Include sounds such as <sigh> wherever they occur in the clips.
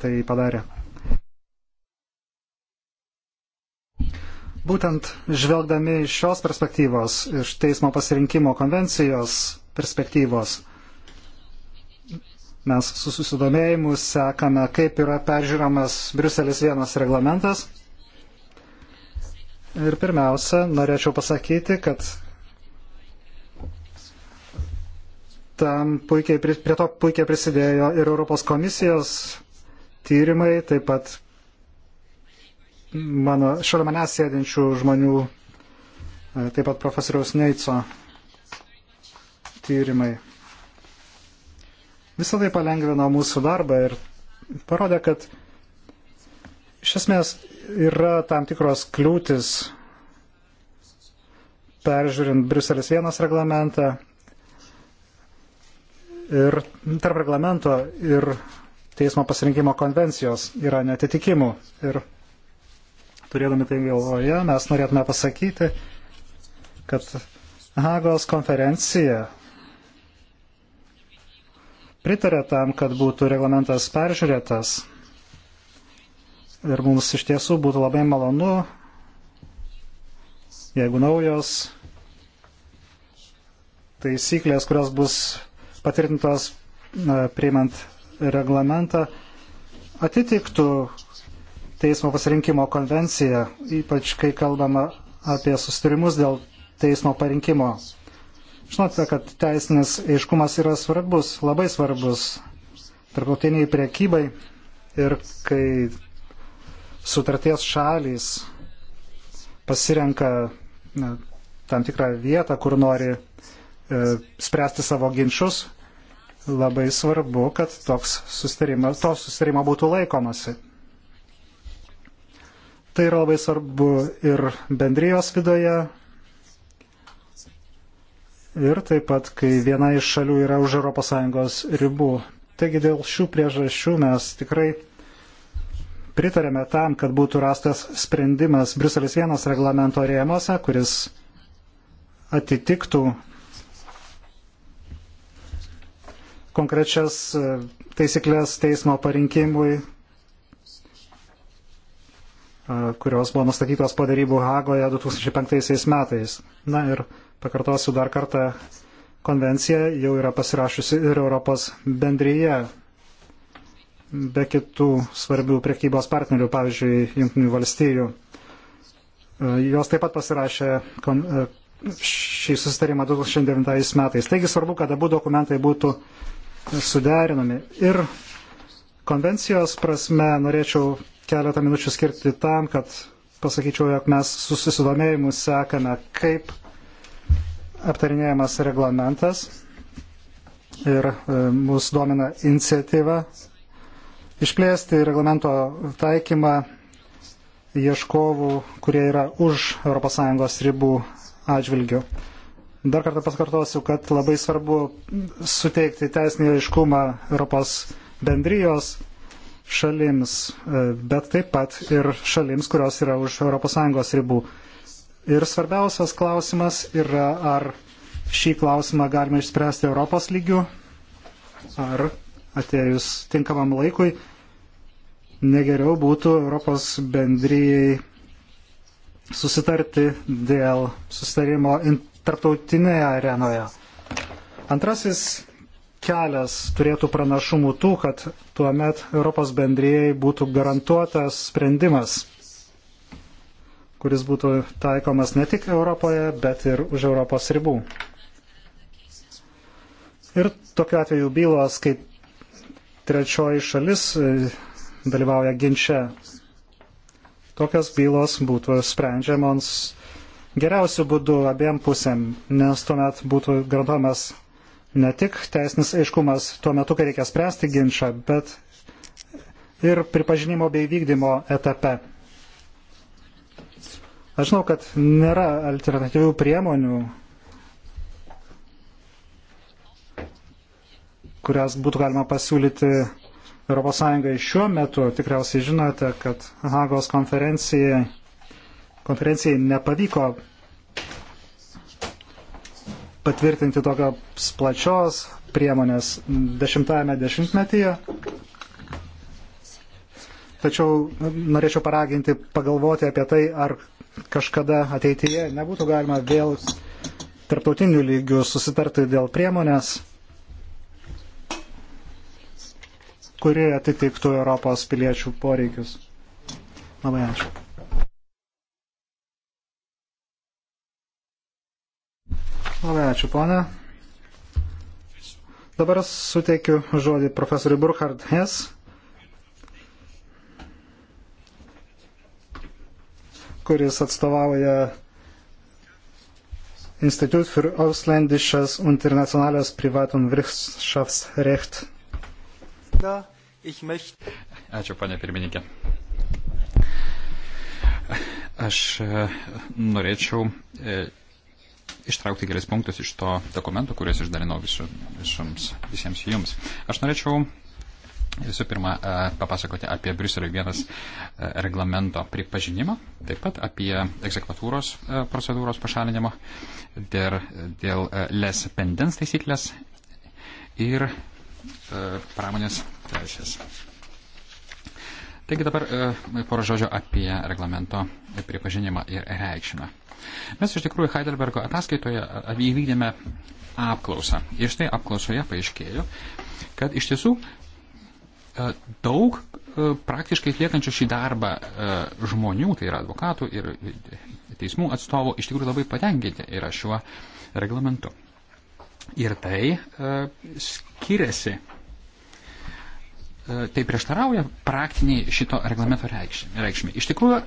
tai padarė. Būtent žvelgdami iš šios perspektyvos, iš teismo pasirinkimo konvencijos perspektyvos, mes su susidomėjimu sekame, kaip yra peržiūramas Bruselis vienas reglamentas. Ir pirmiausia, norėčiau pasakyti, kad tam puikiai, prie to puikiai prisidėjo ir Europos komisijos tyrimai, taip pat mano, šalia manęs sėdinčių žmonių, e, taip pat profesoriaus Neico tyrimai. Visą tai palengvino mūsų darbą ir parodė, kad iš esmės yra tam tikros kliūtis peržiūrint Bruselis vienas reglamentą ir tarp reglamento ir teismo pasirinkimo konvencijos yra netitikimų. Ir turėdami tai galvoje, mes norėtume pasakyti, kad Hagos konferencija pritarė tam, kad būtų reglamentas peržiūrėtas. Ir mums iš tiesų būtų labai malonu, jeigu naujos taisyklės, kurios bus patvirtintos priimant reglamentą atitiktų teismo pasirinkimo konvenciją, ypač kai kalbama apie sustarimus dėl teismo parinkimo. Žinote, kad teisinis aiškumas yra svarbus, labai svarbus tarptautiniai priekybai ir kai sutarties šalys pasirenka tam tikrą vietą, kur nori e, spręsti savo ginčius, labai svarbu, kad toks susitarimas, to susitarimo būtų laikomasi. Tai yra labai svarbu ir bendrijos viduje, ir taip pat, kai viena iš šalių yra už ES ribų. Taigi dėl šių priežasčių mes tikrai pritarėme tam, kad būtų rastas sprendimas Briuselis vienas reglamento rėmose, kuris atitiktų konkrečias e, taisyklės teismo parinkimui, e, kurios buvo nustatytos po darybų Hagoje 2005 metais. Na ir pakartosiu dar kartą, konvencija jau yra pasirašusi ir Europos bendryje, be kitų svarbių prekybos partnerių, pavyzdžiui, Junktinių valstijų. E, jos taip pat pasirašė kon šį susitarimą 2009 metais. Taigi svarbu, kad abu dokumentai būtų suderinami. Ir konvencijos prasme norėčiau keletą minučių skirti tam, kad pasakyčiau, jog mes susidomėjimu sekame, kaip aptarinėjamas reglamentas ir e, mus domina iniciatyva išplėsti reglamento taikymą ieškovų, kurie yra už ES ribų atžvilgių. Dar kartą paskartosiu, kad labai svarbu suteikti teisinį aiškumą Europos bendrijos šalims, e, bet taip pat ir šalims, kurios yra už ES ribų. Ir svarbiausias klausimas yra, ar šį klausimą galima išspręsti Europos lygių, ar atėjus tinkamam laikui negeriau būtų Europos bendryjai susitarti dėl susitarimo tarptautinėje arenoje. Antrasis kelias turėtų pranašumų tų, kad tuo met Europos bendrėjai būtų garantuotas sprendimas, kuris būtų taikomas ne tik Europoje, bet ir už Europos ribų. Ir tokiu atveju bylos, kai trečioji šalis dalyvauja ginče, tokios bylos būtų sprendžiamos geriausių būdų abiem pusėm, nes tuomet būtų garantuojamas ne tik teisinis aiškumas tuo metu, kai reikia spręsti ginčą, bet ir pripažinimo bei vykdymo etape. Aš žinau, kad nėra alternatyvių priemonių, kurias būtų galima pasiūlyti ES šiuo metu. Tikriausiai žinote, kad Hagos konferencijai konferencijai nepavyko patvirtinti tokios plačios priemonės dešimtajame dešimtmetyje. Tačiau norėčiau paraginti pagalvoti apie tai, ar kažkada ateityje nebūtų galima vėl tarptautinių lygių susitarti dėl priemonės, kuri atitiktų Europos piliečių poreikius. Labai ačiū. Labai ačiū, ponė. Dabar suteikiu žodį profesoriui Burkhard Hess. kuris atstovauja Institut für Ausländisches und Internationales Privatum Wirtschaftsrecht. Ačiū, panė pirmininkė. Aš e, norėčiau e, ištraukti kelias punktus iš to dokumento, kuriuos išdalinau visu, visums, visiems jums. Aš norėčiau visų pirma e, papasakoti apie Briuselio vienas e, reglamento pripažinimą, taip pat apie egzekvatūros e, procedūros pašalinimo dėl, dėl les pendens taisyklės ir pramonės teisės. Taigi dabar poro žodžio apie reglamento pripažinimą ir reikšmę. Mes iš tikrųjų Heidelbergo ataskaitoje įvykdėme apklausą. Ir štai apklausoje paaiškėjo, kad iš tiesų daug praktiškai atliekančių šį darbą žmonių, tai yra advokatų ir teismų atstovų, iš tikrųjų labai patenkinti yra šiuo reglamentu. Ir tai skiriasi tai prieštarauja praktiniai šito reglamento reikšmė. Iš tikrųjų,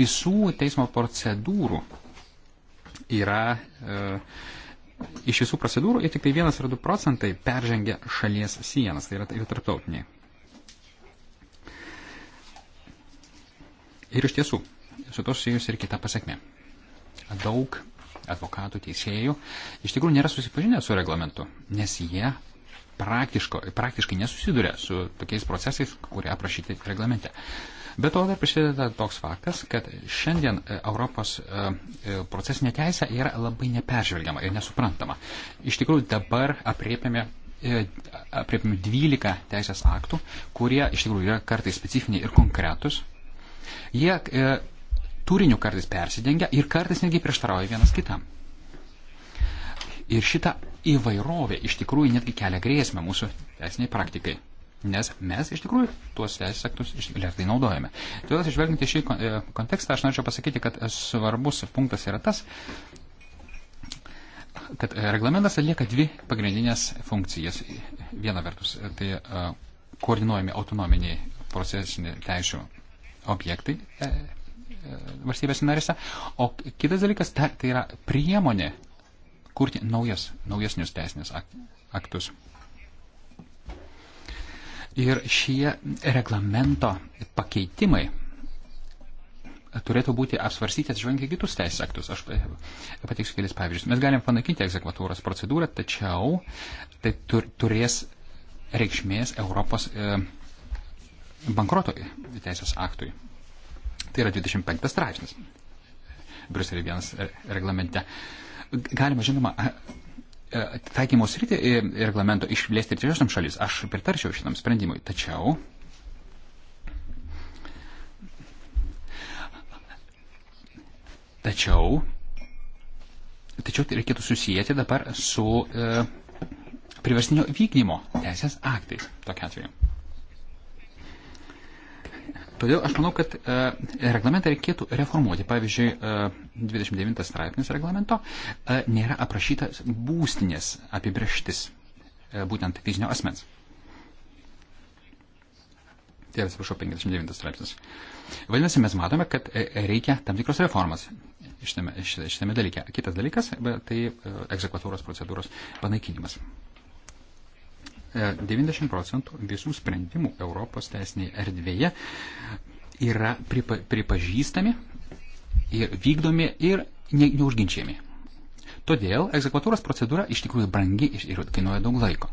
visų teismo procedūrų yra e, iš visų procedūrų ir tik tai 1 ar 2 procentai peržengia šalies sienas, tai yra ir tai tarptautiniai. Ir iš tiesų, su to susijus ir kita pasiekmė. Daug advokatų, teisėjų iš tikrųjų nėra susipažinę su reglamentu, nes jie praktiškai nesusiduria su tokiais procesais, kurie aprašyti reglamente. Be to dar prisideda toks faktas, kad šiandien e, Europos e, e, procesinė teisė yra labai neperžvelgiama ir nesuprantama. Iš tikrųjų dabar apriepiame apriepiam 12 teisės aktų, kurie iš tikrųjų yra kartais specifiniai ir konkretus. Jie e, turiniu kartais persidengia ir kartais netgi prieštarauja vienas kitam. Ir šita įvairovė iš tikrųjų netgi kelia grėsmę mūsų teisiniai praktikai nes mes iš tikrųjų tuos teisės aktus lėtai naudojame. Todėl, išvelgiant į šį e, kontekstą, aš norėčiau pasakyti, kad svarbus punktas yra tas, kad e, reglamentas atlieka dvi pagrindinės funkcijas. Viena vertus, e, tai koordinuojami autonominiai procesiniai teisų objektai valstybės narėse, o kitas dalykas, tai yra priemonė kurti naujas, naujesnius teisinės aktus. Ir šie reglamento pakeitimai turėtų būti apsvarstyti atsižvelgiant į kitus teisės aktus. Aš pateiksiu kelis pavyzdžius. Mes galim panaikinti egzekvatūros procedūrą, tačiau tai tur, turės reikšmės Europos e, bankroto teisės aktui. Tai yra 25 straipsnis. Briuselį vienas reglamente. Galima, žinoma, E, taikymo sritį reglamento išplėsti ir trečiosiam šalis, aš pritarčiau šitam sprendimui. Tačiau Tačiau, tačiau tai reikėtų susijęti dabar su e, priverstinio vykdymo teisės aktais tokia atveju. Todėl aš manau, kad e, reglamentą reikėtų reformuoti. Pavyzdžiui, e, 29 straipsnis reglamento e, nėra aprašytas būstinės apibrieštis e, būtent fizinio asmens. Tai atsiprašau, 59 straipsnis. Vadinasi, mes matome, kad e, reikia tam tikros reformas šitame, šitame dalyke. Kitas dalykas, tai e, egzekvatūros procedūros panaikinimas. 90 e, procentų visų sprendimų Europos teisinėje erdvėje yra pripa, pripažįstami ir vykdomi ir ne, neužginčiami. Todėl egzekvatūros procedūra iš tikrųjų brangi ir kainuoja daug laiko.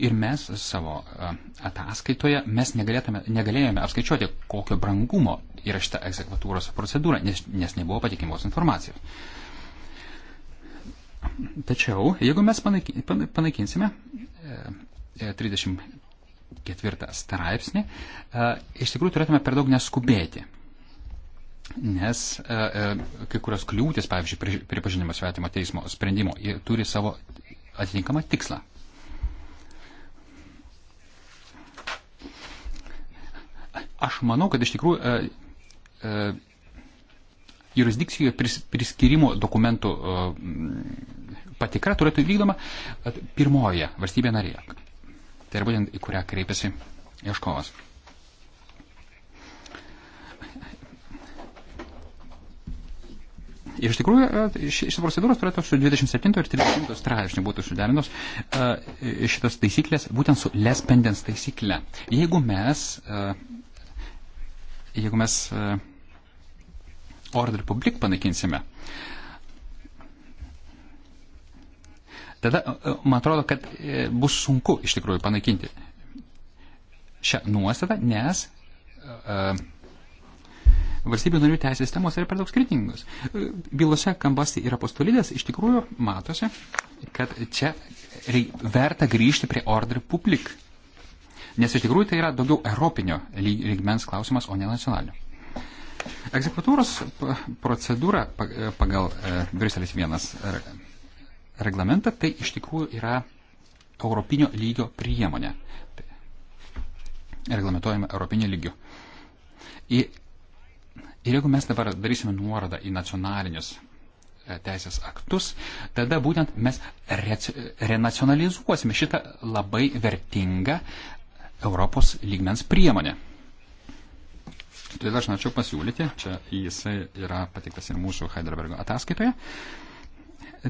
Ir mes savo e, ataskaitoje mes negalėjome apskaičiuoti, kokio brangumo yra šita egzekvatūros procedūra, nes, nes nebuvo patikimos informacijos. Tačiau, jeigu mes panaikinsime 34 e, e, straipsnį, e, iš tikrųjų turėtume per daug neskubėti. Nes kai kurios kliūtis, pavyzdžiui, pripažinimo svetimo teismo sprendimo, turi savo atitinkamą tikslą. Aš manau, kad iš tikrųjų jurisdikcijoje priskirimo dokumentų patikra turėtų vykdoma pirmoje valstybėje narėje. Tai yra būtent į kurią kreipiasi ieškovas. Ir iš tikrųjų e, šis procedūros turėtų su 27 ir 30 straipsniu būtų suderintos e, šitas taisyklės būtent su les pendens taisyklė. Jeigu mes, e, jeigu mes order public panaikinsime, tada e, e, man atrodo, kad e, bus sunku iš tikrųjų panaikinti šią nuostatą, nes valstybių narių teisės sistemos yra per daug skirtingos. Bylose kambasti ir apostolidės iš tikrųjų matosi, kad čia verta grįžti prie order public. Nes iš tikrųjų tai yra daugiau europinio lygmens klausimas, o ne nacionalinio. Egzekvatūros procedūra pagal Briuselis vienas reglamentą, tai iš tikrųjų yra europinio lygio priemonė. Reglamentojama europinio lygio. Ir, ir jeigu mes dabar darysime nuorodą į nacionalinius e, teisės aktus, tada būtent mes re, renacionalizuosime šitą labai vertingą Europos lygmens priemonę. Todėl aš norėčiau pasiūlyti, čia jisai yra patiktas ir mūsų Heidelbergo ataskaitoje,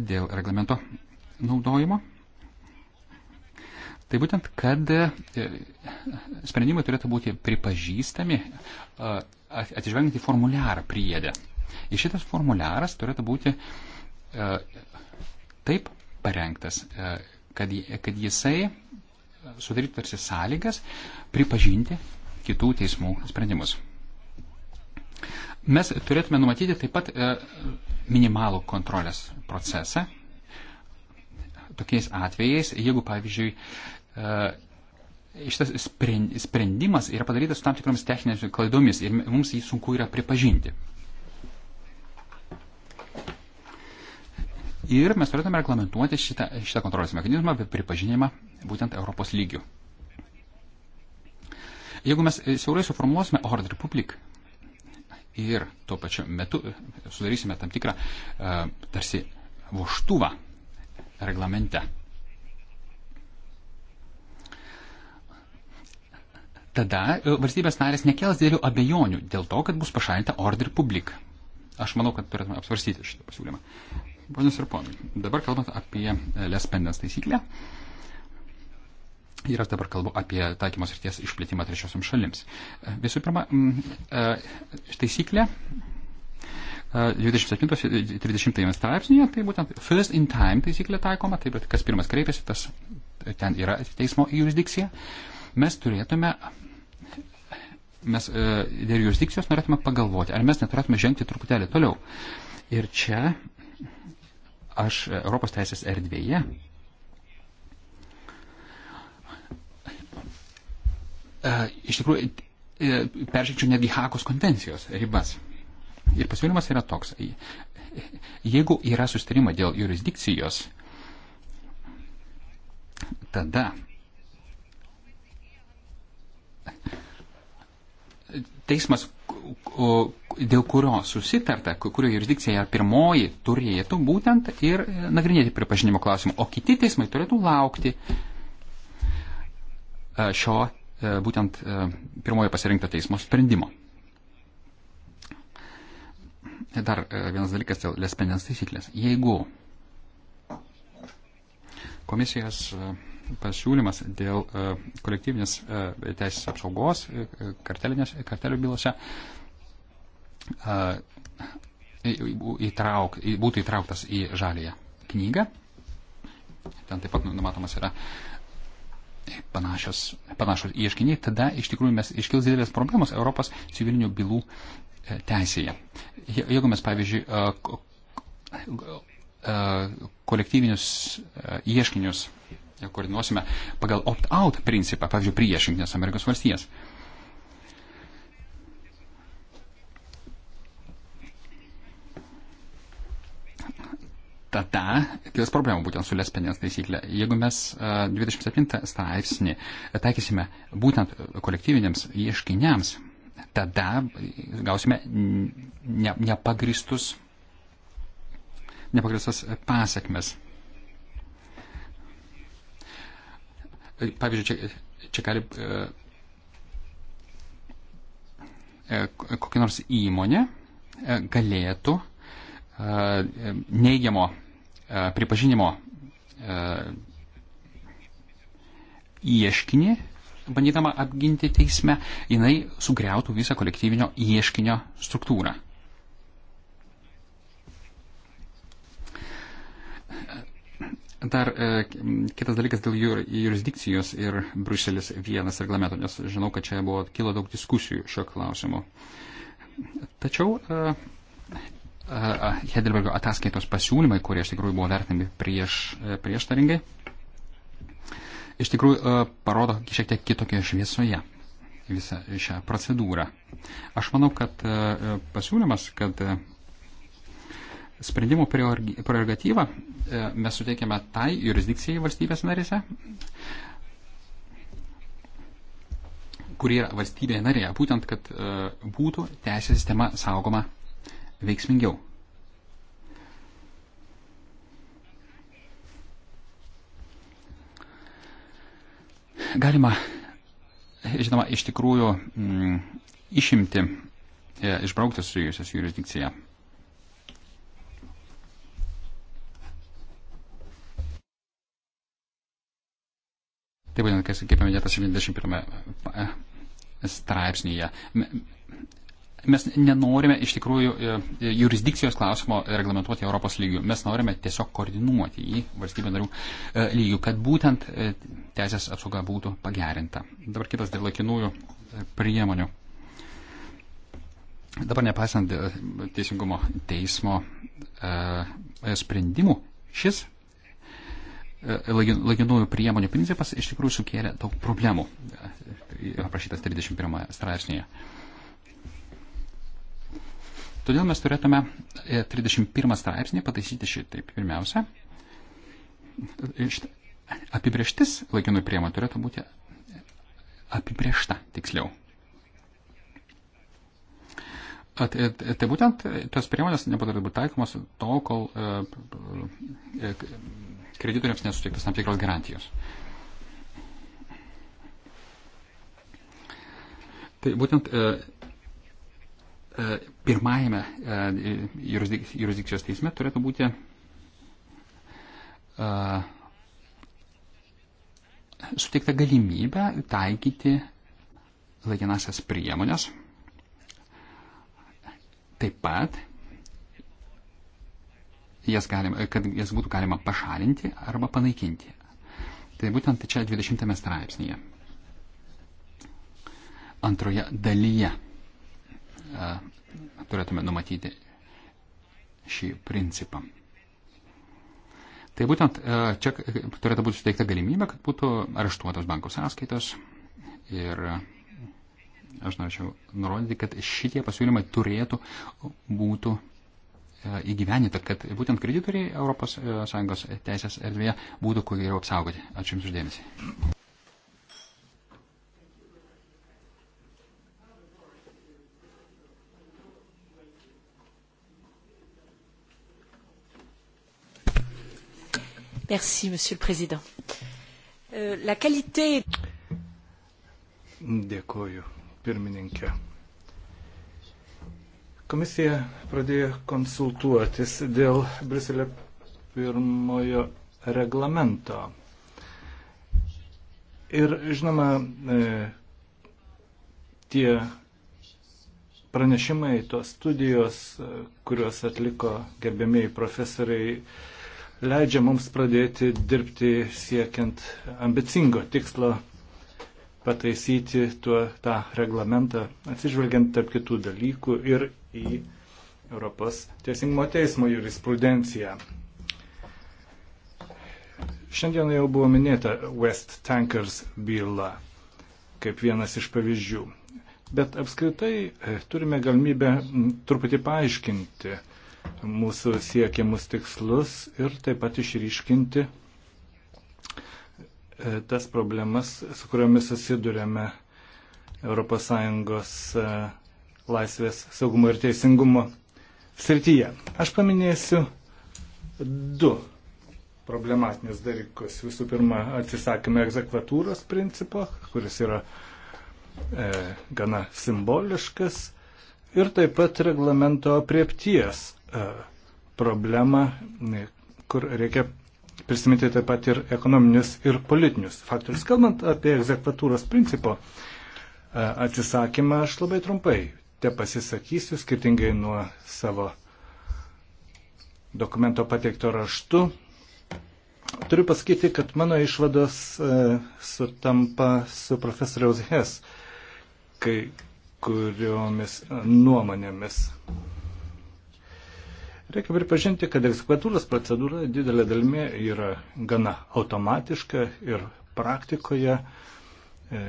dėl reglamento naudojimo. Tai būtent, kad e, sprendimai turėtų būti pripažįstami e, atsižvelgiant į formuliarą priedę. Ir šitas formuliaras turėtų būti e, taip parengtas, kad, kad jisai sudarytų tarsi sąlygas pripažinti kitų teismų sprendimus. Mes turėtume numatyti taip pat e, minimalų kontrolės procesą tokiais atvejais, jeigu, pavyzdžiui, e, šitas sprendimas yra padarytas su tam tikromis techninėmis klaidomis ir mums jį sunku yra pripažinti. Ir mes turėtume reglamentuoti šitą, šitą kontrolės mechanizmą apie pripažinimą būtent Europos lygių. Jeigu mes e, siaurai suformuosime Order Public ir tuo pačiu metu e, sudarysime tam tikrą e, tarsi voštuvą reglamente. Tada e, valstybės narės nekels dėlių abejonių dėl to, kad bus pašalinta order publik. Aš manau, kad turėtume apsvarstyti šitą pasiūlymą. Ponios ir ponai, dabar kalbant apie lespendens taisyklę. Uh, Ir aš dabar kalbu apie taikymos ryties išplėtimą trečiosiam šalims. Visų pirma, e, taisyklė 27-30 e, straipsnėje, tai būtent first in time taisyklė taikoma, tai bet kas pirmas kreipiasi, tas ten yra teismo jurisdikcija. Mes turėtume, mes e, dėl jurisdikcijos norėtume pagalvoti, ar mes neturėtume žengti truputėlį toliau. Ir čia aš Europos teisės erdvėje E, iš tikrųjų e, peržengčiau netgi Hakos konvencijos ribas. Ir pasiūlymas yra toks. Jeigu yra sustarima dėl jurisdikcijos, tada teismas, dėl kurio susitarta, kurio jurisdikcija yra pirmoji, turėtų būtent ir nagrinėti pripažinimo klausimą, o kiti teismai turėtų laukti e, šio E, būtent e, pirmojo pasirinkto teismo sprendimo. Dar e, vienas dalykas dėl lespenės taisyklės. Jeigu komisijos pasiūlymas dėl kolektyvinės teisės apsaugos kartelių bylose įtrauk, būtų įtrauktas į žalėje knygą. Ten taip pat numatomas yra uh, panašios, panašus ieškiniai, tada iš tikrųjų mes iškils didelės problemos Europos civilinių bylų e, teisėje. Jeigu mes, pavyzdžiui, e, e, kolektyvinius ieškinius koordinuosime pagal opt-out principą, pavyzdžiui, prieš Junktinės Amerikos valstijas, tada kils problemų būtent su lespinės taisyklė. Jeigu mes 27 e, straipsnį taikysime būtent kolektyviniams ieškiniams, tada gausime ne, nepagristus, nepagristas pasiekmes. Pavyzdžiui, čia, čia gali e, e, kokia nors įmonė galėtų neigiamo E, pripažinimo e, ieškinį, bandydama apginti teisme, jinai sugriautų visą kolektyvinio ieškinio struktūrą. Dar e, kitas dalykas dėl jur, jurisdikcijos ir Bruselis vienas reglamento, nes žinau, kad čia buvo kilo daug diskusijų šio klausimu. Tačiau e, Hedelbergo ataskaitos pasiūlymai, kurie iš tikrųjų buvo vertinami prieš, e, prieštaringai, iš tikrųjų e, parodo šiek tiek kitokioje šviesoje visą šią procedūrą. Aš manau, kad e, pasiūlymas, kad sprendimų prerogatyvą mes suteikėme tai jurisdikcijai valstybės narėse, kurie valstybėje narėje, būtent, kad būtų teisės sistema saugoma veiksmingiau. Galima, žinoma, iš tikrųjų m, mm, išimti, e, išbraukti susijusią su jurisdikcija. Tai būtent, kai, kaip paminėta 71 straipsnėje, mes nenorime iš tikrųjų e, jurisdikcijos klausimo reglamentuoti Europos lygių. Mes norime tiesiog koordinuoti jį valstybė narių e, lygių, kad būtent e, teisės apsauga būtų pagerinta. Dabar kitas dėl laikinųjų priemonių. Dabar nepaisant teisingumo teismo sprendimų, šis laikinųjų priemonių principas iš tikrųjų sukėlė daug problemų, aprašytas 31 straipsnėje. Todėl mes turėtume 31 e, straipsnį pataisyti šitaip. Pirmiausia, e, apibrieštis laikinų priemonių turėtų būti e, apibriešta tiksliau. Tai būtent tos priemonės nepatarėtų būti taikomos tol, kol kreditoriams nesuteiktas tam tikros garantijos. Tai būtent E, pirmajame e, jurisdikcijos teisme turėtų būti e, suteikta galimybė taikyti laikinasias priemonės. Taip pat jas galima, kad jas būtų galima pašalinti arba panaikinti. Tai būtent čia 20 straipsnėje. Antroje dalyje turėtume numatyti šį principą. Tai būtent čia turėtų būti suteikta galimybė, kad būtų areštuotos bankų sąskaitos ir aš norėčiau nurodyti, kad šitie pasiūlymai turėtų būtų įgyvenita, kad būtent kreditoriai ES teisės erdvėje būtų kuo geriau apsaugoti. Ačiū Jums uždėmesį. Merci, Monsieur le Président. Euh, la qualité. Dėkoju, pirmininkė. Komisija pradėjo konsultuotis dėl Briselio pirmojo reglamento. Ir žinoma, e, tie pranešimai, tos studijos, e, kuriuos atliko gerbėmiai profesoriai, leidžia mums pradėti dirbti siekiant ambicingo tikslo pataisyti tuo, tą reglamentą, atsižvelgiant tarp kitų dalykų ir į Europos Teisingumo teismo jurisprudenciją. Šiandien jau buvo minėta West Tankers byla kaip vienas iš pavyzdžių. Bet apskritai e, turime galimybę truputį paaiškinti, mūsų siekiamus tikslus ir taip pat išryškinti e, tas problemas, su kuriomis susidurėme ES e, laisvės, saugumo ir teisingumo srityje. Aš paminėsiu du problematinius dalykus. Visų pirma, atsisakėme egzekvatūros principo, kuris yra e, gana simboliškas, ir taip pat reglamento apriepties E, problemą, e, kur reikia prisiminti taip pat ir ekonominius ir politinius faktorius. Kalbant apie egzekvatūros principo e, atsisakymą, aš labai trumpai te pasisakysiu, skirtingai nuo savo dokumento pateikto raštu. Turiu pasakyti, kad mano išvados sutampa su profesoriaus Hes, kai kuriomis nuomonėmis. Reikia pripažinti, kad eksekvatūros procedūra didelė dalimi yra gana automatiška ir praktikoje e,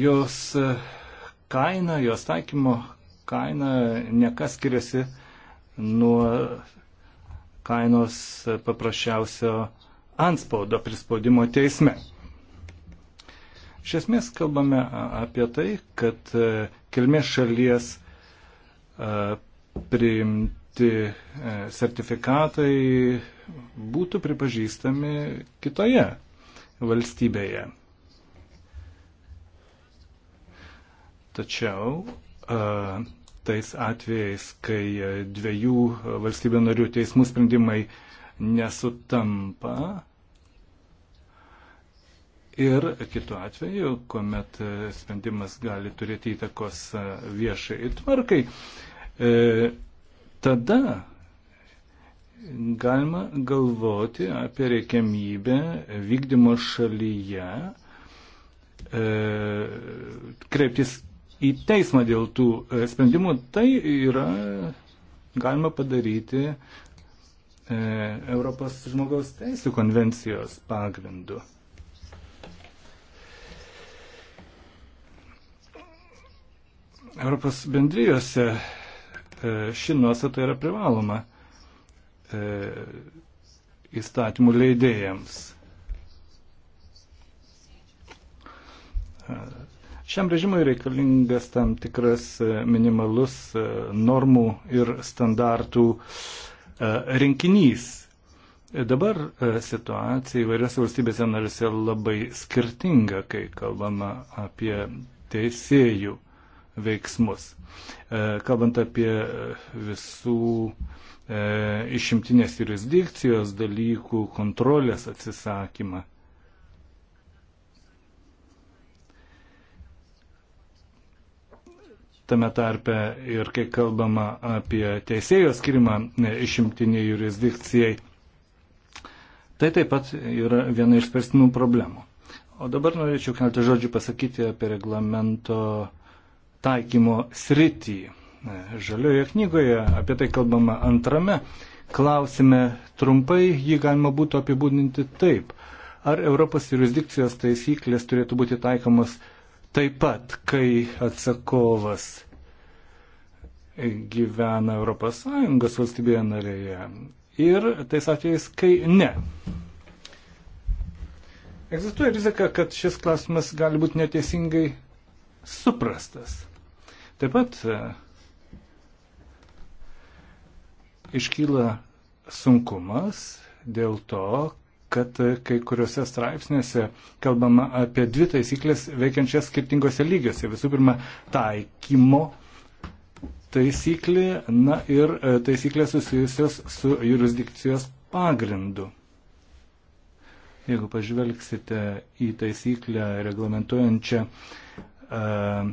jos kaina, jos taikymo kaina nekas skiriasi nuo kainos paprasčiausio anspaudo prispaudimo teisme. Iš esmės kalbame apie tai, kad e, kilmės šalies e, priimti e, sertifikatai būtų pripažįstami kitoje valstybėje. Tačiau e, tais atvejais, kai dviejų valstybių narių teismų sprendimai nesutampa, ir kitu atveju, kuomet e, sprendimas gali turėti įtakos e, viešai tvarkai, e, tada galima galvoti apie reikiamybę vykdymo šalyje kreiptis į teismą dėl tų sprendimų. Tai yra galima padaryti Europos žmogaus teisų konvencijos pagrindu. Europos bendrijose e, ši nuostata yra privaloma e, įstatymų leidėjams. E, šiam režimui reikalingas tam tikras minimalus normų ir standartų rinkinys. Dabar situacija įvairiose valstybėse narėse labai skirtinga, kai kalbama apie teisėjų veiksmus. E, kalbant apie visų e, išimtinės jurisdikcijos dalykų kontrolės atsisakymą. Tame tarpe ir kai kalbama apie teisėjo skirimą e, išimtiniai jurisdikcijai, tai taip pat yra viena iš spręstinų problemų. O dabar norėčiau keletą žodžių pasakyti apie reglamento taikymo sritį. Žalioje knygoje apie tai kalbama antrame klausime trumpai, jį galima būtų apibūdinti taip. Ar Europos jurisdikcijos taisyklės turėtų būti taikomas taip pat, kai atsakovas gyvena Europos Sąjungos valstybėje narėje ir tais atvejais, kai ne. Egzistuoja rizika, kad šis klausimas gali būti neteisingai suprastas. Taip pat e, iškyla sunkumas dėl to, kad kai kuriuose straipsniuose kalbama apie dvi taisyklės veikiančias skirtingose lygiuose. Visų pirma, taikymo taisyklė, na ir e, taisyklės susijusios su jurisdikcijos pagrindu. Jeigu pažvelgsite į taisyklę reglamentuojančią uh,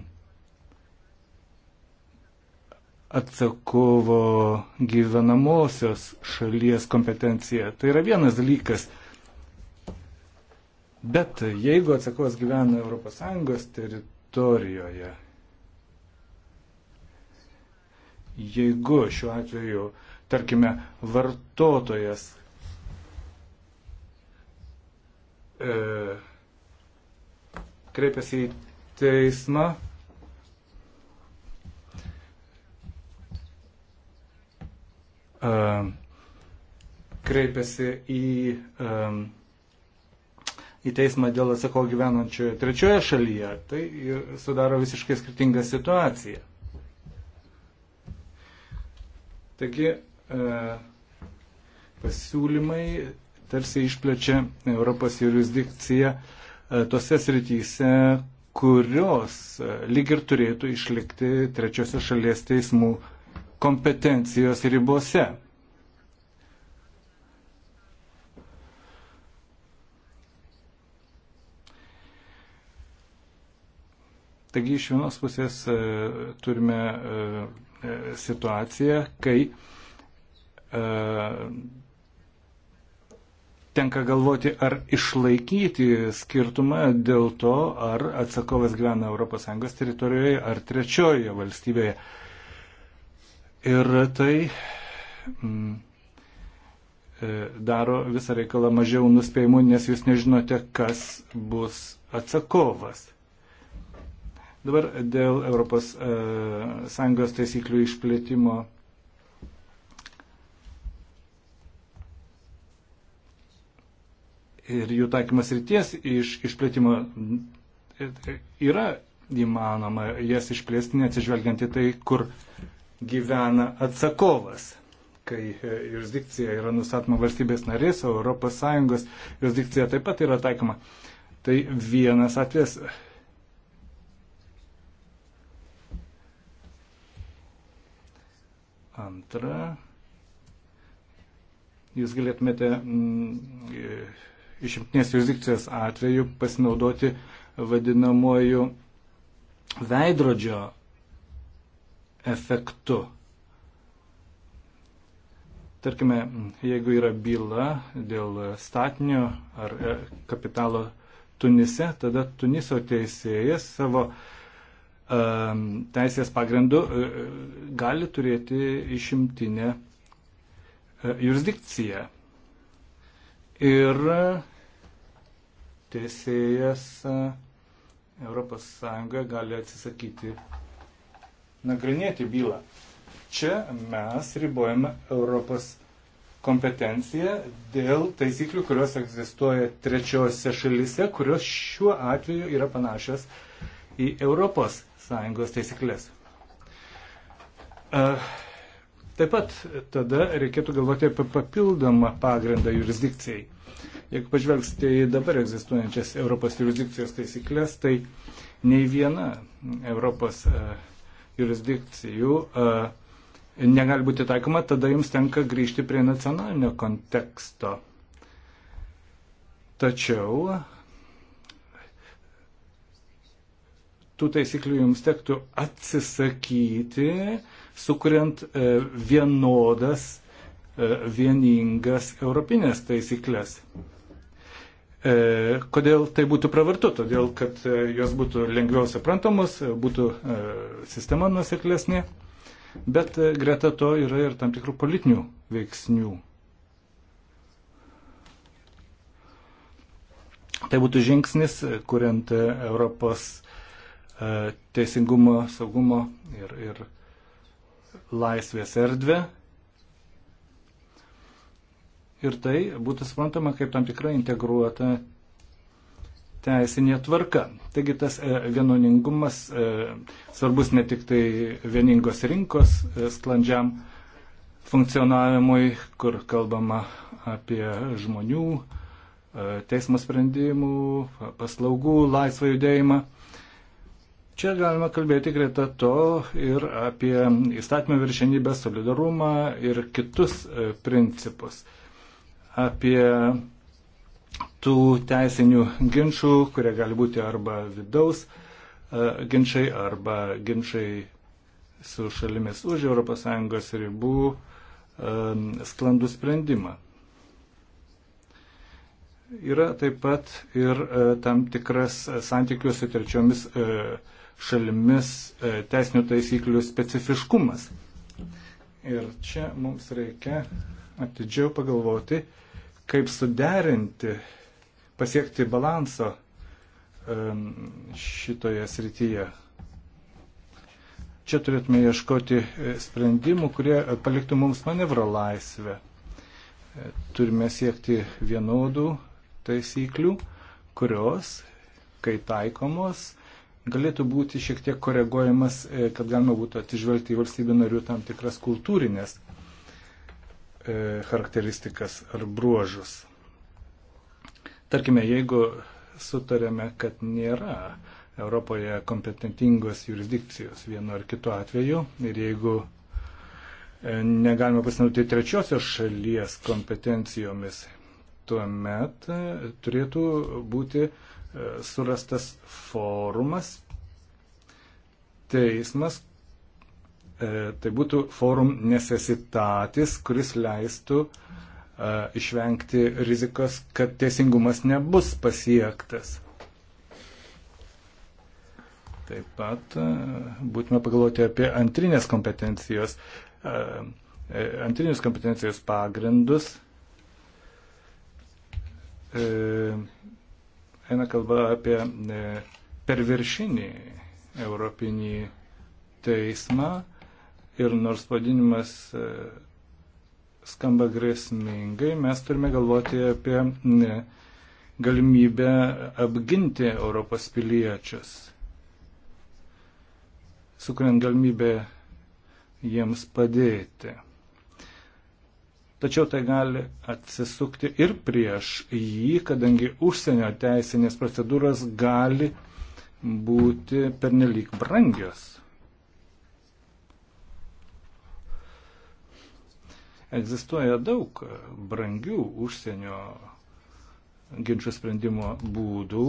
atsakovo gyvenamosios šalies kompetencija. Tai yra vienas dalykas. Bet jeigu atsakovas gyvena ES teritorijoje, jeigu šiuo atveju, tarkime, vartotojas e, kreipiasi į teismą kreipiasi į, į teismą dėl atsako gyvenančioje trečioje šalyje, tai sudaro visiškai skirtingą situaciją. Taigi pasiūlymai tarsi išplečia Europos jurisdikciją tose srityse, kurios lyg ir turėtų išlikti trečiosios šalies teismų uh, kompetencijos ribose. Taigi iš vienos pusės e, turime e, e, situaciją, kai tenka galvoti, ar išlaikyti skirtumą dėl to, ar atsakovas gyvena ES teritorijoje ar trečiojoje valstybėje. Ir tai mm, e, daro visą reikalą mažiau nuspėjimų, nes jūs nežinote, kas bus atsakovas. Dabar dėl ES e, taisyklių išplėtimo. Ir jų taikymas ryties iš, išplėtimo yra įmanoma jas išplėsti, neatsižvelgiant į tai, kur gyvena atsakovas, kai e, jurisdikcija yra nustatoma valstybės narės, o ES jurisdikcija taip pat yra taikoma. Tai vienas atvės. Antra. Jūs galėtumėte mm, e, išimtinės jurisdikcijos atveju pasinaudoti vadinamoju veidrodžio efektu. Tarkime, jeigu yra byla dėl statinio ar e, kapitalo Tunise, tada Tuniso teisėjas savo um, teisės pagrindu e, gali turėti išimtinę e, jurisdikciją. Ir teisėjas ES gali atsisakyti nagrinėti bylą. Čia mes ribojame Europos kompetenciją dėl taisyklių, kurios egzistuoja trečiose šalise, kurios šiuo atveju yra panašios į Europos Sąjungos taisyklės. Eh, taip pat tada reikėtų galvoti apie papildomą pagrindą jurisdikcijai. Jeigu pažvelgsite į dabar egzistuojančias Europos jurisdikcijos taisyklės, tai nei viena Europos eh, jurisdikcijų e, negali būti taikoma, tada jums tenka grįžti prie nacionalinio konteksto. Tačiau tų taisyklių jums tektų atsisakyti, sukuriant e, vienodas, e, vieningas europinės taisyklės. E, kodėl tai būtų pravartu? Todėl, kad e, jos būtų lengviau suprantamos, e, būtų sistema nuseklesnė, bet greta to yra ir tam tikrų politinių veiksnių. Tai būtų žingsnis, kuriant Europos teisingumo, saugumo ir, ir laisvės erdvę, ir tai būtų suprantama kaip tam tikra integruota teisinė tvarka. Taigi tas e, vienoningumas e, svarbus ne tik tai vieningos rinkos e, sklandžiam funkcionavimui, kur kalbama apie žmonių, teismo sprendimų, paslaugų laisvą judėjimą. Čia galima kalbėti greta to ir apie įstatymą viršenybę, solidarumą ir kitus principus apie tų teisinių ginčių, kurie gali būti arba vidaus e, ginčiai, arba ginčiai su šalimis už ES ribų e, sklandų sprendimą. Yra taip pat ir e, tam tikras santykių su trečiomis šalimis teisinių taisyklių specifiškumas. Ir čia mums reikia atidžiau pagalvoti, kaip suderinti, pasiekti balanso šitoje srityje. Čia turėtume ieškoti e, sprendimų, kurie e, paliktų mums manevro laisvę. E, turime siekti vienodų taisyklių, kurios, kai taikomos, galėtų būti šiek tiek koreguojamas, kad galima būtų atsižvelgti į valstybių narių tam tikras kultūrinės E, charakteristikas ar bruožus. Tarkime, jeigu sutarėme, kad nėra Europoje kompetentingos jurisdikcijos vienu ar kitu atveju ir jeigu e, negalime pasinaudoti trečiosios šalies kompetencijomis, tuomet e, turėtų būti surastas forumas, teismas, E, tai būtų forum necesitatis, kuris leistų e, išvengti rizikos, kad teisingumas nebus pasiektas. Taip pat e, būtume pagalvoti apie antrinės kompetencijos, antrinius kompetencijos pagrindus. Eina kalba apie perviršinį Europinį teismą, Ir nors vadinimas e, skamba grėsmingai, mes turime galvoti apie galimybę apginti Europos piliečius, sukuriant galimybę jiems padėti. Tačiau tai gali atsisukti ir prieš jį, kadangi užsienio teisinės procedūros gali būti pernelyg brangios. Egzistuoja daug brangių užsienio ginčių sprendimo būdų.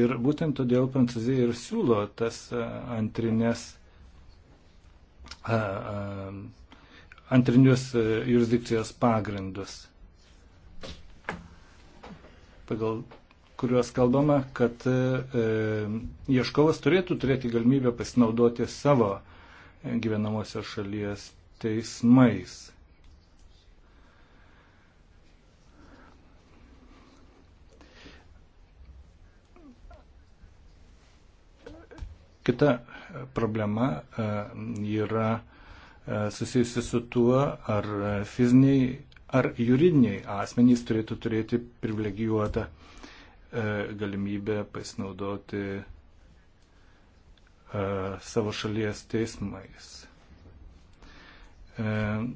Ir būtent todėl Prancūzija ir siūlo tas antrinės, antrinius jurisdikcijos pagrindus, pagal kuriuos kalbama, kad ieškovas turėtų turėti galimybę pasinaudoti savo gyvenamosios šalies teismais. Kita e, problema e, yra e, susijusi su tuo, ar fiziniai ar juridiniai asmenys turėtų turėti privilegijuotą galimybę pasinaudoti E, savo šalies teismais. E,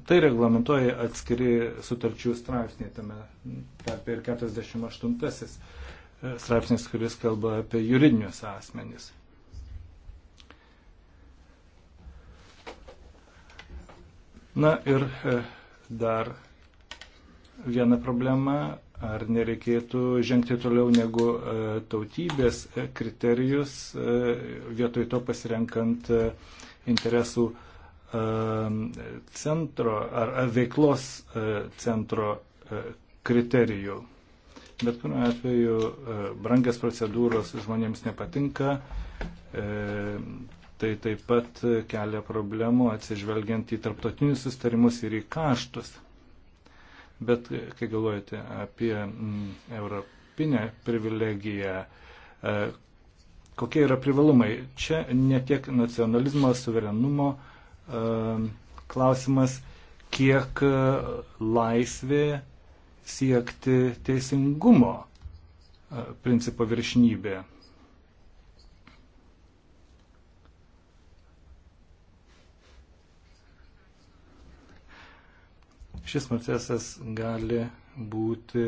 tai reglamentoja atskiri sutarčių straipsniai, tame tarp ir 48 e, straipsnis, kuris kalba apie juridinius asmenis. Na ir dar viena problema ar nereikėtų žengti toliau negu e, tautybės e, kriterijus, e, vietoj to pasirenkant interesų centro ar veiklos centro kriterijų. Bet kuriuo atveju brangias procedūros žmonėms nepatinka, tai taip pat kelia problemų atsižvelgiant į tarptautinius sustarimus ir į kaštus. Bet kai galvojate apie mm, europinę privilegiją, e, kokie yra privalumai? Čia ne tiek nacionalizmo, suverenumo e, klausimas, kiek e, laisvė siekti teisingumo principo viršnybė. Šis procesas gali būti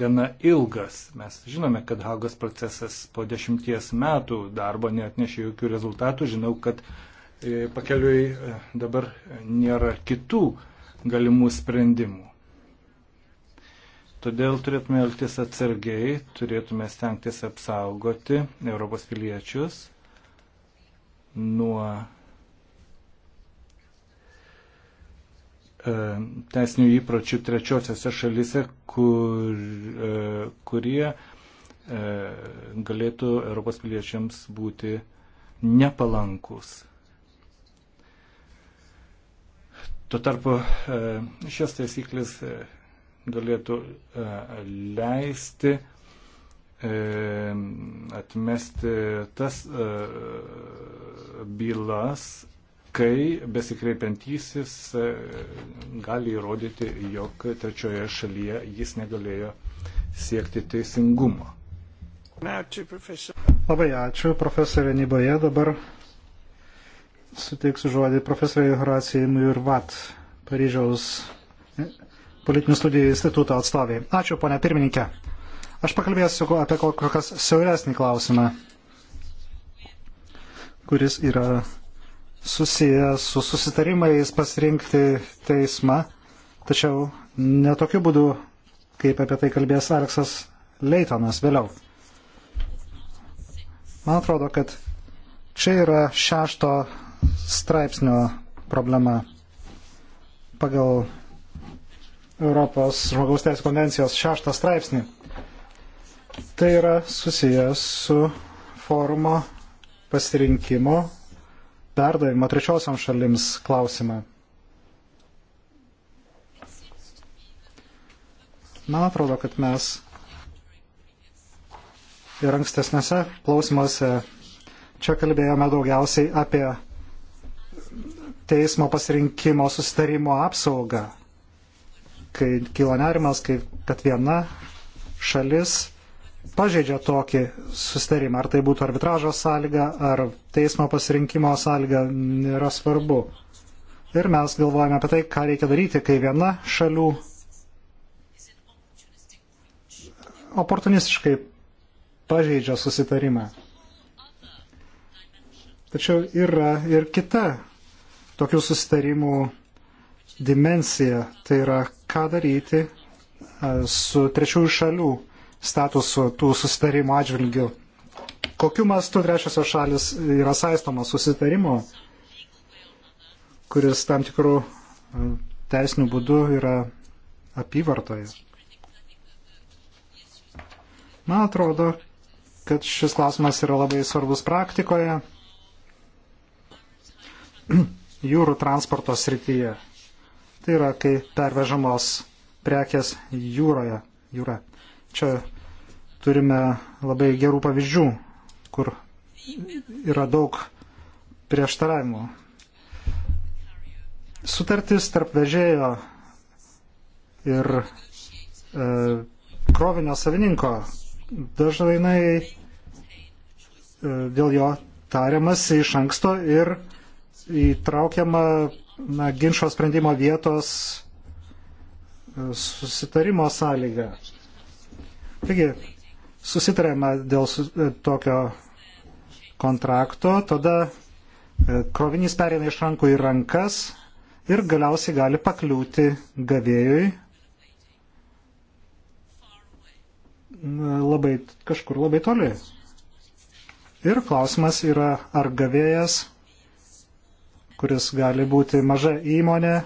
gana ilgas. Mes žinome, kad Hagos procesas po dešimties metų darbo neatnešė jokių rezultatų. Žinau, kad e, pakeliui e, dabar nėra kitų galimų sprendimų. Todėl turėtume elgtis atsargiai, turėtume stengtis apsaugoti Europos piliečius nuo E, teisinių įpročių trečiosiose šalise, kur, e, kurie e, galėtų Europos piliečiams būti nepalankus. Tuo tarpu šios taisyklės galėtų leisti atmesti tas bylas kai besikreipiantysis e, gali įrodyti, jog trečioje šalyje jis negalėjo siekti teisingumo. Ačiū, Labai ačiū, profesorė Niboje. Dabar suteiksiu žodį profesoriai Horacijai Mujurvat, Paryžiaus e, politinių studijų instituto atstoviai. Ačiū, ponia pirmininkė. Aš pakalbėsiu apie kol kas siauresnį klausimą, kuris yra susijęs su susitarimais pasirinkti teismą, tačiau netokiu būdu, kaip apie tai kalbės Aleksas Leitonas vėliau. Man atrodo, kad čia yra šešto straipsnio problema pagal Europos žmogaus teisų konvencijos šeštą straipsnį. Tai yra susijęs su forumo pasirinkimo perdavimo trečiosiam šalims klausimą. Man atrodo, kad mes ir ankstesnėse klausimuose čia kalbėjome daugiausiai apie teismo pasirinkimo sustarimo apsaugą, kai kyla nerimas, kai, kad viena šalis pažeidžia tokį sustarimą. Ar tai būtų arbitražo sąlyga, ar teismo pasirinkimo sąlyga, nėra svarbu. Ir mes galvojame apie tai, ką reikia daryti, kai viena šalių oportunistiškai pažeidžia susitarimą. Tačiau yra ir kita tokių susitarimų dimensija, tai yra ką daryti e, su trečiųjų šalių statusų tų susitarimų atžvilgių. Kokiu mastu trečiosios šalis yra saistomas susitarimu, kuris tam tikrų e, teisinių būdų yra apyvartoje? Man atrodo, kad šis klausimas yra labai svarbus praktikoje <clears throat> jūrų transporto srityje. Tai yra, kai pervežamos prekės jūroje, jūra čia turime labai gerų pavyzdžių, kur yra daug prieštaravimų. Sutartis tarp vežėjo ir e, krovinio savininko dažnai e, dėl jo tariamas iš anksto ir įtraukiama na, ginčio sprendimo vietos e, sustarimo sąlyga. Taigi, susitarėme dėl su, e, tokio kontrakto, tada e, krovinys perėna iš rankų į rankas ir galiausiai gali pakliūti gavėjui labai, kažkur labai toli. Ir klausimas yra, ar gavėjas, kuris gali būti maža įmonė,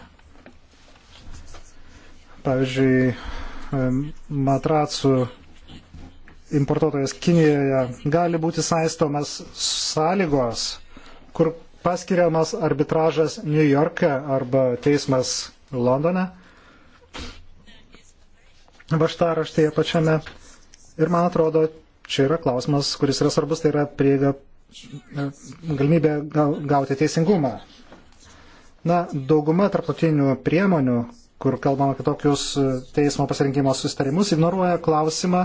pavyzdžiui, e, matracų importuotojas Kinijoje gali būti saistomas sąlygos, kur paskiriamas arbitražas New York'e arba teismas Londone. Vaštaraštėje pačiame. Ir man atrodo, čia yra klausimas, kuris yra svarbus, tai yra prieiga e, galimybė gauti teisingumą. Na, dauguma tarptautinių priemonių, kur kalbama apie tokius e, teismo pasirinkimo sustarimus, ignoruoja klausimą,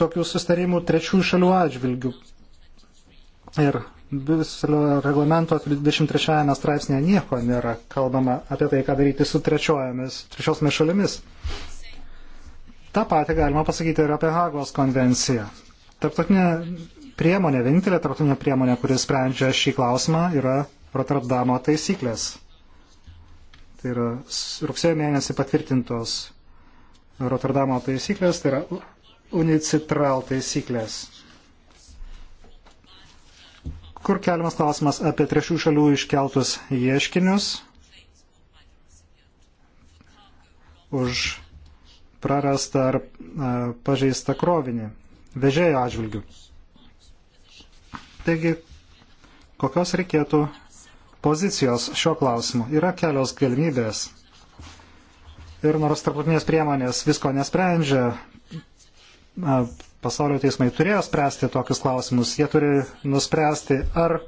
tokių sustarimų trečių šalių atžvilgių. Ir Briuselio reglamento 23 straipsnėje nieko nėra kalbama apie tai, ką daryti su trečiosiomis šalimis. Ta pati galima pasakyti ir apie Hagos konvenciją. Tarptautinė priemonė, vienintelė tarptautinė priemonė, kuris sprendžia šį klausimą, yra Rotterdamo taisyklės. Tai yra rugsėjo mėnesį patvirtintos Rotterdamo taisyklės, tai yra unicitral taisyklės, kur keliamas klausimas apie trešių šalių iškeltus ieškinius už prarastą ar pažeistą krovinį vežėjo atžvilgių. Taigi, kokios reikėtų pozicijos šiuo klausimu? Yra kelios galimybės. Ir nors tarptautinės priemonės visko nesprendžia, na, pasaulio teismai turėjo spręsti tokius klausimus. Jie turi nuspręsti, ar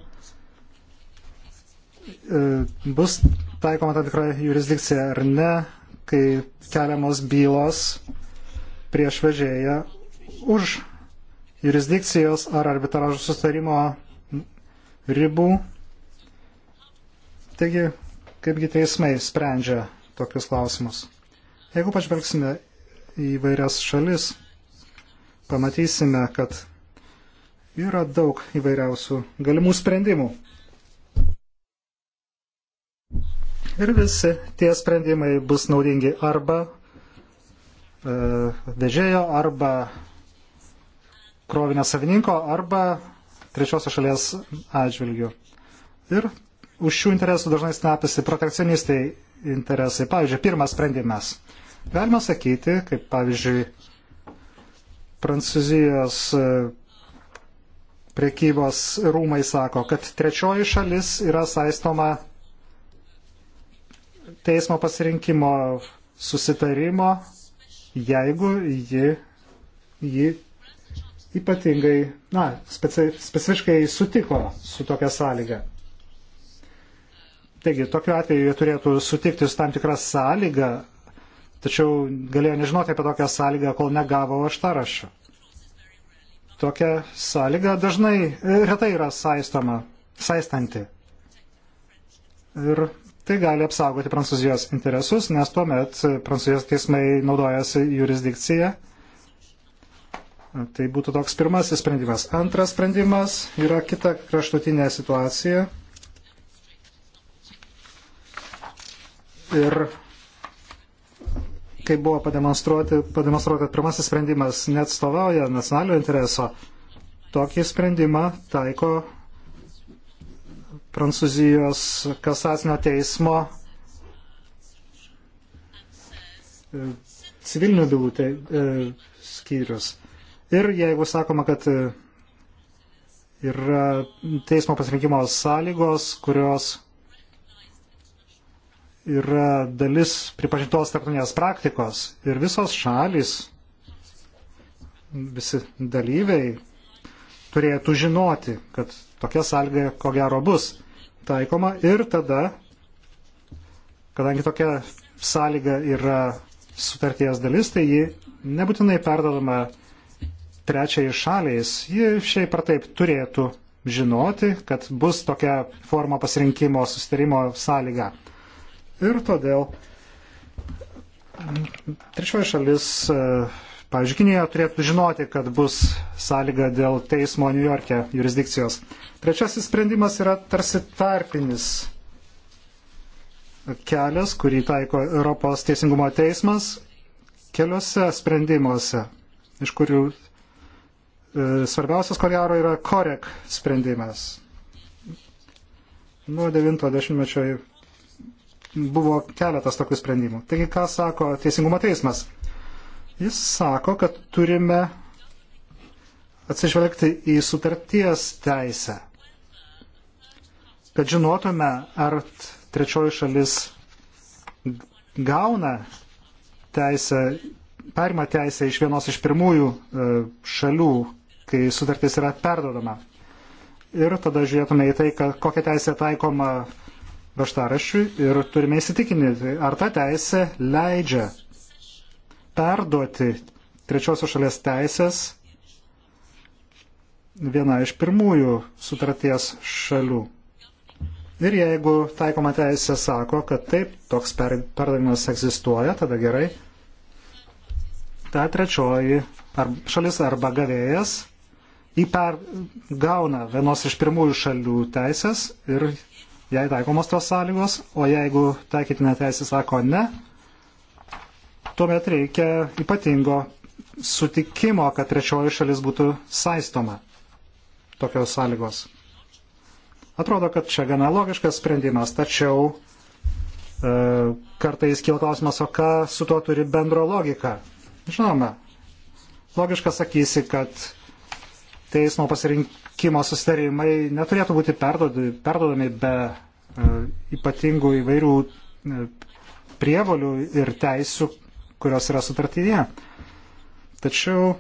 e, bus taikoma tam tikra jurisdikcija ar ne, kai keliamos bylos prieš vežėją už jurisdikcijos ar arbitražo sustarimo ribų. Taigi, kaipgi teismai sprendžia tokius klausimus. Jeigu pažvelgsime į vairias šalis, pamatysime, kad yra daug įvairiausių galimų sprendimų. Ir visi tie sprendimai bus naudingi arba e, vežėjo, arba krovinio savininko, arba trečiosios šalies atžvilgių. Ir už šių interesų dažnai snapiasi protekcionistai interesai. Pavyzdžiui, pirmas sprendimas. Galima sakyti, kaip pavyzdžiui, Prancūzijos e, priekybos rūmai sako, kad trečioji šalis yra saistoma teismo pasirinkimo susitarimo, jeigu ji, ji ypatingai, na, speci, specifiškai sutiko su tokia sąlyga. Taigi, tokiu atveju jie turėtų sutikti su tam tikrą sąlygą tačiau galėjo nežinoti apie tokią sąlygą, kol negavo aštarašą. Tokia sąlyga dažnai e, retai yra saistoma, saistanti. Ir tai gali apsaugoti Prancūzijos interesus, nes tuomet Prancūzijos teismai naudojasi jurisdikciją. Tai būtų toks pirmasis sprendimas. Antras sprendimas yra kita kraštutinė situacija. Ir kaip buvo pademonstruota pirmasis sprendimas, neatstovauja nacionalinio intereso. Tokį sprendimą taiko Prancūzijos kasacinio teismo e, civilinių bylų te, e, skyrius. Ir jeigu sakoma, kad e, yra teismo pasirinkimo sąlygos, kurios yra dalis pripažintos tarptautinės praktikos ir visos šalys, visi dalyviai turėtų žinoti, kad tokia sąlyga ko gero bus taikoma ir tada, kadangi tokia sąlyga yra sutarties dalis, tai ji nebūtinai perdodama trečiai šaliais, ji šiaip ar taip turėtų žinoti, kad bus tokia forma pasirinkimo sustarimo sąlyga. Ir todėl trečioji šalis, e, pavyzdžiui, Kinija turėtų žinoti, kad bus sąlyga dėl teismo New York'e jurisdikcijos. Trečiasis sprendimas yra tarsi tarpinis kelias, kurį taiko Europos teisingumo teismas keliose sprendimuose, iš kurių e, svarbiausias, ko gero, yra korek sprendimas. Nuo 90-mečio buvo keletas tokių sprendimų. Taigi, ką sako Teisingumo teismas? Jis sako, kad turime atsižvelgti į sutarties teisę, kad žinotume, ar trečioji šalis gauna teisę, perima teisę iš vienos iš pirmųjų e, šalių, kai sutartis yra perdodama. Ir tada žiūrėtume į tai, kokia teisė taikoma raštaraščiui ir turime įsitikinti, ar ta teisė leidžia perduoti trečiosios šalies teisės viena iš pirmųjų sutarties šalių. Ir jeigu taikoma teisė sako, kad taip, toks perdavimas egzistuoja, tada gerai. Ta trečioji ar, šalis arba gavėjas įper gauna vienos iš pirmųjų šalių teisės ir jei taikomos tos sąlygos, o jeigu taikytinė teisė sako ne, tuomet reikia ypatingo sutikimo, kad trečioji šalis būtų saistoma tokios sąlygos. Atrodo, kad čia gana logiškas sprendimas, tačiau e, kartais kyla klausimas, o ką su tuo turi bendro logika. Žinoma, logiška sakysi, kad teismo pasirinkimo susitarimai neturėtų būti perdodami be e, ypatingų įvairių e, prievolių ir teisų, kurios yra sutartyje. Tačiau,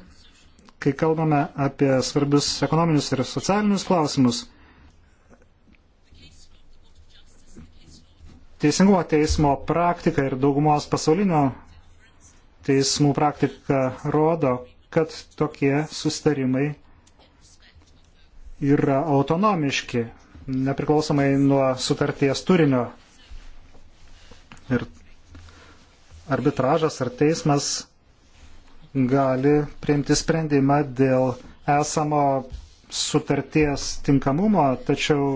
kai kalbame apie svarbius ekonominius ir socialinius klausimus, Teisingumo teismo praktika ir daugumos pasaulinio teismų praktika rodo, kad tokie sustarimai yra autonomiški, nepriklausomai nuo sutarties turinio. Ir arbitražas ar teismas gali priimti sprendimą dėl esamo sutarties tinkamumo, tačiau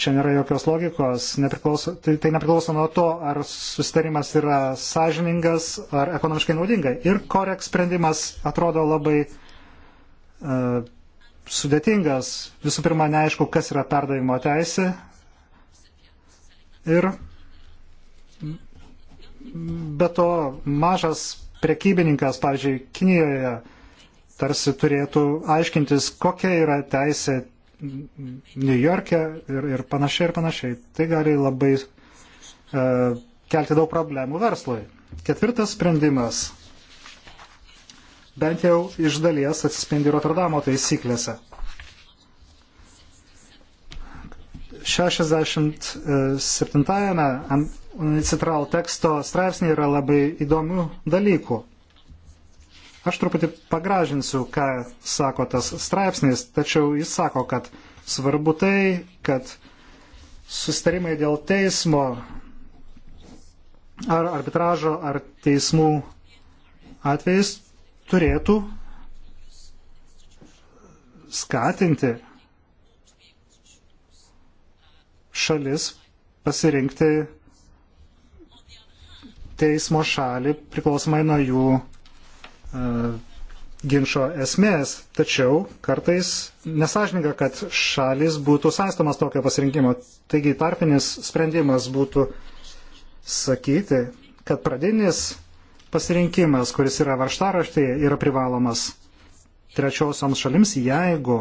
čia nėra jokios logikos, nepriklauso, tai, tai nepriklauso nuo to, ar susitarimas yra sąžiningas ar ekonomiškai naudinga. Ir korek sprendimas atrodo labai uh, sudėtingas. Visų pirma, neaišku, kas yra perdavimo teisė. Ir be to mažas prekybininkas, pavyzdžiui, Kinijoje tarsi turėtų aiškintis, kokia yra teisė New York'e ir, ir panašiai ir panašiai. Tai gali labai uh, kelti daug problemų verslui. Ketvirtas sprendimas bent jau iš dalies atsispindi Rotterdamo taisyklėse. 67-ame Unicitral teksto straipsnėje yra labai įdomių dalykų. Aš truputį pagražinsiu, ką sako tas straipsnis, tačiau jis sako, kad svarbu tai, kad sustarimai dėl teismo ar arbitražo ar teismų atvejais turėtų skatinti šalis pasirinkti teismo šalį priklausomai nuo jų uh, e, ginčio esmės. Tačiau kartais nesažininga, kad šalis būtų saistomas tokio pasirinkimo. Taigi tarpinis sprendimas būtų sakyti, kad pradinis pasirinkimas, kuris yra varštaraštėje, yra privalomas trečiosioms šalims, jeigu,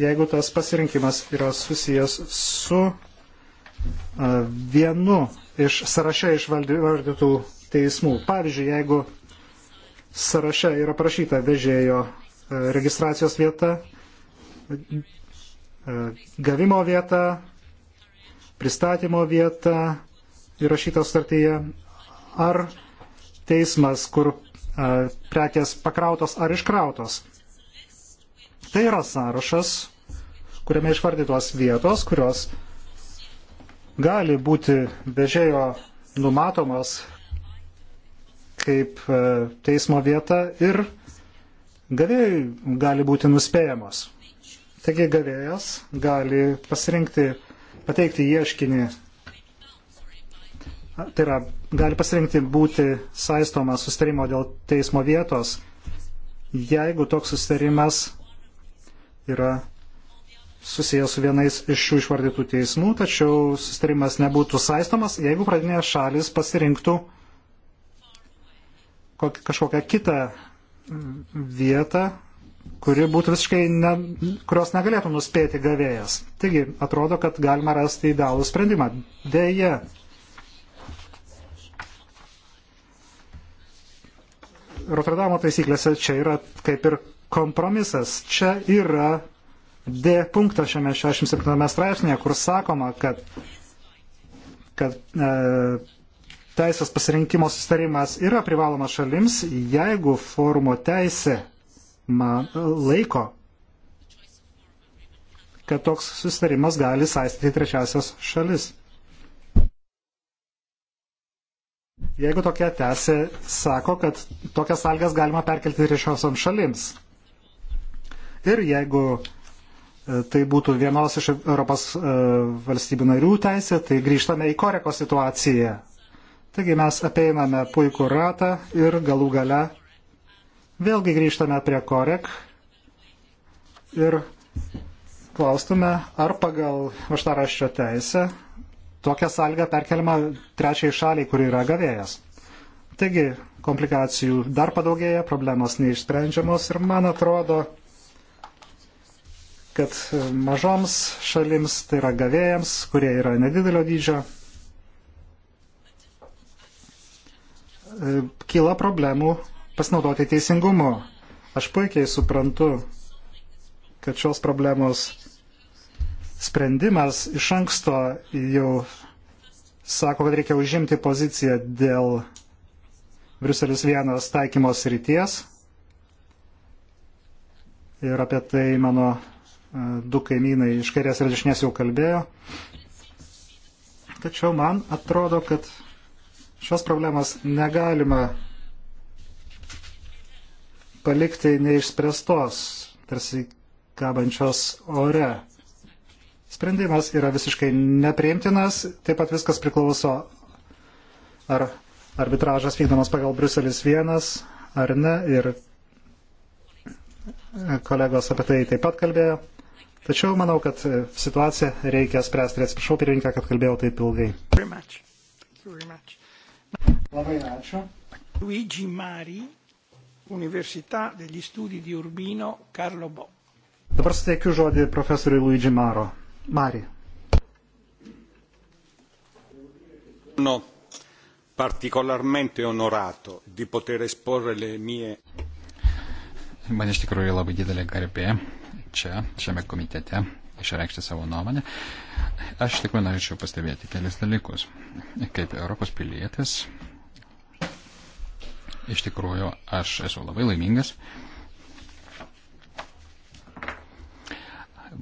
jeigu tas pasirinkimas yra susijęs su vienu iš sąraše išvardytų teismų. Pavyzdžiui, jeigu sąraše yra parašyta vežėjo registracijos vieta, gavimo vieta, pristatymo vieta, įrašytas startyje, ar teismas, kur e, prekės pakrautos ar iškrautos. Tai yra sąrašas, kuriame išvardytos vietos, kurios gali būti vežėjo numatomos kaip e, teismo vieta ir gavėjai gali būti nuspėjamos. Taigi gavėjas gali pasirinkti, pateikti ieškinį tai yra, gali pasirinkti būti saistomas sustarimo dėl teismo vietos, jeigu toks sustarimas yra susijęs su vienais iš šių išvardytų teismų, tačiau sustarimas nebūtų saistomas, jeigu pradinė šalis pasirinktų kažkokią kitą mm, vietą, kuri būtų visiškai, ne, kurios negalėtų nuspėti gavėjas. Taigi, atrodo, kad galima rasti idealų sprendimą. Deja, Rotterdamo taisyklėse čia yra kaip ir kompromisas. Čia yra D punktas šiame 67 straipsnėje, kur sakoma, kad, kad e, teisės pasirinkimo sustarimas yra privalomas šalims, jeigu forumo teisė man, laiko, kad toks sustarimas gali saistyti trečiasias šalis. Jeigu tokia tęsė, sako, kad tokias sąlygas galima perkelti trečiosioms šalims. Ir jeigu e, tai būtų vienos iš Europos e, valstybių narių teisė, tai grįžtame į Koreko situaciją. Taigi mes apeiname puikų ratą ir galų gale vėlgi grįžtame prie Korek ir klaustume, ar pagal vaštaraščio teisę tokia sąlyga perkeliama trečiai šaliai, kuri yra gavėjas. Taigi komplikacijų dar padaugėja, problemos neišsprendžiamos ir man atrodo, kad mažoms šalims, tai yra gavėjams, kurie yra nedidelio dydžio, kyla problemų pasinaudoti teisingumu. Aš puikiai suprantu, kad šios problemos sprendimas iš anksto jau sako, kad reikia užimti poziciją dėl Bruselis vienas taikymos ryties. Ir apie tai mano e, du kaimynai iš kairės ir dešinės jau kalbėjo. Tačiau man atrodo, kad šios problemas negalima palikti neišspręstos, tarsi kabančios ore. Sprendimas yra visiškai nepriimtinas, taip pat viskas priklauso, ar arbitražas vykdomas pagal Bruselis vienas ar ne, ir kolegos apie tai taip pat kalbėjo. Tačiau manau, kad situaciją reikia spręsti ir atsiprašau pirmininką, kad kalbėjau taip ilgai. Labai ačiū. Luigi Mari, Università degli Studi di Urbino, Karlo Bo. Dabar suteikiu žodį profesoriui Luigi Maro. Mari. No. Particolarmente onorato di poter esporre le mie. Man iš tikrųjų labai didelė garbė čia, šiame komitete, išreikšti savo nuomonę. Aš tikrai norėčiau pastebėti kelis dalykus. Kaip Europos pilietis, iš tikrųjų aš esu labai laimingas,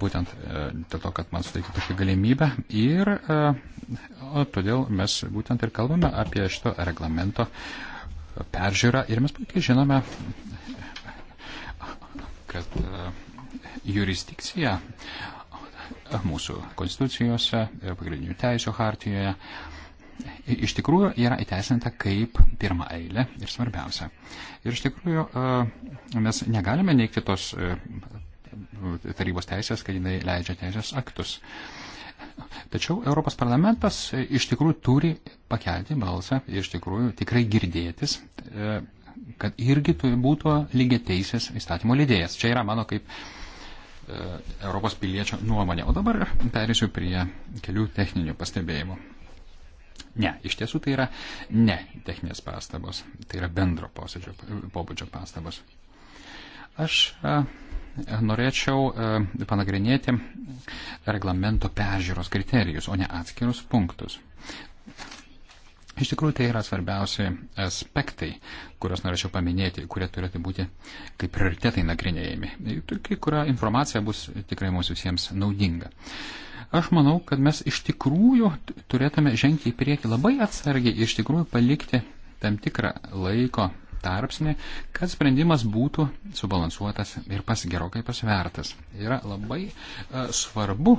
būtent e, dėl to, kad man suteikė tokią galimybę. Ir e, todėl mes būtent ir kalbame apie šito reglamento peržiūrą. Ir mes puikiai žinome, kad e, jurisdikcija mūsų konstitucijose ir pagrindinių teisų hartijoje iš tikrųjų yra įteisinta kaip pirmą eilę ir svarbiausia. Ir iš tikrųjų mes negalime neikti tos tarybos teisės, kad jinai leidžia teisės aktus. Tačiau Europos parlamentas iš tikrųjų turi pakelti balsą, iš tikrųjų tikrai girdėtis, e, kad irgi būtų lygiai teisės įstatymo lydėjas. Čia yra mano kaip e, Europos piliečio nuomonė. O dabar perėsiu prie kelių techninių pastebėjimų. Ne, iš tiesų tai yra ne techninės pastabos, tai yra bendro posėdžio pobūdžio pastabos. Aš a, e, norėčiau e, panagrinėti reglamento peržiūros kriterijus, o ne atskirus punktus. Iš tikrųjų, tai yra svarbiausi aspektai, kuriuos norėčiau paminėti, kurie turėtų būti kaip prioritetai nagrinėjami. Kai kuria informacija bus tikrai mums visiems naudinga. Aš manau, kad mes iš tikrųjų turėtume žengti į priekį labai atsargiai ir iš tikrųjų palikti tam tikrą laiko tarpsnį, kad sprendimas būtų subalansuotas ir pas, gerokai pasvertas. Yra labai uh, svarbu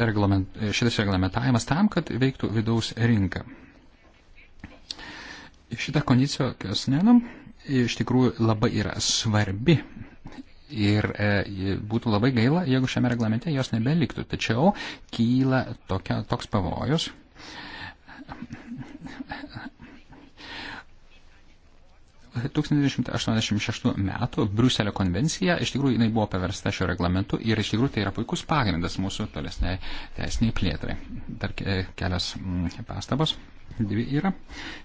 reglament, e, šitas reglamentavimas tam, kad veiktų vidaus rinka. Šita kondicija Kiosnenam iš tikrųjų labai yra svarbi Ir e, būtų labai gaila, jeigu šiame reglamente jos nebeliktų. Tačiau kyla tokia, toks pavojus, 1986 metų Briuselio konvencija iš tikrųjų jinai buvo paversta šio reglamentu ir iš tikrųjų tai yra puikus pagrindas mūsų tolesniai teisiniai plėtrai. Dar kelias mm, pastabos. Dvi yra.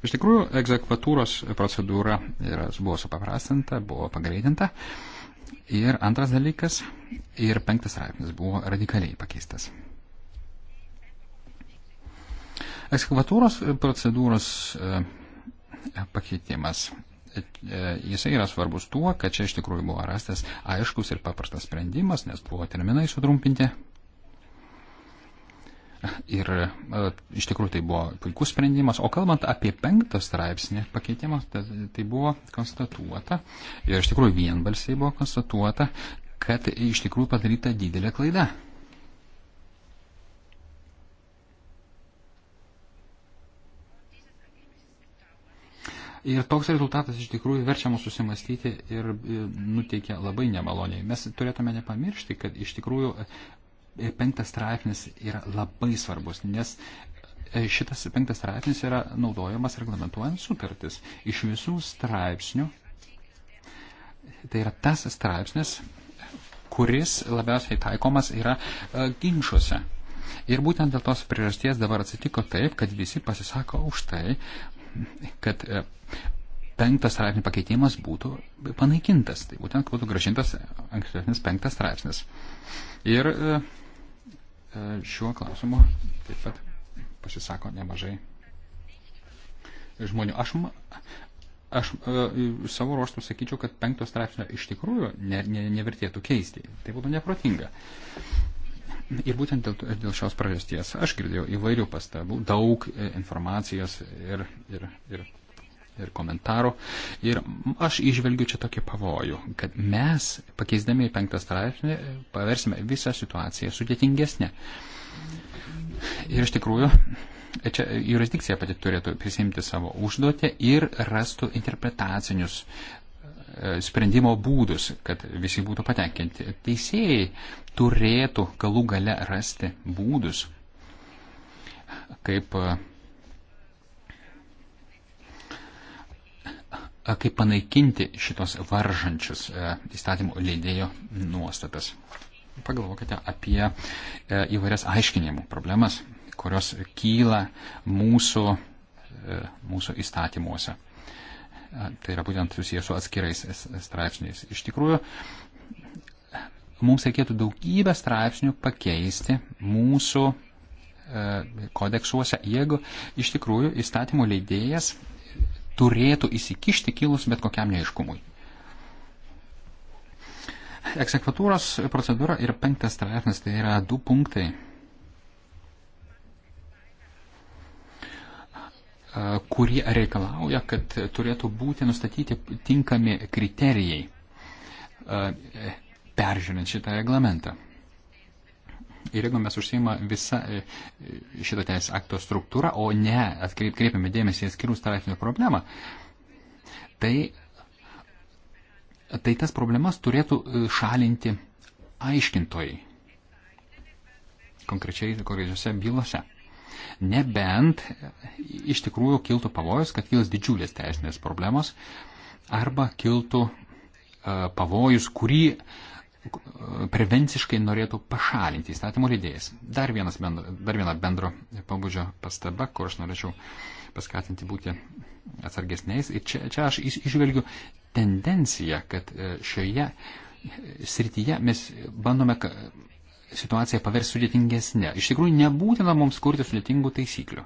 Iš tikrųjų, egzekvatūros procedūra yra, buvo supaprastinta, buvo pagreitinta. Ir antras dalykas, ir penktas straipsnis buvo radikaliai pakeistas. Ekskavatūros procedūros e, pakeitimas E, jisai yra svarbus tuo, kad čia iš tikrųjų buvo rastas aiškus ir paprastas sprendimas, nes buvo terminai sutrumpinti. Ir e, iš tikrųjų tai buvo puikus sprendimas. O kalbant apie penktą straipsnį pakeitimą, tai, tai buvo konstatuota, ir iš tikrųjų vienbalsiai buvo konstatuota, kad iš tikrųjų padaryta didelė klaida. Ir toks rezultatas iš tikrųjų verčia mus susimastyti ir e, nuteikia labai nemaloniai. Mes turėtume nepamiršti, kad iš tikrųjų e, penktas straipsnis yra labai svarbus, nes e, šitas penktas straipsnis yra naudojamas reglamentuojant sutartis. Iš visų straipsnių tai yra tas straipsnis, kuris labiausiai taikomas yra ginčiuose. Ir būtent dėl tos priežasties dabar atsitiko taip, kad visi pasisako už tai, kad e, penktas straipsnių pakeitimas būtų panaikintas. Tai būtent būtų gražintas ankstesnis penktas straipsnis. Ir e, e, šiuo klausimu taip pat pasisako nemažai žmonių. Aš, aš savo ruoštų sakyčiau, kad penkto straipsnio iš tikrųjų ne, ne, nevertėtų keisti. Tai būtų neprotinga. Ir būtent dėl, dėl šios priežasties aš girdėjau įvairių pastabų, daug e, informacijos ir, ir, ir, ir komentarų. Ir aš išvelgiu čia tokį pavojų, kad mes, pakeisdami į penktą straipsnį, paversime visą situaciją sudėtingesnę. Ir iš tikrųjų, čia jurisdikcija pati turėtų prisimti savo užduotę ir rastų interpretacinius E, sprendimo būdus, kad visi būtų patenkinti. Teisėjai turėtų galų gale rasti būdus, kaip, e, kaip panaikinti šitos varžančius e, įstatymų leidėjo nuostatas. Pagalvokite apie įvairias aiškinimų problemas, kurios kyla mūsų, mūsų įstatymuose. Tai yra būtent susijęs su atskirais straipsniais. Iš tikrųjų, mums reikėtų daugybę straipsnių pakeisti mūsų e, kodeksuose, jeigu iš tikrųjų įstatymų leidėjas turėtų įsikišti kilus bet kokiam neiškumui. Eksekvatūros procedūra ir penktas straipsnis, tai yra du punktai kurie reikalauja, kad turėtų būti nustatyti tinkami kriterijai peržiūrint šitą reglamentą. Ir jeigu mes užsima visą e, e, šitą teisės akto struktūrą, o ne atkreipiame dėmesį į skirų straipsnių problemą, tai, tai tas problemas turėtų e, šalinti aiškintojai konkrečiai konkrečiose bylose. Nebent iš tikrųjų kiltų pavojus, kad kils didžiulės teisinės problemos arba kiltų e, pavojus, kurį e, prevenciškai norėtų pašalinti įstatymų leidėjas. Dar, bendro, dar viena bendro pabudžio pastaba, kur aš norėčiau paskatinti būti atsargesniais. Ir čia, čia aš išvelgiu tendenciją, kad e, šioje srityje mes bandome situaciją pavers sudėtingesnė. Iš tikrųjų, nebūtina mums kurti sudėtingų taisyklių.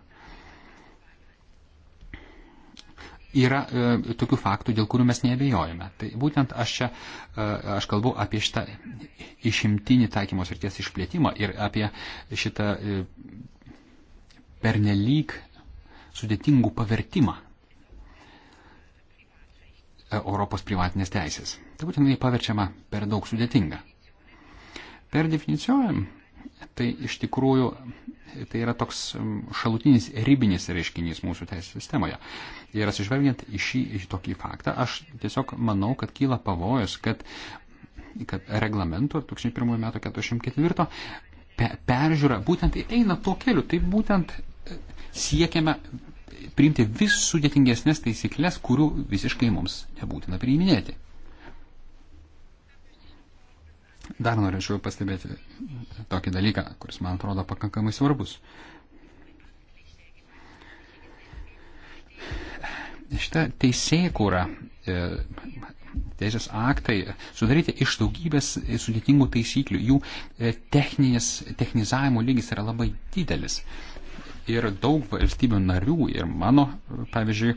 Yra e, tokių faktų, dėl kurių mes neabejojame. Tai būtent aš čia, e, aš kalbu apie šitą išimtinį taikymos ir ties išplėtimą ir apie šitą e, pernelyg sudėtingų pavertimą e, Europos privatinės teisės. Tai būtent jinai paverčiama per daug sudėtinga perdefinicijojam, tai iš tikrųjų tai yra toks šalutinis ribinis reiškinys mūsų teisės sistemoje. Ir atsižvelgiant į šį į tokį faktą, aš tiesiog manau, kad kyla pavojus, kad, kad reglamento 2001 m. 44 pe, peržiūra būtent eina tuo keliu. Tai būtent e, siekiame priimti vis sudėtingesnės taisyklės, kurių visiškai mums nebūtina priiminėti. Dar norėčiau pastebėti tokį dalyką, kuris man atrodo pakankamai svarbus. Šitą teisėkūrą, e, teisės aktai sudaryti iš daugybės sudėtingų taisyklių. Jų e, techninis, technizavimo lygis yra labai didelis. Ir daug valstybių narių ir mano, pavyzdžiui,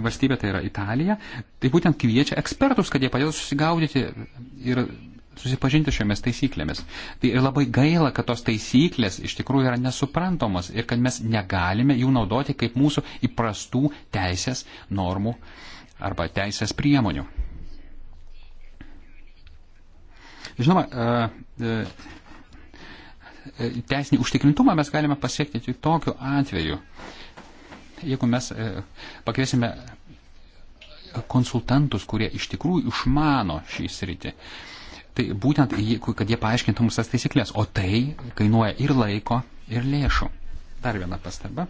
valstybė, tai yra Italija, tai būtent kviečia ekspertus, kad jie padėtų susigaudyti ir susipažinti šiomis taisyklėmis. Tai ir labai gaila, kad tos taisyklės iš tikrųjų yra nesuprantamos ir kad mes negalime jų naudoti kaip mūsų įprastų teisės normų arba teisės priemonių. Žinoma, e, e, teisinį užtikrintumą mes galime pasiekti tik tokiu atveju, jeigu mes e, pakviesime konsultantus, kurie iš tikrųjų išmano šį sritį, tai būtent, kad jie paaiškintų mums tas taisyklės, o tai kainuoja ir laiko, ir lėšų. Dar viena pastaba.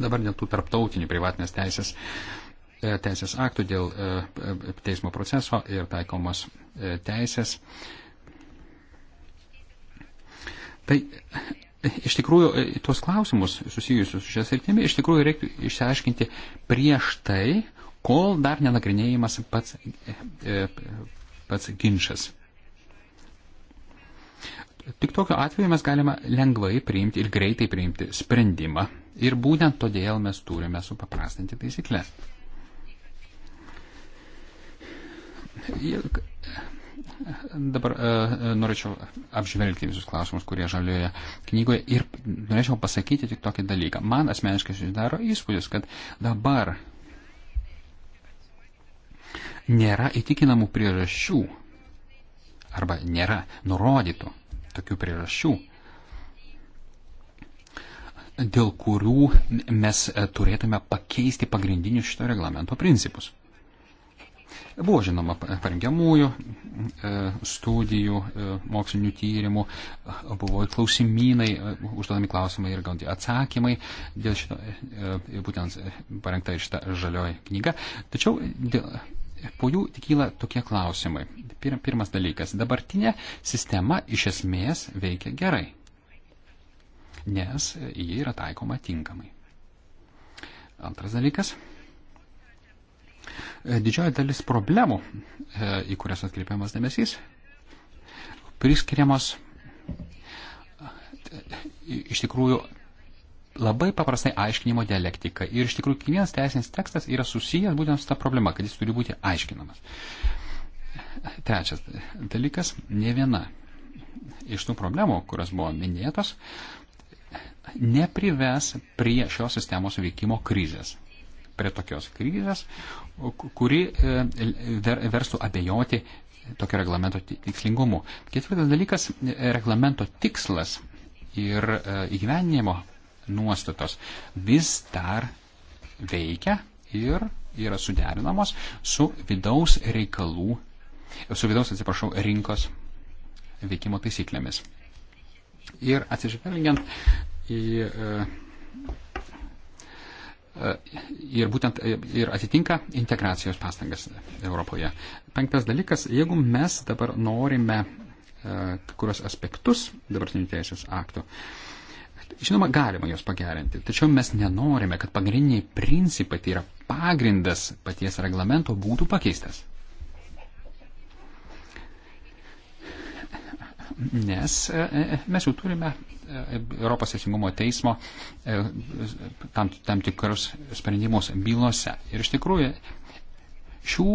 Dabar dėl tų tarptautinių privatinės teisės, e, teisės aktų, dėl e, teismo proceso ir taikomos teisės. Tai iš tikrųjų e, tuos klausimus susijusius su šią sritimį iš tikrųjų reiktų išsiaiškinti prieš tai, kol dar nenagrinėjimas pats, e, e, pats ginčas. Tik tokiu atveju mes galime lengvai priimti ir greitai priimti sprendimą. Ir būtent todėl mes turime supaprastinti taisyklės. Dabar e, e, norėčiau apžvelgti visus klausimus, kurie žalioje knygoje ir norėčiau pasakyti tik tokį dalyką. Man asmeniškai susidaro įspūdis, kad dabar nėra įtikinamų priežasčių arba nėra nurodytų tokių priežasčių, dėl kurių mes turėtume pakeisti pagrindinius šito reglamento principus. Buvo žinoma parengiamųjų e, studijų, e, mokslinių tyrimų, buvo klausimynai, e, užduodami klausimai ir gauti atsakymai, dėl šito, būtent parengta šita žalioji knyga. Tačiau dėl, po jų kyla tokie klausimai. Pirmas dalykas, dabartinė sistema iš esmės veikia gerai, nes ji yra taikoma tinkamai. Antras dalykas. E, didžioji dalis problemų, e, į kurias atkreipiamas dėmesys, priskiriamos e, iš tikrųjų labai paprastai aiškinimo dialektika. Ir iš tikrųjų kiekvienas teisinis tekstas yra susijęs būtent su ta problema, kad jis turi būti aiškinamas. Trečias dalykas, ne viena iš tų problemų, kurios buvo minėtos, neprives prie šios sistemos veikimo krizės. Prie tokios krizės, kuri e, verstų abejoti tokio reglamento tikslingumu. Ketvirtas dalykas e, - reglamento tikslas ir e, įgyvenimo nuostatos vis dar veikia ir yra suderinamos su vidaus reikalų, su vidaus, atsiprašau, rinkos veikimo taisyklėmis. Ir atsižvelgiant į e, ir būtent ir atitinka integracijos pastangas Europoje. Penktas dalykas, jeigu mes dabar norime e, kurios aspektus dabartinių teisės aktų, Žinoma, galima juos pagerinti, tačiau mes nenorime, kad pagrindiniai principai, tai yra pagrindas paties reglamento, būtų pakeistas. Nes e, e, mes jau turime Europos teisingumo teismo e, tam, tam tikrus sprendimus bylose. Ir iš tikrųjų, šių,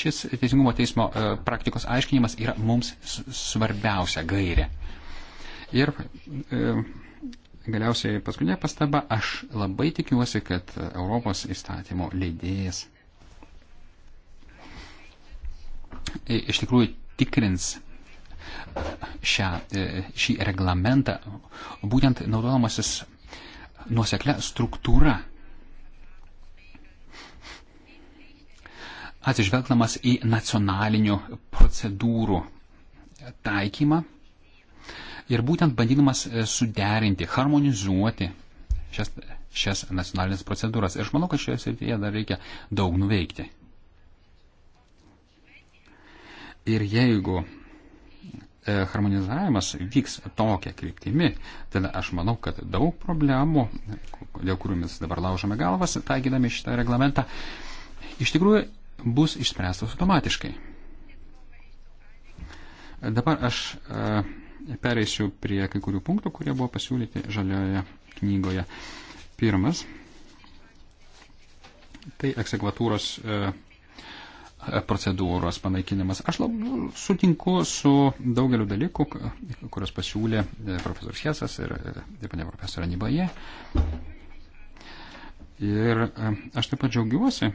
šis teisingumo teismo e, praktikos aiškinimas yra mums svarbiausia gairė. Ir e, galiausiai paskutinė pastaba, aš labai tikiuosi, kad Europos įstatymo leidėjas iš tikrųjų tikrins šią, e, šį reglamentą, būtent naudodamasis nuoseklę struktūrą, atsižvelgdamas į nacionalinių procedūrų taikymą ir būtent bandydamas e, suderinti, harmonizuoti šias, šias nacionalinės procedūras. Ir aš manau, kad šioje srityje dar reikia daug nuveikti. Ir jeigu E, harmonizavimas vyks tokia kryptimi, tada aš manau, kad daug problemų, dėl kurių mes dabar laužome galvas, taikydami šitą reglamentą, iš tikrųjų bus išspręstas automatiškai. Dabar aš e, pereisiu prie kai kurių punktų, kurie buvo pasiūlyti žalioje knygoje. Pirmas. Tai eksekvatūros e, procedūros panaikinimas. Aš labai sutinku su daugeliu dalykų, kurios pasiūlė e, profesorius Hesas ir e, taip pat profesorė Nibaje. Ir e, aš taip pat džiaugiuosi,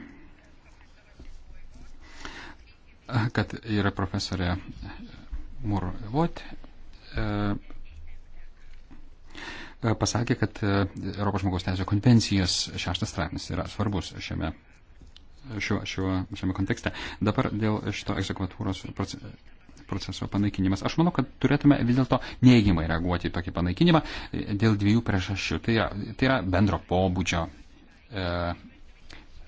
kad yra profesorė Murvot pasakė, kad Europos žmogaus teisės konvencijos šeštas straipsnis yra svarbus šiame šiuo, šiuo, šiame kontekste. Dabar dėl šito egzekvatūros proceso panaikinimas. Aš manau, kad turėtume vis dėlto neįgimai reaguoti į tokį panaikinimą e, dėl dviejų priežasčių. Tai yra, tai yra bendro pobūdžio e,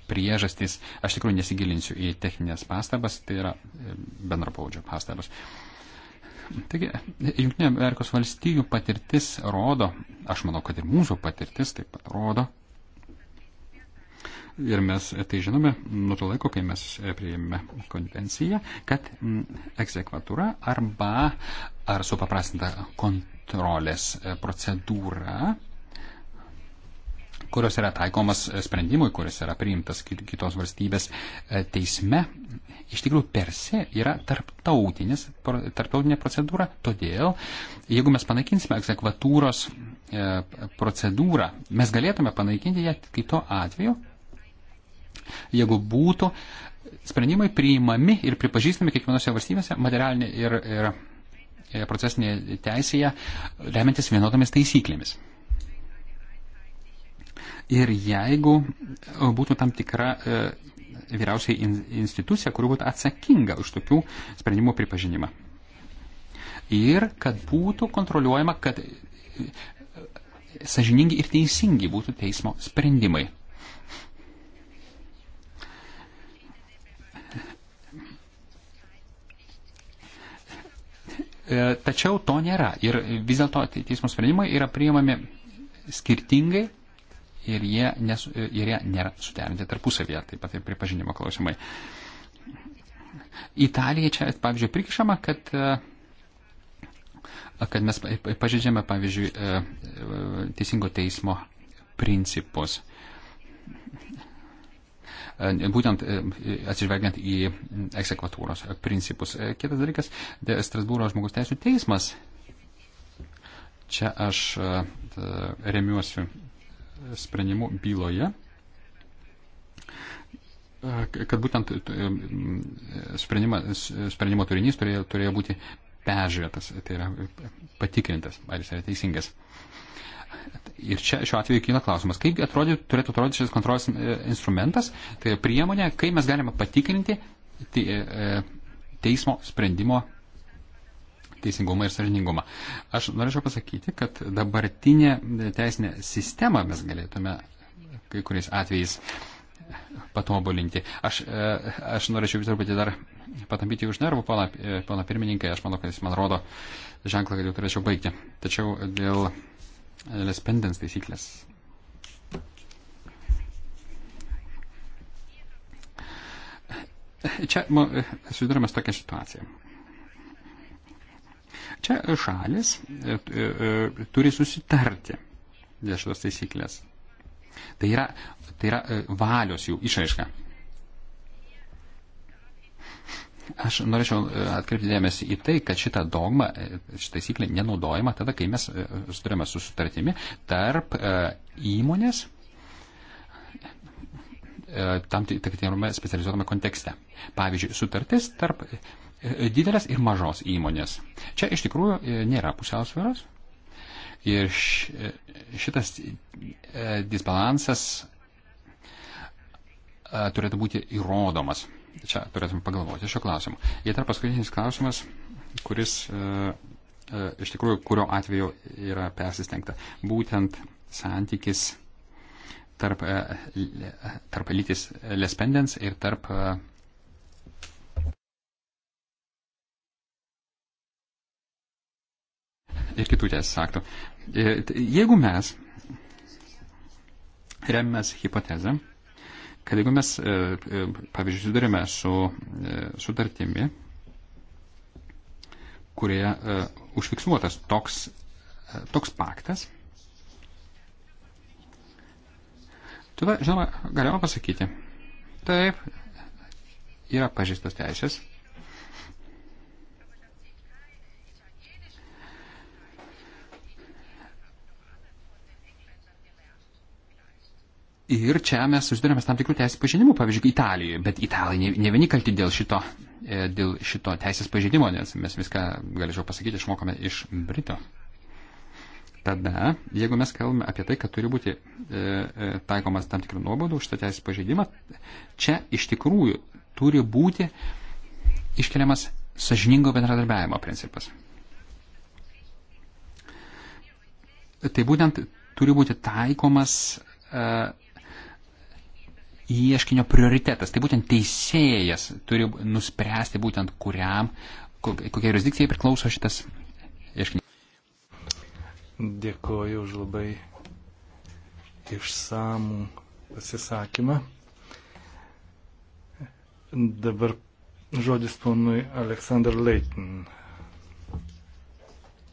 priežastys. Aš tikrai nesigilinsiu į techninės pastabas, tai yra e, bendro pobūdžio pastabas. Taigi, Junktinė Amerikos valstijų patirtis rodo, aš manau, kad ir mūsų patirtis taip pat rodo, Ir mes tai žinome nuo to laiko, kai mes priėmėme konvenciją, kad mm, egzekvatūra arba ar supaprastinta kontrolės e, procedūra kurios yra taikomas sprendimui, kuris yra priimtas kitos valstybės e, teisme, iš tikrųjų perse yra tarptautinė procedūra. Todėl, jeigu mes panaikinsime egzekvatūros e, procedūrą, mes galėtume panaikinti ją kito atveju, jeigu būtų sprendimai priimami ir pripažįstami kiekvienose valstybėse materialinė ir, ir procesinė teisėje remiantis vienodomis taisyklėmis. Ir jeigu būtų tam tikra e, vyriausiai institucija, kuri būtų atsakinga už tokių sprendimų pripažinimą. Ir kad būtų kontroliuojama, kad e, sažiningi ir teisingi būtų teismo sprendimai. E, tačiau to nėra. Ir vis dėlto teismo sprendimai yra priimami skirtingai ir jie, nes, e, ir jie nėra suderinti tarpusavėje, taip pat ir pripažinimo klausimai. Italija čia, pavyzdžiui, prikišama, kad, e, kad mes pažeidžiame, pavyzdžiui, teisingo teismo principus būtent atsižvelgiant į eksekvatūros principus. Kitas dalykas, Strasbūro žmogus teisų teismas. Čia aš remiuosiu sprendimu byloje kad būtent sprendimo, sprendimo turinys turėjo, turėjo būti peržiūrėtas, tai yra e, patikrintas, ar jis yra teisingas. Ir čia šiuo atveju kyla klausimas, kaip atrodyt, turėtų atrodyti šis kontrolės e, instrumentas, tai priemonė, kaip mes galime patikrinti te, e, teismo sprendimo teisingumą ir sažiningumą. Aš norėčiau pasakyti, kad dabartinė teisinė sistema mes galėtume kai kuriais atvejais patobulinti. Aš, e, aš norėčiau vis truputį dar patampyti už nervų, pana, pana pirmininkai, aš manau, kad jis man rodo ženklą, kad jau turėčiau baigti. Tačiau dėl lespendens taisyklės. Čia susidurime su tokia situacija. Čia šalis e, e, e, turi susitarti dėl šitos taisyklės. Tai yra, tai yra valios jų išaiška. Aš norėčiau e, atkreipti dėmesį į tai, kad šitą dogmą, e, šitą taisyklę nenaudojama tada, kai mes turime e, su sutartimi tarp įmonės tam tikrame specializuotame kontekste. Pavyzdžiui, sutartis tarp didelės ir mažos įmonės. Čia iš tikrųjų nėra pusiausvėros. Ir šitas disbalansas turėtų būti įrodomas čia turėtume pagalvoti šio klausimu. Ir dar paskutinis klausimas, kuris e, e, iš tikrųjų, kurio atveju yra persistengta. Būtent santykis tarp, e, tarp lytis lespendens ir tarp. E, Ir kitų teisės aktų. E, jeigu mes remiamės hipotezę, kad jeigu mes, e, e, pavyzdžiui, sudarėme su e, sutartimi, kurioje užfiksuotas toks, toks paktas, tada, žinoma, galima pasakyti, taip, yra pažįstas teisės, Ir čia mes susidurėme tam tikrų teisės pažinimų, pavyzdžiui, Italijoje, bet italai ne, ne vieni kalti dėl šito, e, dėl šito teisės pažinimo, nes mes viską, galėčiau pasakyti, išmokome iš Brito. Tada, jeigu mes kalbame apie tai, kad turi būti e, e, taikomas tam tikrų nuobaudų už tą teisės pažeidimą, čia iš tikrųjų turi būti iškeliamas sažiningo bendradarbiavimo principas. Tai būtent turi būti taikomas e, ieškinio prioritetas. Tai būtent teisėjas turi nuspręsti būtent kuriam, kokia jurisdikcija priklauso šitas ieškinys. Dėkoju už labai išsamų pasisakymą. Dabar žodis ponui Aleksandr Leitin.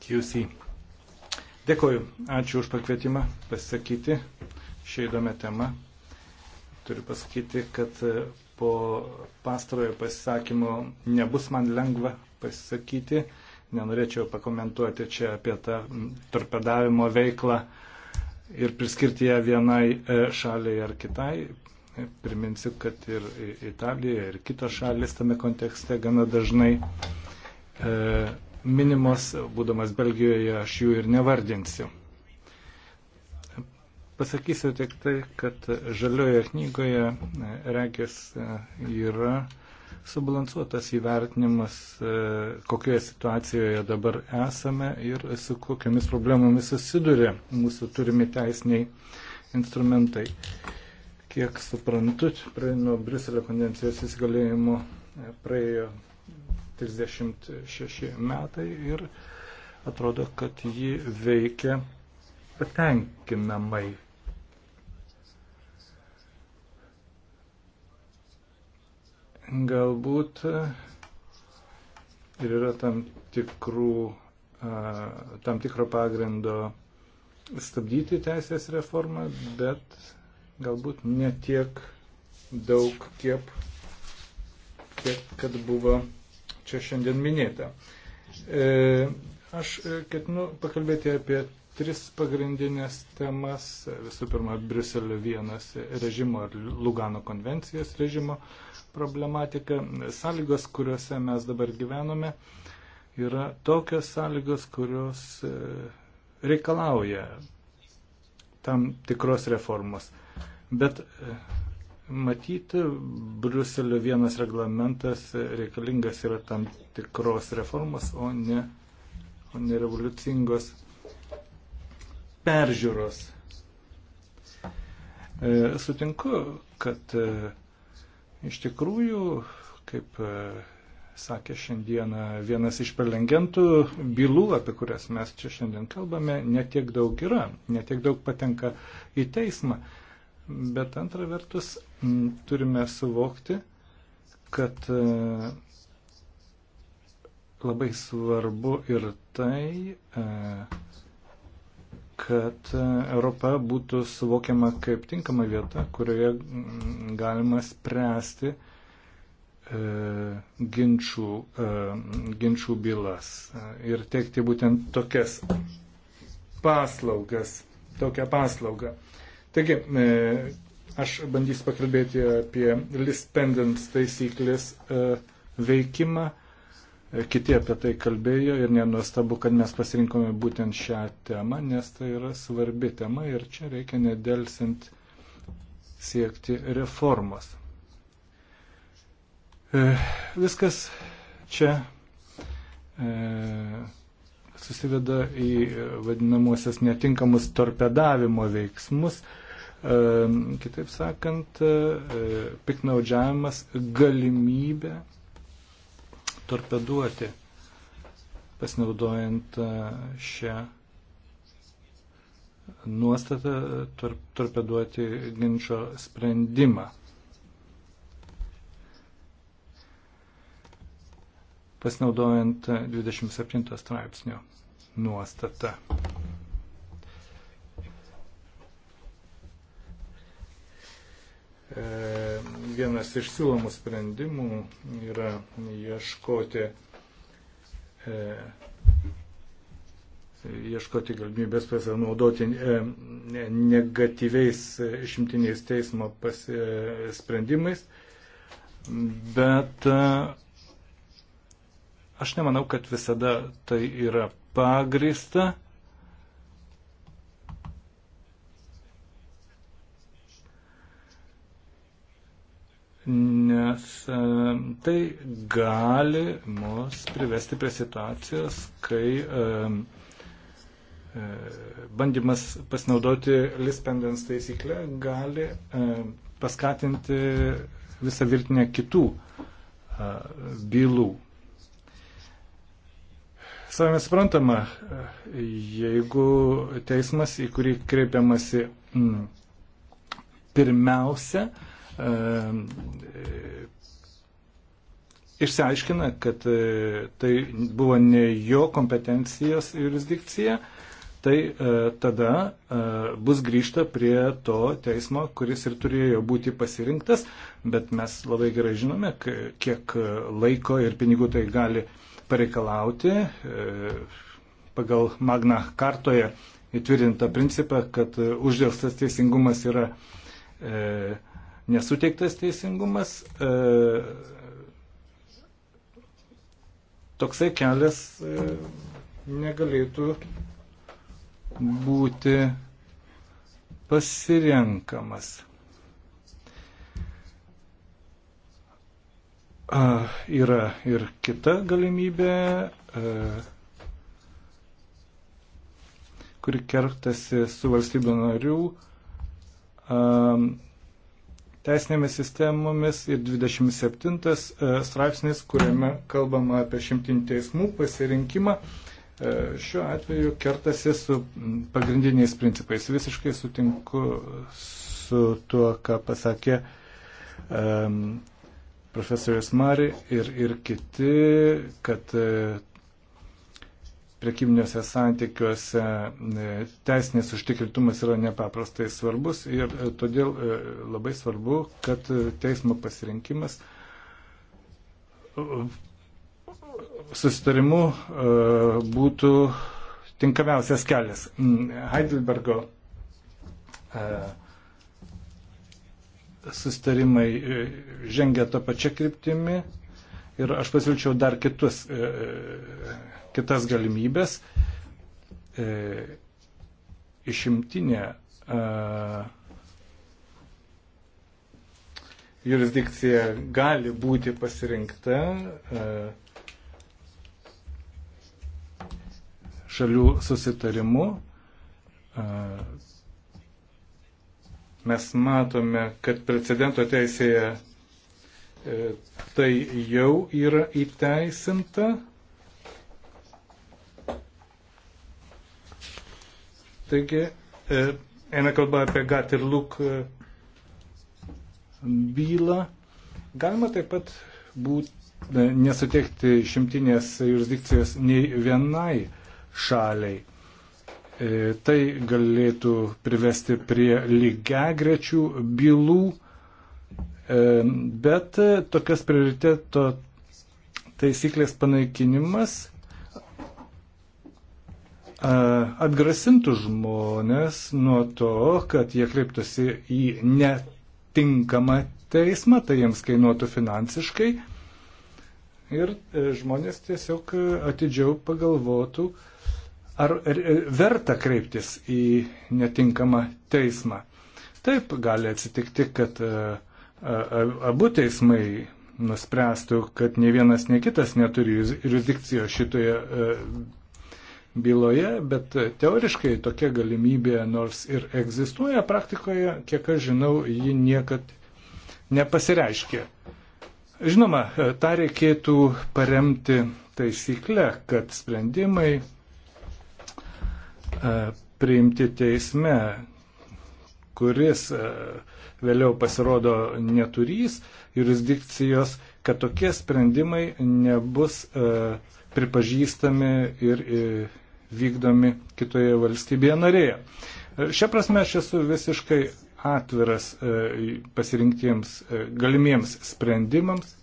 QC. Dėkoju. Ačiū už pakvietimą pasisakyti šią įdomią temą. Turiu pasakyti, kad e, po pastarojo pasisakymo nebus man lengva pasisakyti. Nenorėčiau pakomentuoti čia apie tą torpedavimo veiklą ir priskirti ją vienai e, šaliai ar kitai. Priminsiu, kad ir Italija, ir kitos šalis tame kontekste gana dažnai e, minimos, būdamas Belgijoje aš jų ir nevardinsiu. Pasakysiu tik tai, kad žalioje knygoje e, regis e, yra subalansuotas įvertinimas, e, kokioje situacijoje dabar esame ir su kokiamis problemomis susiduria mūsų turimi teisiniai instrumentai. Kiek suprantu, nuo Briuselio konvencijos įsigaliojimo praėjo 36 metai ir atrodo, kad ji veikia patenkinamai. Galbūt ir yra tam, tikrų, tam tikro pagrindo stabdyti teisės reformą, bet galbūt ne tiek daug, kiek, kiek kad buvo čia šiandien minėta. E, aš ketinu pakalbėti apie tris pagrindinės temas. Visų pirma, Briuselio vienas režimo ir Lugano konvencijos režimo problematika. Sąlygos, kuriuose mes dabar gyvenome, yra tokios sąlygos, kurios e, reikalauja tam tikros reformos. Bet e, matyti, Bruselio vienas reglamentas reikalingas yra tam tikros reformos, o ne, o ne revoliucingos peržiūros. E, sutinku, kad e, iš tikrųjų, kaip e, sakė šiandieną vienas iš prelegentų, bylų, apie kurias mes čia šiandien kalbame, netiek daug yra, netiek daug patenka į teismą. Bet antra vertus, turime suvokti, kad labai svarbu ir tai, kad Europa būtų suvokiama kaip tinkama vieta, kurioje galima spręsti e, ginčių, e, ginčių bylas e, ir teikti būtent tokias paslaugas, tokią paslaugą. Taigi, aš bandysiu pakalbėti apie lispendens taisyklės veikimą Kiti apie tai kalbėjo ir nenuostabu, kad mes pasirinkome būtent šią temą, nes tai yra svarbi tema ir čia reikia nedelsint siekti reformos. E, viskas čia e, susiveda į vadinamosios netinkamus torpedavimo veiksmus. E, kitaip sakant, piknaudžiavimas galimybę torpeduoti, pasinaudojant e, šią nuostatą, tor, torpeduoti ginčio sprendimą. Pasinaudojant 27 straipsnio nuostatą. E, vienas iš siūlomų sprendimų yra ieškoti, e, ieškoti galimybės pasinaudoti e, negatyviais išimtiniais teismo pasi, sprendimais, bet aš nemanau, kad visada tai yra pagrįsta nes e, tai gali mus privesti prie situacijos, kai e, e, bandymas pasinaudoti lispendens taisyklę gali paskatinti visą virtinę kitų bylų. Savame suprantama, jeigu teismas, į kurį kreipiamasi pirmiausia, išsiaiškina, kad e, tai buvo ne jo kompetencijos jurisdikcija, tai e, tada e, bus grįžta prie to teismo, kuris ir turėjo būti pasirinktas, bet mes labai gerai žinome, kiek laiko ir pinigų tai gali pareikalauti pagal Magna kartoje įtvirtintą principą, kad uždėlstas teisingumas yra e, nesuteiktas teisingumas, e, toksai kelias e, negalėtų būti pasirenkamas. Yra ir kita galimybė, e, kuri kertasi su valstybių narių teisinėmis sistemomis ir 27 e, straipsnis, kuriame kalbama apie šimtinį teismų pasirinkimą, e, šiuo atveju kertasi su pagrindiniais principais. Visiškai sutinku su tuo, ką pasakė um, profesorius Mari ir, ir kiti, kad e, prekybiniuose santykiuose e, teisinės užtikrintumas yra nepaprastai svarbus ir e, todėl e, labai svarbu, kad teismo pasirinkimas susitarimu būtų tinkamiausias kelias. Mm, Heidelbergo susitarimai žengia tą pačią kryptimį ir aš pasiūlyčiau dar kitus kitas galimybės. E, išimtinė e, jurisdikcija gali būti pasirinkta e, šalių susitarimu. E, mes matome, kad precedento teisėje e, tai jau yra įteisinta. E, Taigi, e, eina kalba apie Gat ir Luk e, bylą. Galima taip pat būt, e, nesuteikti šimtinės jurisdikcijos nei vienai šaliai. Tai galėtų privesti prie lygiagrečių bylų, bet tokias prioriteto taisyklės panaikinimas atgrasintų žmonės nuo to, kad jie kreiptųsi į netinkamą teismą, tai jiems kainuotų finansiškai ir e, žmonės tiesiog e, atidžiau pagalvotų, ar e, verta kreiptis į netinkamą teismą. Taip gali atsitikti, kad abu teismai nuspręstų, kad ne vienas, ne kitas neturi jurisdikcijos šitoje byloje, bet teoriškai tokia galimybė, nors ir egzistuoja praktikoje, kiek aš žinau, ji niekad nepasireiškė. Žinoma, tą reikėtų paremti taisyklę, kad sprendimai e, priimti teisme, kuris e, vėliau pasirodo neturys jurisdikcijos, kad tokie sprendimai nebus e, pripažįstami ir vykdomi kitoje valstybėje narėje. E, šia prasme aš esu visiškai atviras e, pasirinktiems e, galimiems sprendimams.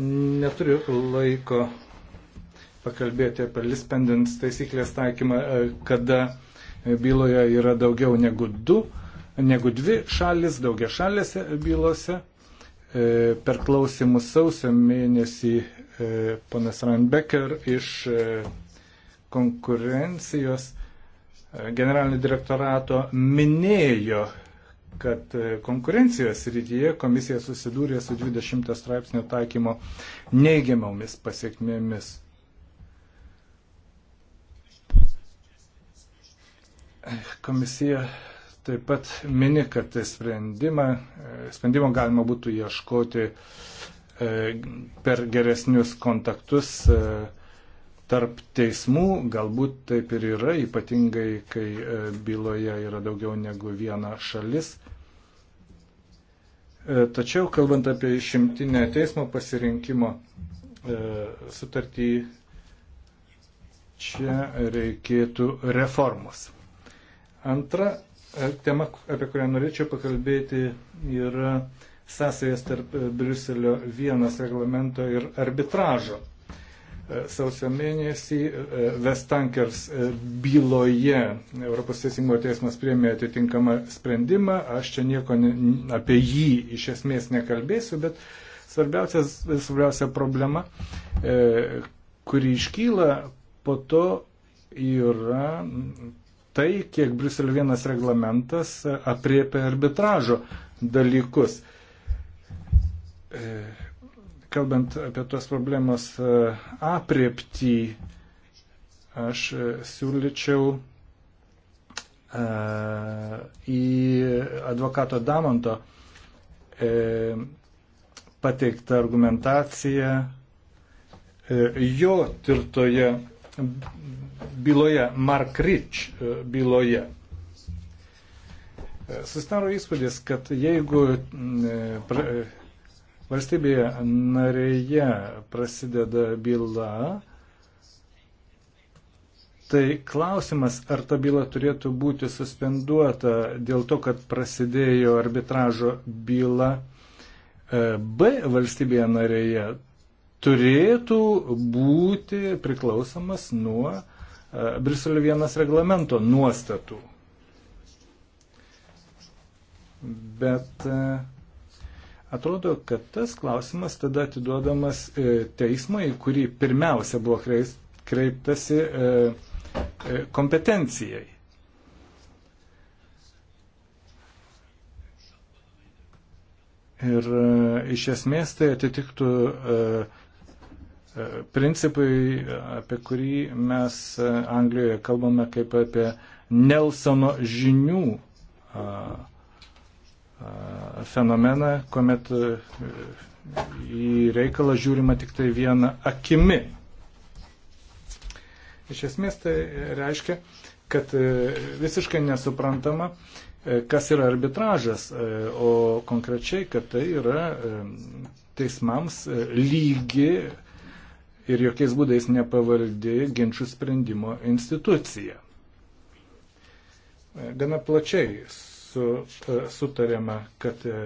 Neturiu laiko pakalbėti apie lispendens taisyklės taikymą, kada byloje yra daugiau negu du, negu dvi šalis, daugia šalėse bylose. E, per klausimus sausio mėnesį e, ponas Randbecker iš e, konkurencijos generalinio direktorato minėjo, kad konkurencijos rytyje komisija susidūrė su 20 straipsnio taikymo neigiamomis pasiekmėmis. Komisija taip pat mini, kad tai e, sprendimo galima būtų ieškoti e, per geresnius kontaktus e, tarp teismų, galbūt taip ir yra, ypatingai kai byloje yra daugiau negu viena šalis. Tačiau, kalbant apie išimtinę teismo pasirinkimo sutartį, čia reikėtų reformos. Antra Tema, apie kurią norėčiau pakalbėti, yra sąsajas tarp e, Briuselio vienas reglamento ir arbitražo. E, sausio mėnesį Vestankers e, byloje Europos Teisingumo teismas priemė atitinkamą sprendimą. Aš čia nieko ne, apie jį iš esmės nekalbėsiu, bet svarbiausia problema, kuri iškyla po to yra tai, kiek Bruselio vienas reglamentas apriepia arbitražo dalykus. E, kalbant apie tos problemos e, apriepti, aš e, siūlyčiau į advokato Damonto pateiktą argumentaciją jo tirtoje byloje, Markrič e, byloje. E, susidaro įspūdis, kad jeigu e, valstybėje narėje prasideda byla, tai klausimas, ar ta byla turėtų būti suspenduota dėl to, kad prasidėjo arbitražo byla B valstybėje narėje, turėtų būti priklausomas nuo e, Briselio vienas reglamento nuostatų. Bet e, atrodo, kad tas klausimas tada atiduodamas e, teismui, kurį pirmiausia buvo kreiptasi kompetencijai. Ir iš esmės tai atitiktų uh, principui, apie kurį mes Anglijoje kalbame kaip apie Nelsono žinių fenomeną, kuomet e, į reikalą žiūrima tik tai vieną akimi. Iš esmės tai reiškia, kad e, visiškai nesuprantama, e, kas yra arbitražas, o konkrečiai, kad tai yra teismams lygi ir jokiais būdais nepavaldi ginčių sprendimo institucija. Gana plačiai su, e, sutarėme, kad e,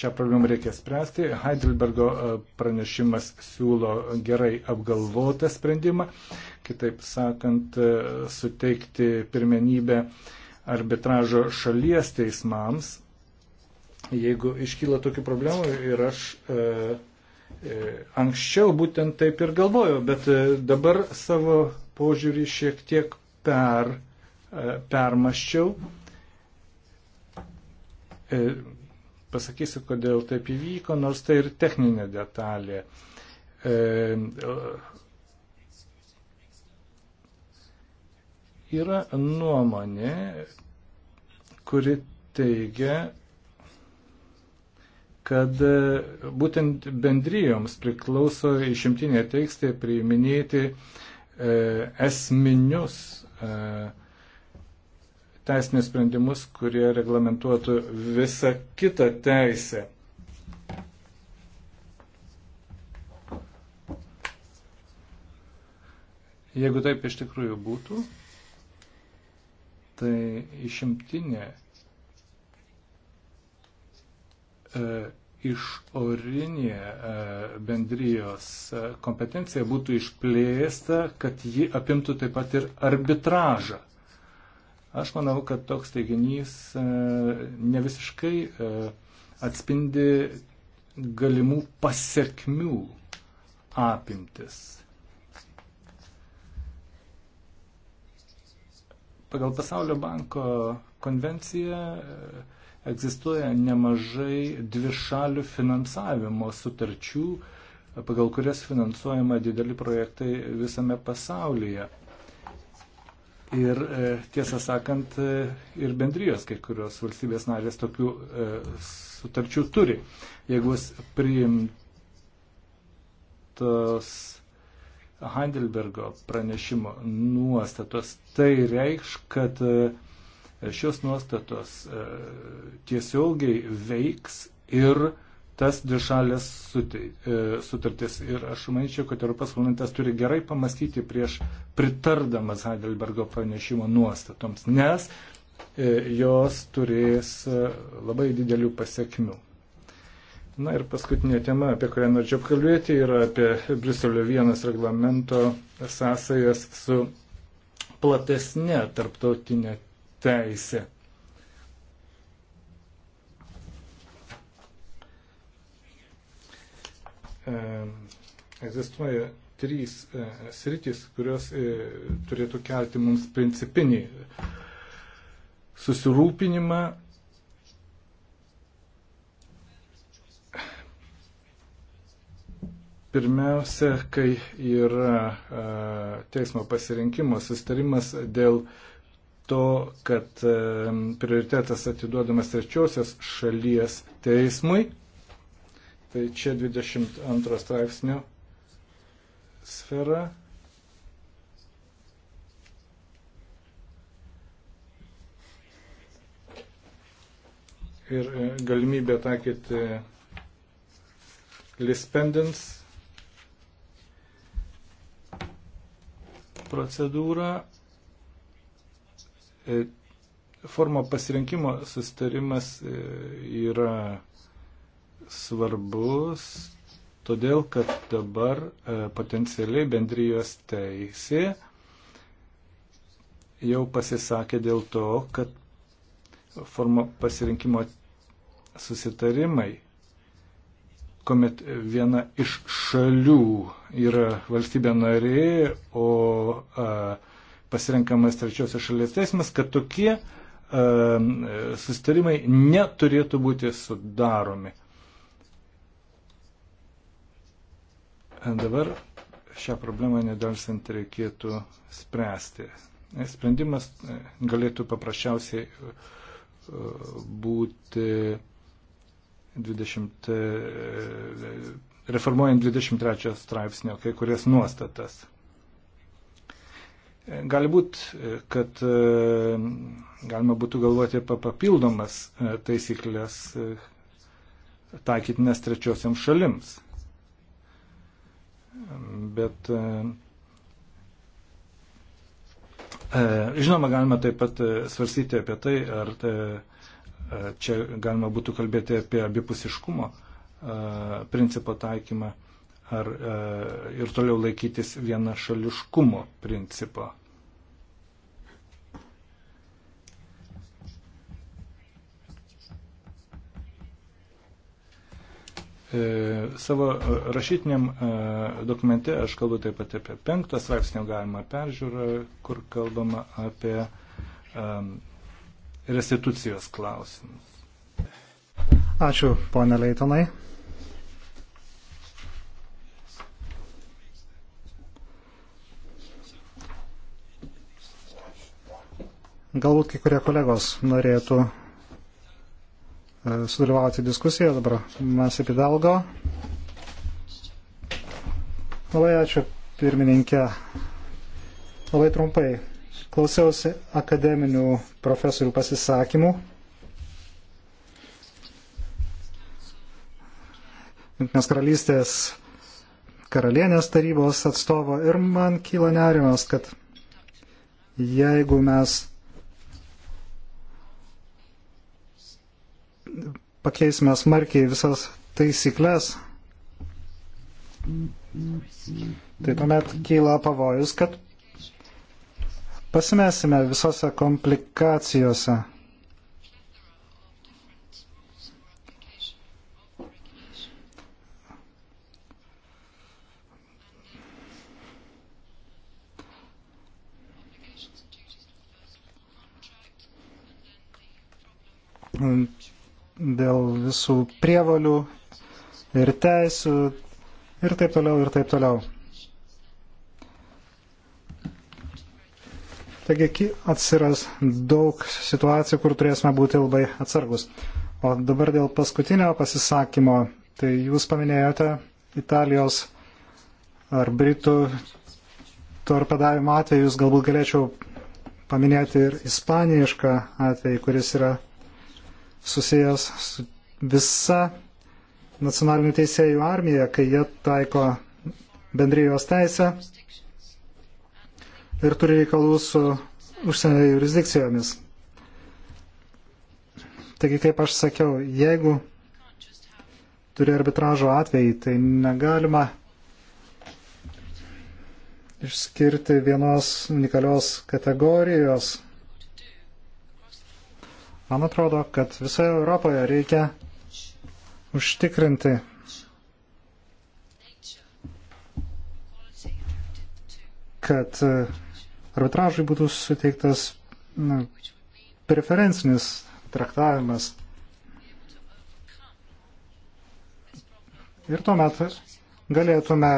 šią problemą reikia spręsti. Heidelbergo e, pranešimas siūlo gerai apgalvotą sprendimą, kitaip sakant, suteikti pirmenybę arbitražo šalies teismams, jeigu iškyla tokių problemų ir aš E, anksčiau būtent taip ir galvojau, bet e, dabar savo požiūrį šiek tiek per, e, permaščiau. Pasakysiu, kodėl taip įvyko, nors tai ir techninė detalė. Yra nuomonė, kuri teigia, kad e, būtent bendrijoms priklauso išimtinė tekstė priiminėti e, esminius e, teisinės sprendimus, kurie reglamentuotų visą kitą teisę. Jeigu taip iš tikrųjų būtų, tai išimtinė E, išorinė e, bendrijos e, kompetencija būtų išplėsta, kad ji apimtų taip pat ir arbitražą. Aš manau, kad toks teiginys ne visiškai atspindi galimų pasiekmių apimtis. Pagal Pasaulio banko konvenciją egzistuoja nemažai dvišalių finansavimo sutarčių, pagal kurias finansuojama dideli projektai visame pasaulyje. Ir e, tiesą sakant, e, ir bendrijos kai kurios valstybės narės tokių e, sutarčių turi. Jeigu priimtos Heidelbergo pranešimo nuostatos, tai reikš, kad uh, Šios nuostatos e, tiesiogiai veiks ir tas dvišalės e, sutartis. Ir aš manyčiau, kad Europos parlamentas turi gerai pamastyti prieš pritardamas Heidelbergo pranešimo nuostatoms, nes e, jos turės labai didelių pasiekmių. Na ir paskutinė tema, apie kurią norėčiau apkalbėti, yra apie Briuselio vienas reglamento sąsajas su platesnė tarptautinė teisę. Egzistuoja trys e, sritis, kurios e, turėtų kelti mums principinį susirūpinimą pirmiausia, kai yra e, teismo pasirinkimo sustarimas dėl to, kad prioritetas atiduodamas trečiosios šalies teismui. Tai čia 22 straipsnio sfera. Ir e, galimybė taikyti lispendens procedūrą E, formo pasirinkimo sustarimas e, yra svarbus, todėl kad dabar e, potencialiai bendrijos teisė jau pasisakė dėl to, kad formo pasirinkimo susitarimai kuomet viena iš šalių yra valstybė narė, o a, pasirinkamas trečiosios šalies teismas, kad tokie e, sustarimai neturėtų būti sudaromi. E, dabar šią problemą nedalsant reikėtų spręsti. E, sprendimas e, galėtų paprasčiausiai būti 20, reformuojant 23 straipsnio kai kurias nuostatas. Galbūt, kad e, galima būtų galvoti apie papildomas e, taisyklės e, taikytinės trečiosiam šalims. Bet žinoma, galima taip pat svarstyti apie tai, ar čia galima būtų kalbėti apie abipusiškumo principo taikymą ar e, ir toliau laikytis vienašališkumo principo. E, savo rašytiniam e, dokumente aš kalbu taip pat apie penktą straipsnio galimą peržiūrą, kur kalbama apie e, restitucijos klausimus. Ačiū, ponė Leitonai. Galbūt kai kurie kolegos norėtų e, sudalyvauti diskusijoje dabar. Mes apie Dalgo. Labai ačiū, pirmininkė. Labai trumpai. Klausiausi akademinių profesorių pasisakymų. Junktinės karalystės karalienės tarybos atstovo ir man kyla nerimas, kad jeigu mes pakeisime smarkiai visas taisyklės, tai tuomet kyla pavojus, kad pasimesime visose komplikacijose dėl visų prievalių ir teisų ir taip toliau ir taip toliau. Taigi atsiras daug situacijų, kur turėsime būti labai atsargus. O dabar dėl paskutinio pasisakymo, tai jūs paminėjote Italijos ar Britų torpedavimo atvejus, galbūt galėčiau paminėti ir ispanišką atvejį, kuris yra susijęs su visa nacionalinių teisėjų armija, kai jie taiko bendrijos teisę ir turi reikalų su užsienio jurisdikcijomis. Taigi, kaip aš sakiau, jeigu turi arbitražo atvejį, tai negalima išskirti vienos unikalios kategorijos Man atrodo, kad visoje Europoje reikia užtikrinti kad e, arbitražui būtų suteiktas na, preferencinis traktavimas. Ir tuomet galėtume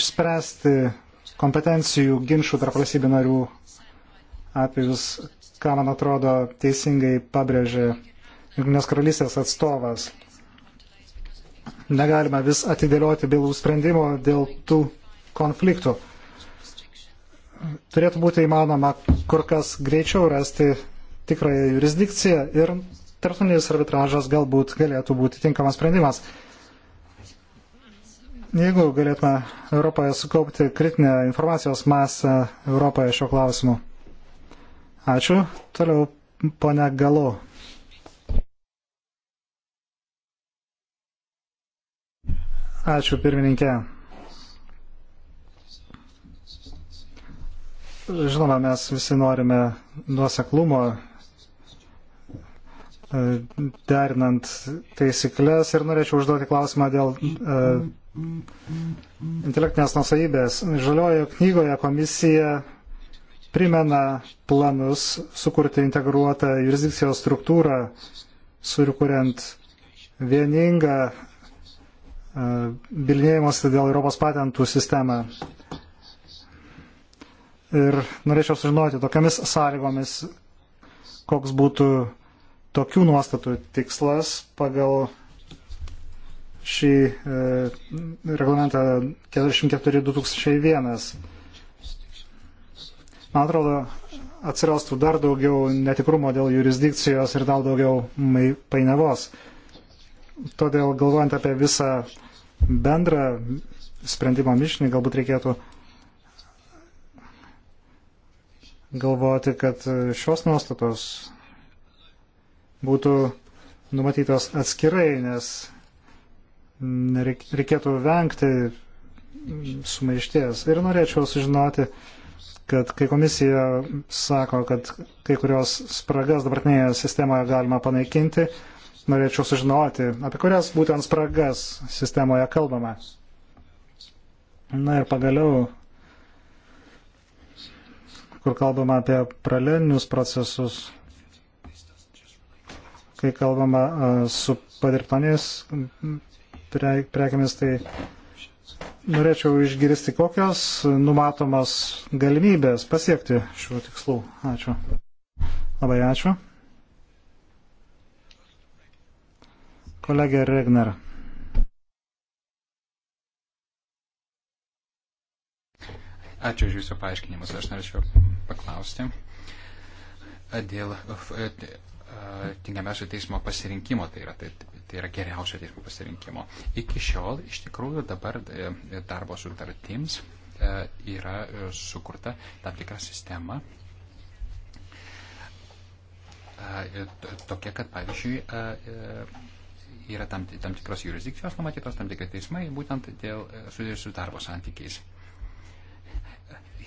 išspręsti kompetencijų ginčių tarp valstybių narių atvejus ką, man atrodo, teisingai pabrėžė Junktinės karalystės atstovas. Negalime vis atidėlioti bylų sprendimo dėl tų konfliktų. Turėtų būti įmanoma kur kas greičiau rasti tikrąją jurisdikciją ir tarptautinis arbitražas galbūt galėtų būti tinkamas sprendimas. Jeigu galėtume Europoje sukaupti kritinę informacijos masę Europoje šio klausimu. Ačiū. Toliau ponia Galo. Ačiū pirmininkė. Žinoma, mes visi norime nuoseklumo e, derinant taisyklės ir norėčiau užduoti klausimą dėl uh, intelektinės nusavybės. Žaliojo knygoje komisija primena planus sukurti integruotą jurisdikcijos struktūrą, surikuriant vieningą e, bilinėjimuose dėl Europos patentų sistemą. Ir norėčiau sužinoti, tokiamis sąlygomis, koks būtų tokių nuostatų tikslas pagal šį e, reglamentą 44.2001. Man atrodo, atsirastų dar daugiau netikrumo dėl jurisdikcijos ir dar daugiau painiavos. Todėl galvojant apie visą bendrą sprendimo mišinį, galbūt reikėtų galvoti, kad šios nuostatos būtų numatytos atskirai, nes reikėtų vengti sumaišties. Ir norėčiau sužinoti, kad kai komisija sako, kad kai kurios spragas dabartinėje sistemoje galima panaikinti, norėčiau sužinoti, apie kurias būtent spragas sistemoje kalbame. Na ir pagaliau, kur kalbama apie praleninius procesus, kai kalbama su padirbtomis prekiamis, tai norėčiau išgirsti, kokios numatomos galimybės pasiekti šių tikslų. Ačiū. Labai ačiū. Kolegė Regner. Ačiū už Jūsų paaiškinimus. Aš norėčiau paklausti dėl tinkamiausio teismo pasirinkimo, tai yra, tai, tai yra geriausio teismo pasirinkimo. Iki šiol iš tikrųjų dabar e, darbo sutartims e, yra e, sukurta tam tikra sistema. Tokia, kad pavyzdžiui, yra tam, tam tikros jurisdikcijos numatytos, tam tikri teismai, būtent dėl susijusių darbo santykiais.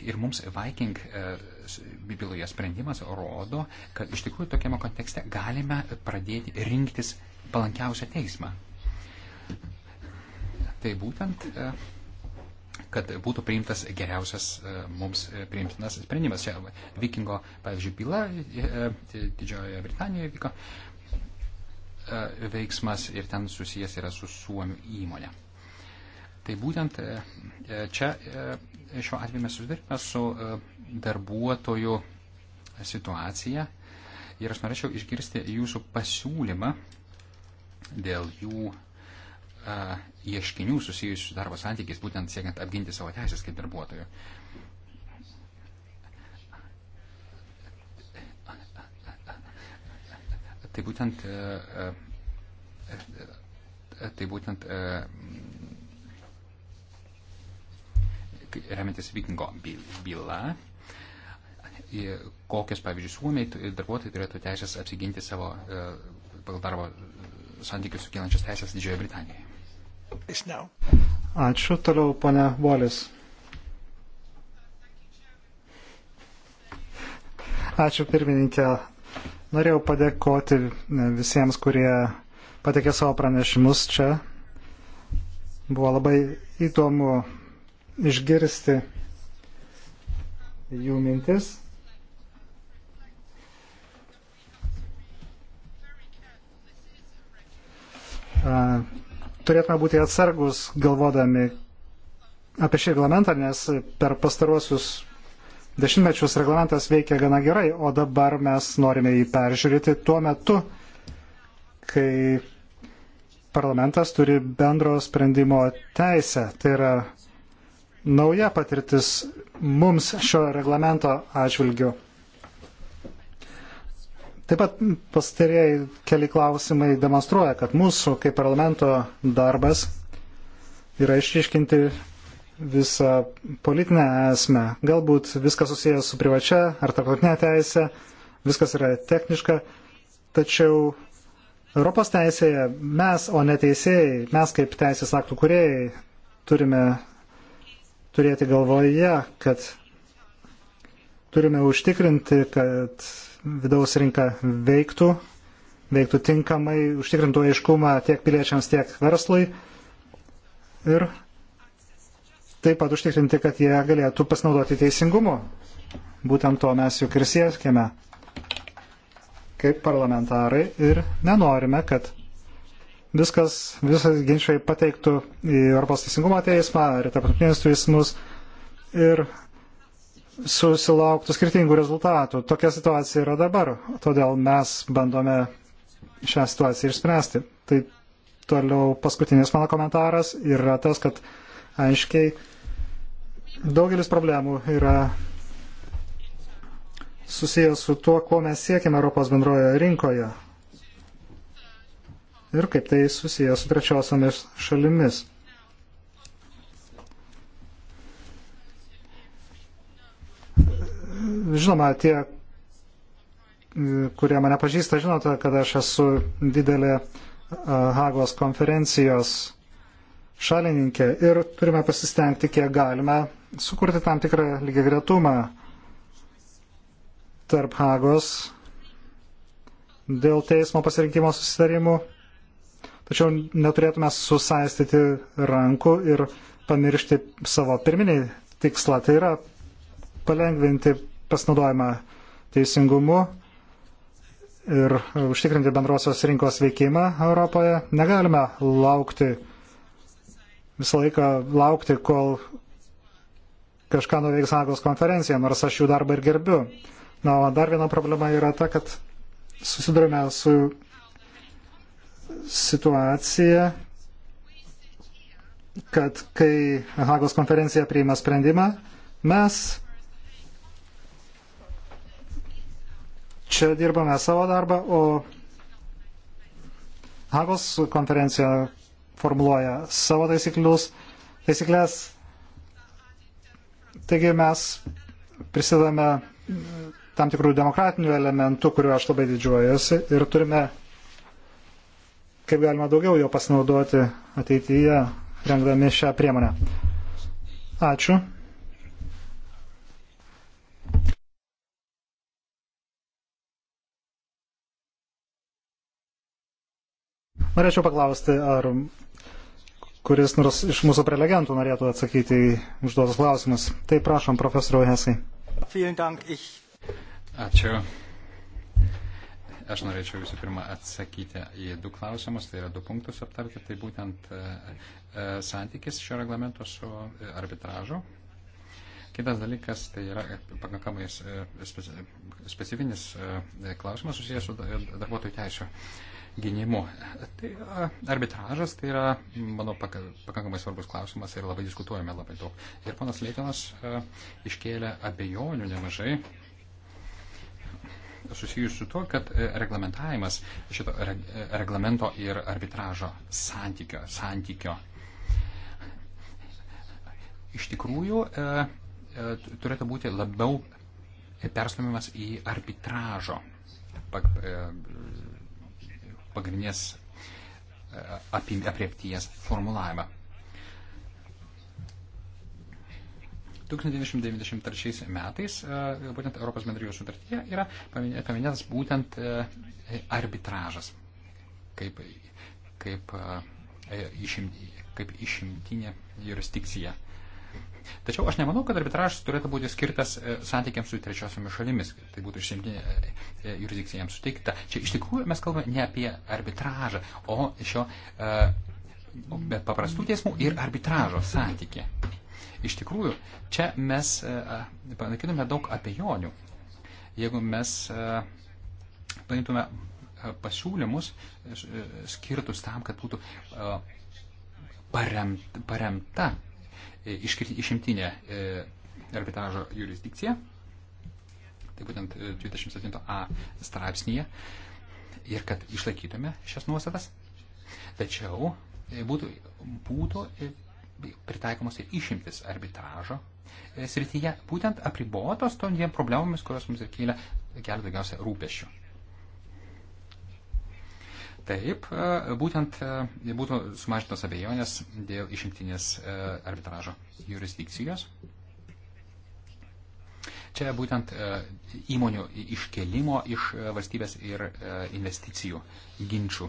Ir mums Viking e, byloje sprendimas rodo, kad iš tikrųjų tokiame kontekste galime pradėti rinktis palankiausią teismą. Tai būtent e, kad būtų priimtas geriausias e, mums priimtinas sprendimas. Čia Vikingo, pavyzdžiui, byla Didžiojoje Britanijoje vyko veiksmas ir ten susijęs yra su Suomių įmonė. Tai būtent e, e, čia e, šiuo atveju mes susidurime su darbuotojų situacija ir aš norėčiau išgirsti jūsų pasiūlymą dėl jų ieškinių susijusių su darbo santykiais, būtent siekiant apginti savo teisės kaip darbuotojų. Tai būtent, tai būtent remiantis Vikingo byla, kokios, pavyzdžiui, suomiai darbuotojai turėtų teisės apsiginti savo e, pagal darbo santykius sukilančias teisės Didžiojo Britanijoje. Ačiū. Toliau, ponia Bolis. Ačiū, pirmininkė. Norėjau padėkoti visiems, kurie patikė savo pranešimus čia. Buvo labai įdomu išgirsti jų mintis. Turėtume būti atsargus galvodami apie šį reglamentą, nes per pastaruosius dešimtmečius reglamentas veikia gana gerai, o dabar mes norime jį peržiūrėti tuo metu, kai parlamentas turi bendro sprendimo teisę. Tai yra nauja patirtis mums šio reglamento atžvilgiu. Taip pat pastarėjai keli klausimai demonstruoja, kad mūsų kaip parlamento darbas yra išriškinti visą politinę esmę. Galbūt viskas susijęs su privačia ar tarptautinė teisė, viskas yra techniška, tačiau Europos teisėje mes, o ne teisėjai, mes kaip teisės aktų kuriejai turime turėti galvoje, kad turime užtikrinti, kad vidaus rinka veiktų, veiktų tinkamai, užtikrintų aiškumą tiek piliečiams, tiek verslui ir taip pat užtikrinti, kad jie galėtų pasinaudoti teisingumu. Būtent to mes juk ir siekime kaip parlamentarai ir nenorime, kad viskas, visas ginčiai pateiktų į Europos teisingumo teismą ar į tarptautinius teismus ir susilauktų skirtingų rezultatų. Tokia situacija yra dabar, todėl mes bandome šią situaciją išspręsti. Tai toliau paskutinis mano komentaras yra tas, kad aiškiai daugelis problemų yra susijęs su tuo, ko mes siekime Europos bendrojoje rinkoje ir kaip tai susiję su trečiosiomis šalimis. Žinoma, tie, kurie mane pažįsta, žinote, kad aš esu didelė Hagos konferencijos šalininkė ir turime pasistengti, kiek galime, sukurti tam tikrą lygiagretumą tarp Hagos dėl teismo pasirinkimo susitarimų Tačiau neturėtume susaistyti rankų ir pamiršti savo pirminį tikslą, tai yra palengvinti pasinaudojimą teisingumu ir užtikrinti bendrosios rinkos veikimą Europoje. Negalime laukti, visą laiką laukti, kol kažką nuveiks Hagos konferencija, nors aš jų darbą ir gerbiu. Na, o dar viena problema yra ta, kad susidurime su situacija, kad kai Hagos konferencija priima sprendimą, mes čia dirbame savo darbą, o Hagos konferencija formuluoja savo taisyklius, taisyklės. Taigi mes prisidame tam tikrų demokratinių elementų, kuriuo aš labai didžiuojuosi ir turime kaip galima daugiau jo pasinaudoti ateityje, rengdami šią priemonę. Ačiū. Norėčiau paklausti, ar kuris nors iš mūsų prelegentų norėtų atsakyti į užduotus klausimus. Tai prašom, profesoriau Hesai. Ačiū. Aš norėčiau visų pirma atsakyti į du klausimus, tai yra du punktus aptarti, tai būtent e, e, santykis šio reglamento su e, arbitražu. Kitas dalykas, tai yra pakankamai specifinis klausimas susijęs su darbuotojų teisų gynimu. Tai arbitražas tai yra, manau, pakankamai svarbus klausimas ir labai diskutuojame labai daug. Ir ponas Leitinas iškėlė abejonių nemažai susijusi su tuo, kad e, reglamentavimas šito e, reglamento ir arbitražo santykio, santykio. Iš tikrųjų, e, turėtų būti labiau perstumimas į arbitražo pagrindinės apriepties formulavimą. 1993 metais e, būtent Europos bendrijos sutartyje yra paminėtas būtent e, arbitražas kaip, kaip, e, išim, kaip išimtinė jurisdikcija. Tačiau aš nemanau, kad arbitražas turėtų būti skirtas santykiams su trečiosiomis šalimis, tai būtų išsimtinė jurisdikcija jiems suteikta. Čia iš tikrųjų mes kalbame ne apie arbitražą, o šio bet paprastų teismų ir arbitražo santykį. Iš tikrųjų, čia mes e, e, panaikiname daug abejonių. Jeigu mes e, paimtume pasiūlymus skirtus tam, kad būtų paremta, paremta išimtinė arbitražo jurisdikcija, tai būtent 27a straipsnėje, ir kad išlaikytume šias nuostatas, tačiau būtų, būtų pritaikomos ir išimtis arbitražo e, srityje, būtent apribotos tom dviem problemomis, kurios mums ir kelia, kelia daugiausia rūpešių. Taip, e, būtent e, būtų sumažintos abejonės dėl išimtinės arbitražo jurisdikcijos. Čia būtent įmonių iškelimo iš valstybės ir investicijų ginčių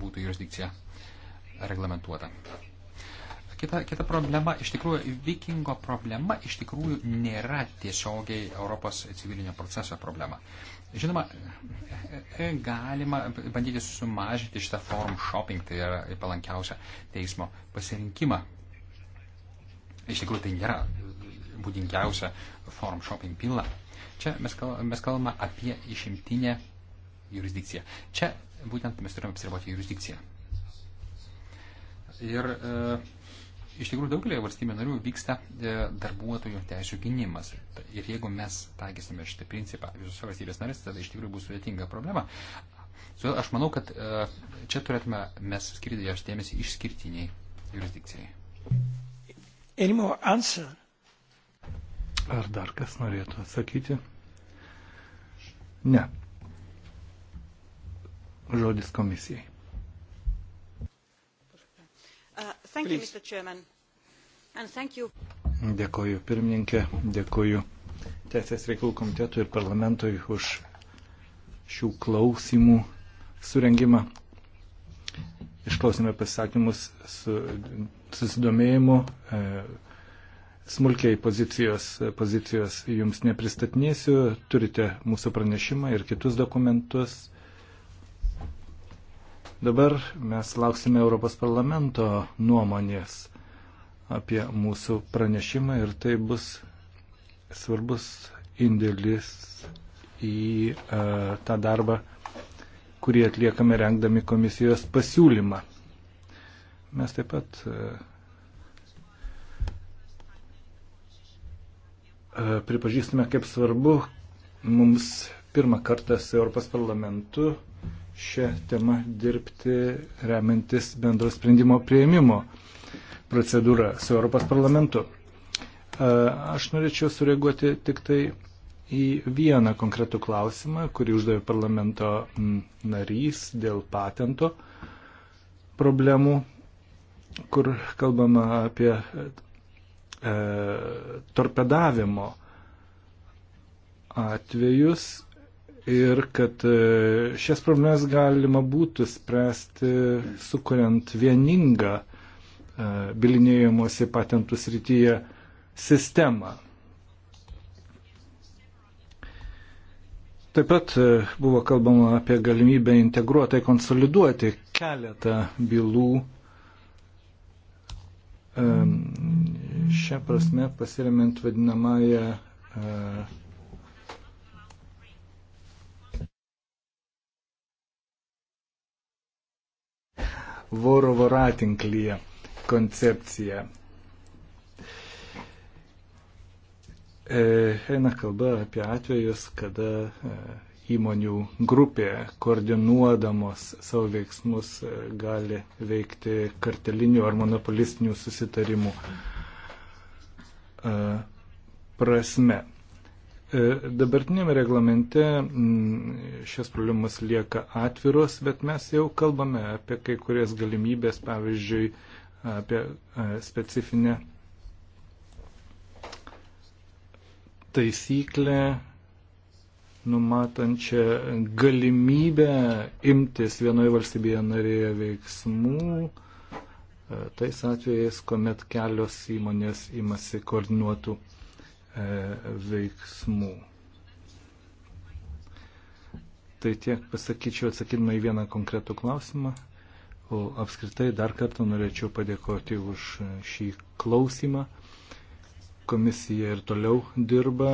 būtų jurisdikcija reglamentuota. Kita, kita problema, iš tikrųjų, vikingo problema iš tikrųjų nėra tiesiogiai Europos civilinio proceso problema. Žinoma, e, e, galima bandyti sumažinti šitą form shopping, tai yra palankiausia teismo pasirinkimą. Iš tikrųjų, tai nėra būdingiausia form shopping byla. Čia mes, kal, mes kalbame apie išimtinę jurisdikciją. Čia būtent mes turime apsiriboti jurisdikciją. Ir e, iš tikrųjų daugelėje valstybių narių vyksta e, darbuotojų teisų gynimas. Ir jeigu mes taikysime šitą principą visose valstybės narėse, tada iš tikrųjų bus sudėtinga problema. Todėl aš manau, kad e, čia turėtume mes skirti jos dėmesį išskirtiniai jurisdikcijai. Ar dar kas norėtų atsakyti? Ne. Žodis komisijai. Thank Please. you, Mr. Chairman. And thank you. Dėkoju pirmininkė, dėkoju Teisės reikalų komitetui ir parlamentui už šių klausimų surengimą. Išklausėme pasisakymus su susidomėjimu. E, smulkiai pozicijos, pozicijos jums nepristatinėsiu, turite mūsų pranešimą ir kitus dokumentus. Dabar mes lauksime Europos parlamento nuomonės apie mūsų pranešimą ir tai bus svarbus indėlis į uh, tą darbą, kurį atliekame rengdami komisijos pasiūlymą. Mes taip pat uh, pripažįstame, kaip svarbu mums pirmą kartą su Europos parlamentu uh, šią temą dirbti remiantis bendro sprendimo prieimimo procedūrą su Europos parlamentu. Aš norėčiau sureaguoti tik tai į vieną konkretų klausimą, kurį uždavė parlamento narys dėl patento problemų, kur kalbama apie e, torpedavimo atvejus ir kad e, šias problemas galima būtų spręsti sukuriant vieningą e, bilinėjimuose patentų srityje sistemą. Taip pat e, buvo kalbama apie galimybę integruotai konsoliduoti keletą bylų. Šią prasme pasiremiant vadinamąją voro voratinklyje koncepciją. E, eina kalba apie atvejus, kada e, įmonių grupė, koordinuodamos savo veiksmus, e, gali veikti kartelinių ar monopolistinių susitarimų prasme. E, Dabartinėme reglamente mm, šios problemas lieka atviros, bet mes jau kalbame apie kai kurias galimybės, pavyzdžiui, apie e, specifinę taisyklę numatančią galimybę imtis vienoje valstybėje narėje veiksmų, e, tais atvejais, kuomet kelios įmonės imasi koordinuotų E, veiksmų. Tai tiek pasakyčiau atsakydama į vieną konkretų klausimą. O apskritai dar kartą norėčiau padėkoti už šį klausimą. Komisija ir toliau dirba,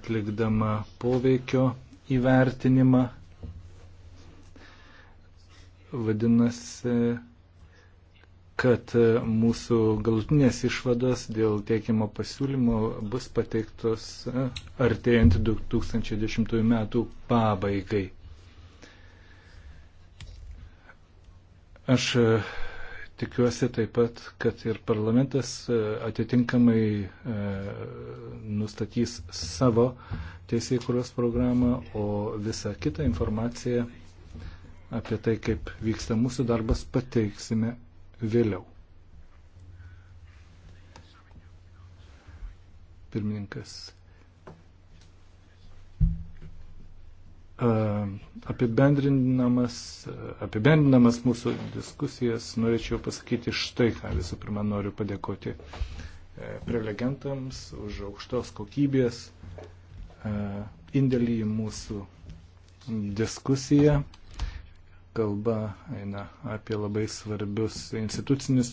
atlikdama poveikio įvertinimą. Vadinasi, kad e, mūsų galutinės išvados dėl teikimo pasiūlymo bus pateiktos e, artėjant 2010 metų pabaigai. Aš e, tikiuosi taip pat, kad ir parlamentas atitinkamai nustatys savo teisėkūros programą, o visą kitą informaciją apie tai, kaip vyksta mūsų darbas, pateiksime vėliau. Pirmininkas. Apibendrinamas, apibendrinamas mūsų diskusijas norėčiau pasakyti štai ką. Visų pirma, noriu padėkoti e, prelegentams už aukštos kokybės e, indėlį į mūsų diskusiją kalba eina apie labai svarbius institucinius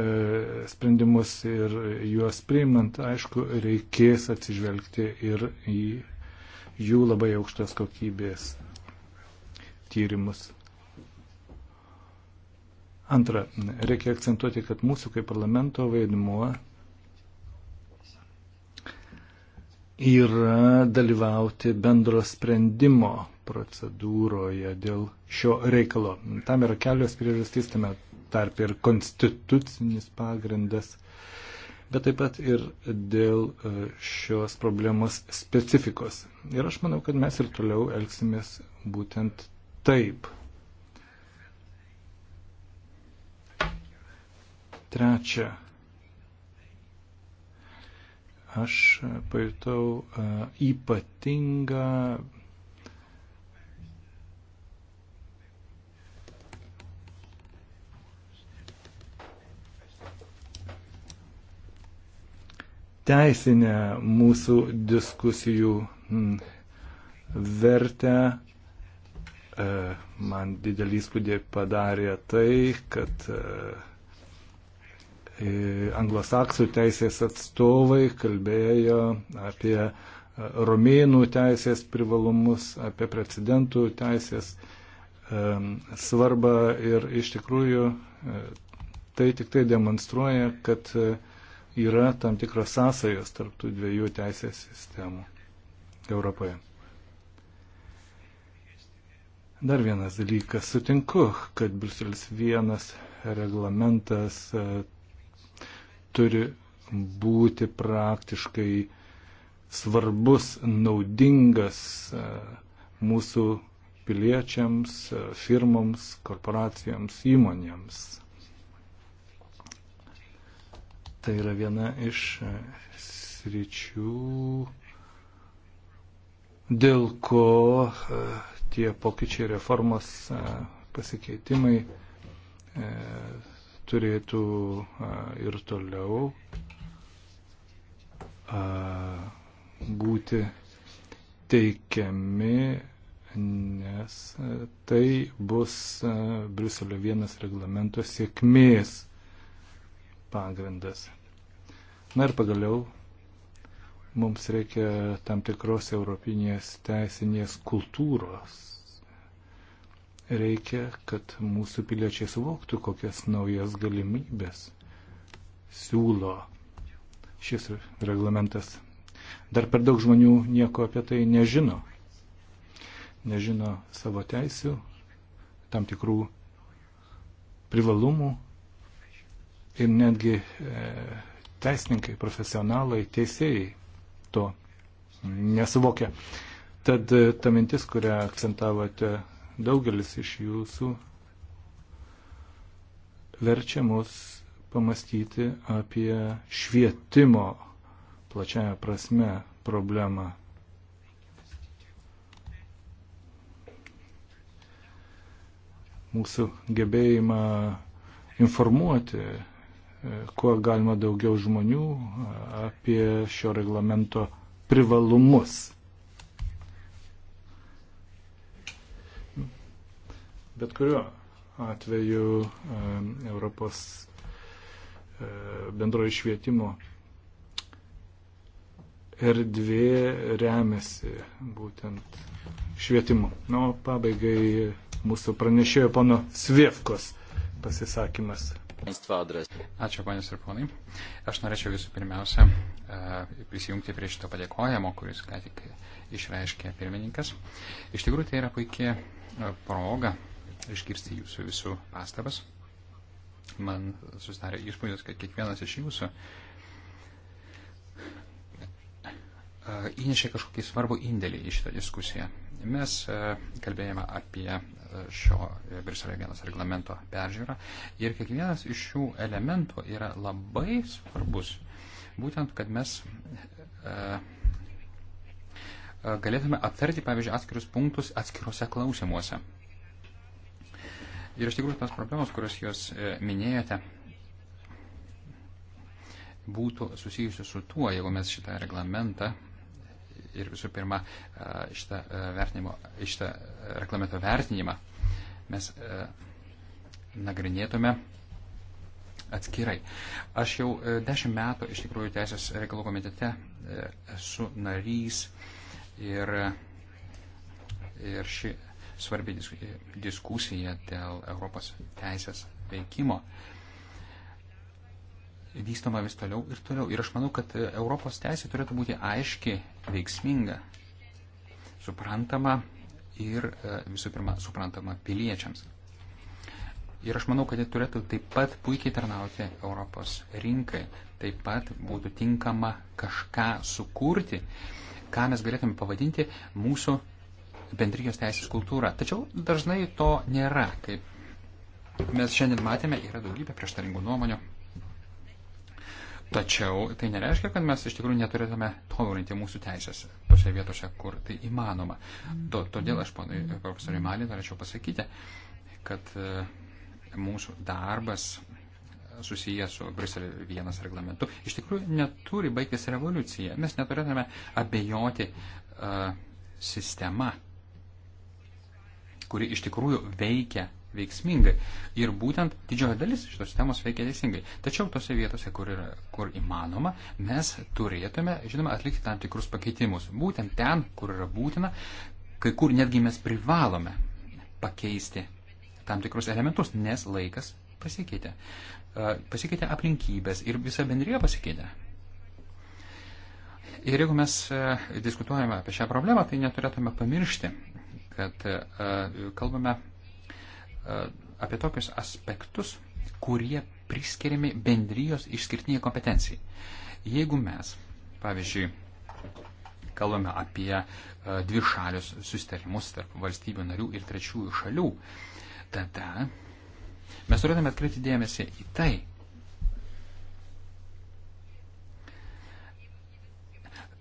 e, sprendimus ir juos priimant, aišku, reikės atsižvelgti ir į jų labai aukštos kokybės tyrimus. Antra, reikia akcentuoti, kad mūsų kaip parlamento vaidmuo yra dalyvauti bendro sprendimo procedūroje dėl šio reikalo. Tam yra kelios priežastys, tame tarp ir konstitucinis pagrindas, bet taip pat ir dėl e, šios problemos specifikos. Ir aš manau, kad mes ir toliau elgsimės būtent taip. Trečia aš pajutau e, ypatingą išteisinę mūsų diskusijų vertę. E, man didelį įspūdį padarė tai, kad e, anglosaksų teisės atstovai kalbėjo apie e, romėnų teisės privalumus, apie precedentų teisės svarbą ir iš tikrųjų tai tik tai demonstruoja, kad yra tam tikros sąsajos tarptų dviejų teisės sistemų Europoje. Dar vienas dalykas. Sutinku, kad Bruselis vienas reglamentas e, turi būti praktiškai svarbus, naudingas e, mūsų piliečiams, e, firmoms, korporacijoms, įmonėms. Tai yra viena iš e, sričių, dėl ko e, tie pokyčiai reformos e, pasikeitimai turėtų ir toliau būti teikiami, nes tai bus Briuselio vienas reglamento sėkmės pagrindas. Na ir pagaliau mums reikia tam tikros europinės teisinės kultūros. Reikia, kad mūsų piliečiai suvoktų, kokias naujas galimybės siūlo šis reglamentas. Dar per daug žmonių nieko apie tai nežino. Nežino savo teisių, tam tikrų privalumų ir netgi e, teisininkai, profesionalai, teisėjai to nesuvokia. Tad e, ta mintis, kurią akcentavote daugelis iš jūsų, verčia mus pamastyti apie švietimo plačiaja prasme problemą. Mūsų gebėjimą informuoti kuo galima daugiau žmonių apie šio reglamento privalumus. Bet kuriuo atveju Europos bendroji švietimo erdvė remiasi būtent švietimu. Na, nu, pabaigai mūsų pranešėjo pono Svievkos pasisakymas. Ačiū, ponios ir ponai. Aš norėčiau visų pirmiausia e, prisijungti prie šito padėkojimo, kuris ką tik išreiškė pirmininkas. Iš tikrųjų, tai yra puikia e, proga išgirsti jūsų visų pastabas. Man susidarė įspūdis, kad kiekvienas iš jūsų uh, įnešė kažkokį svarbų indėlį į šitą diskusiją. Mes kalbėjome apie šio Briuselio vienas reglamento peržiūrą ir kiekvienas iš šių elementų yra labai svarbus. Būtent, kad mes galėtume aptarti, pavyzdžiui, atskirius punktus atskiruose klausimuose. Ir iš tikrųjų tas problemos, kurias jūs e, minėjote, būtų susijusi su tuo, jeigu mes šitą reglamentą ir visų pirma e, šitą, e, šitą e, reglamento vertinimą mes nagrinėtume atskirai. Aš jau dešimt metų iš tikrųjų Teisės reikalų komitete esu narys ir, ir ši svarbi diskusija dėl Europos teisės veikimo vystoma vis toliau ir toliau. Ir aš manau, kad e, Europos teisė turėtų būti aiški, veiksminga, suprantama ir e, visų pirma suprantama piliečiams. Ir aš manau, kad ji turėtų taip pat puikiai tarnauti Europos rinkai, taip pat būtų tinkama kažką sukurti, ką mes galėtume pavadinti mūsų bendrijos teisės kultūra. Tačiau dažnai to nėra, kaip mes šiandien matėme, yra daugybė prieštaringų nuomonių. Tačiau tai nereiškia, kad mes iš tikrųjų neturėtume tobulinti mūsų teisės tose vietose, kur tai įmanoma. To, todėl aš, ponai profesoriai Malį, norėčiau pasakyti, kad e, mūsų darbas susijęs su Briuselio vienas reglamentu iš tikrųjų neturi baigtis revoliucija. Mes neturėtume abejoti uh, sistema, kuri iš tikrųjų veikia veiksmingai. Ir būtent didžioji dalis šitos sistemos veikia teisingai. Tačiau tose vietose, kur, yra, kur įmanoma, mes turėtume, žinoma, atlikti tam tikrus pakeitimus. Būtent ten, kur yra būtina, kai kur netgi mes privalome pakeisti tam tikrus elementus, nes laikas pasikeitė. Pasikeitė aplinkybės ir visa bendryje pasikeitė. Ir jeigu mes diskutuojame apie šią problemą, tai neturėtume pamiršti, kad kalbame E, apie tokius aspektus, kurie priskiriami bendrijos išskirtiniai kompetencijai. Jeigu mes, pavyzdžiui, kalbame apie e, dvi šalius susitarimus tarp valstybių narių ir trečiųjų šalių, tada mes turėtume atkreipti dėmesį į tai,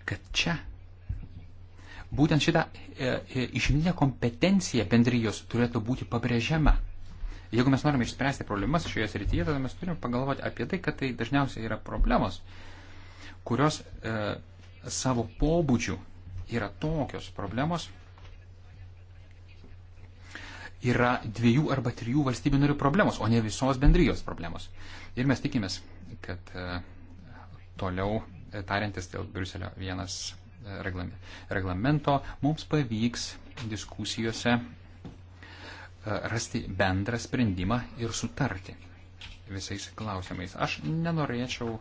kad čia Būtent šita e, e, išmintinė kompetencija bendrijos turėtų būti pabrėžiama. Jeigu mes norime išspręsti problemas šioje srityje, tada mes turime pagalvoti apie tai, kad tai dažniausiai yra problemos, kurios e, savo pobūdžių yra tokios problemos, yra dviejų arba trijų valstybių narių problemos, o ne visos bendrijos problemos. Ir mes tikimės, kad e, toliau tariantis dėl Briuselio vienas reglamento, mums pavyks diskusijose e, rasti bendrą sprendimą ir sutarti visais klausimais. Aš nenorėčiau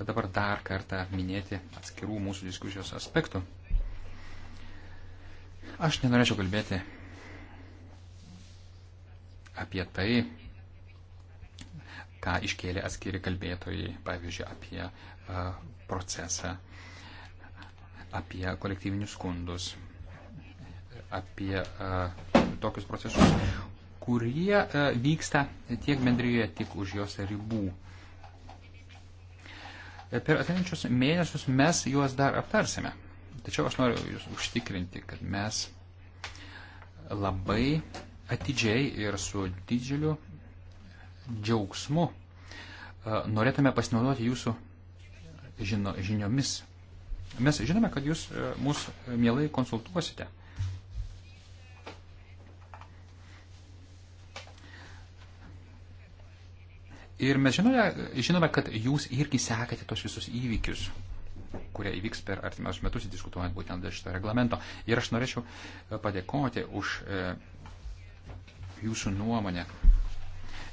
dabar dar kartą minėti atskirų mūsų diskusijos aspektų. Aš nenorėčiau kalbėti apie tai, ką iškėlė atskiri kalbėtojai, pavyzdžiui, apie e, procesą apie kolektyvinius skundus, apie a, e, tokius procesus, kurie a, e, vyksta tiek bendryje, tiek už jos ribų. E, per ateinančius mėnesius mes juos dar aptarsime. Tačiau aš noriu Jūs užtikrinti, kad mes labai atidžiai ir su didžiuliu džiaugsmu norėtume pasinaudoti Jūsų žino, žiniomis Mes žinome, kad jūs e, mūsų e, mielai konsultuosite. Ir mes žinome, žinome, kad jūs irgi sekate tos visus įvykius, kurie įvyks per artimiausius metus, diskutuojant būtent dėl šito reglamento. Ir aš norėčiau e, padėkoti už e, jūsų nuomonę.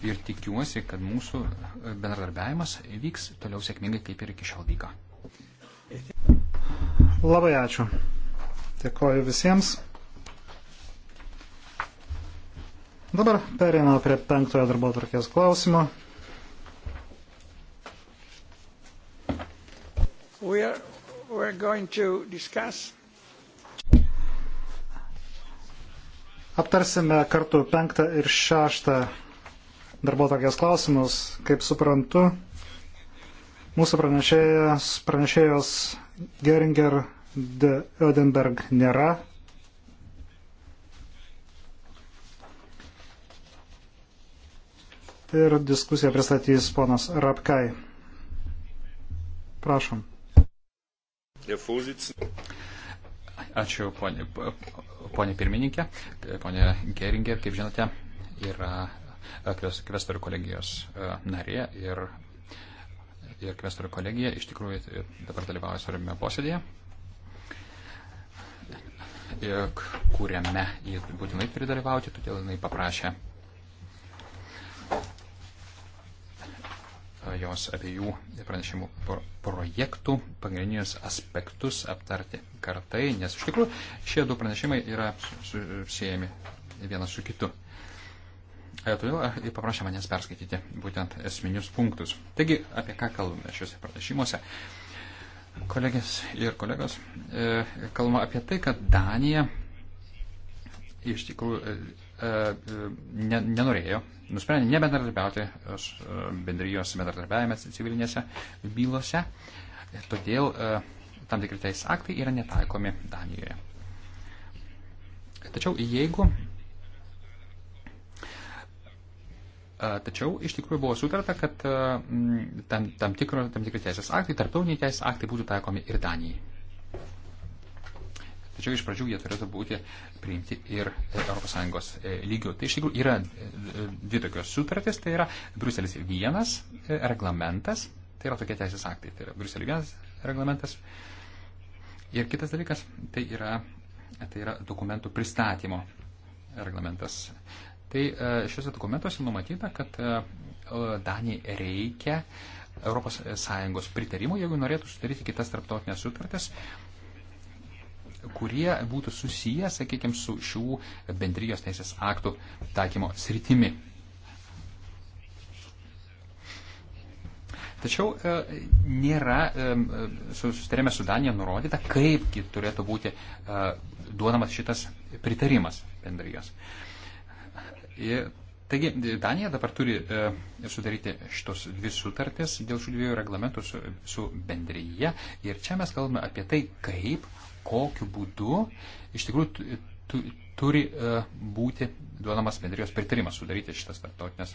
Ir tikiuosi, kad mūsų bendradarbiavimas vyks toliau sėkmingai, kaip ir iki šiol vyko. Labai ačiū. Dėkoju visiems. Dabar pereiname prie penktojo darbo tvarkės klausimo. We are, we're going to discuss Aptarsime kartu penktą ir šeštą darbo tokias klausimus, kaip suprantu. Mūsų pranešėjas, pranešėjos Geringer de Odenberg nėra. Ir diskusiją pristatys ponas Rapkai. Prašom. Ačiū, ponė, ponė pirmininkė. Ponė Geringer, kaip žinote, yra kvestorių kolegijos e, narė ir ir kvestorių kolegija iš tikrųjų dabar dalyvauja svarbiame posėdėje, kuriame jie būtinai turi dalyvauti, todėl jinai paprašė jos abiejų pranešimų projektų pagrindinius aspektus aptarti kartai, nes iš tikrųjų šie du pranešimai yra susijęmi vienas su kitu. E, todėl e, paprašė manęs perskaityti būtent esminius punktus. Taigi, apie ką kalbame šiuose pranešimuose? Kolegės ir kolegos, e, kalbama apie tai, kad Danija iš tikrųjų ne, nenorėjo, nusprendė nebendradarbiauti bendrijos bendradarbiavime civilinėse bylose. Ir todėl tam tikri teisės aktai yra netaikomi Danijoje. Tačiau jeigu Tačiau iš tikrųjų buvo sutarta, kad tam, tam, tikro, tam tikri teisės aktai, tarptautiniai teisės aktai būtų taikomi ir Danijai. Tačiau iš pradžių jie turėtų būti priimti ir ES e, lygių. Tai iš tikrųjų yra e, dvi tokios sutartys, tai yra Bruselis vienas e, reglamentas, tai yra tokie teisės aktai, tai yra Bruselis vienas reglamentas. Ir kitas dalykas, tai yra, tai yra dokumentų pristatymo reglamentas. Tai e, šiuose dokumentuose numatyta, kad e, e, Danijai reikia ES pritarimo, jeigu norėtų sudaryti kitas tarptautinės sutartis, kurie būtų susiję, sakykime, su šių bendrijos teisės aktų taikymo sritimi. Tačiau e, nėra e, susitarėme su Danija nurodyta, kaipgi turėtų būti e, duodamas šitas pritarimas bendrijos. E, Ir, e, taigi, Danija dabar turi e, sudaryti šitos dvi sutartis dėl šių dviejų reglamentų su, su bendryje. Ir čia mes kalbame apie tai, kaip, kokiu būdu iš tikrųjų tu, turi e, būti duodamas bendrijos pritarimas sudaryti šitas tarptautinės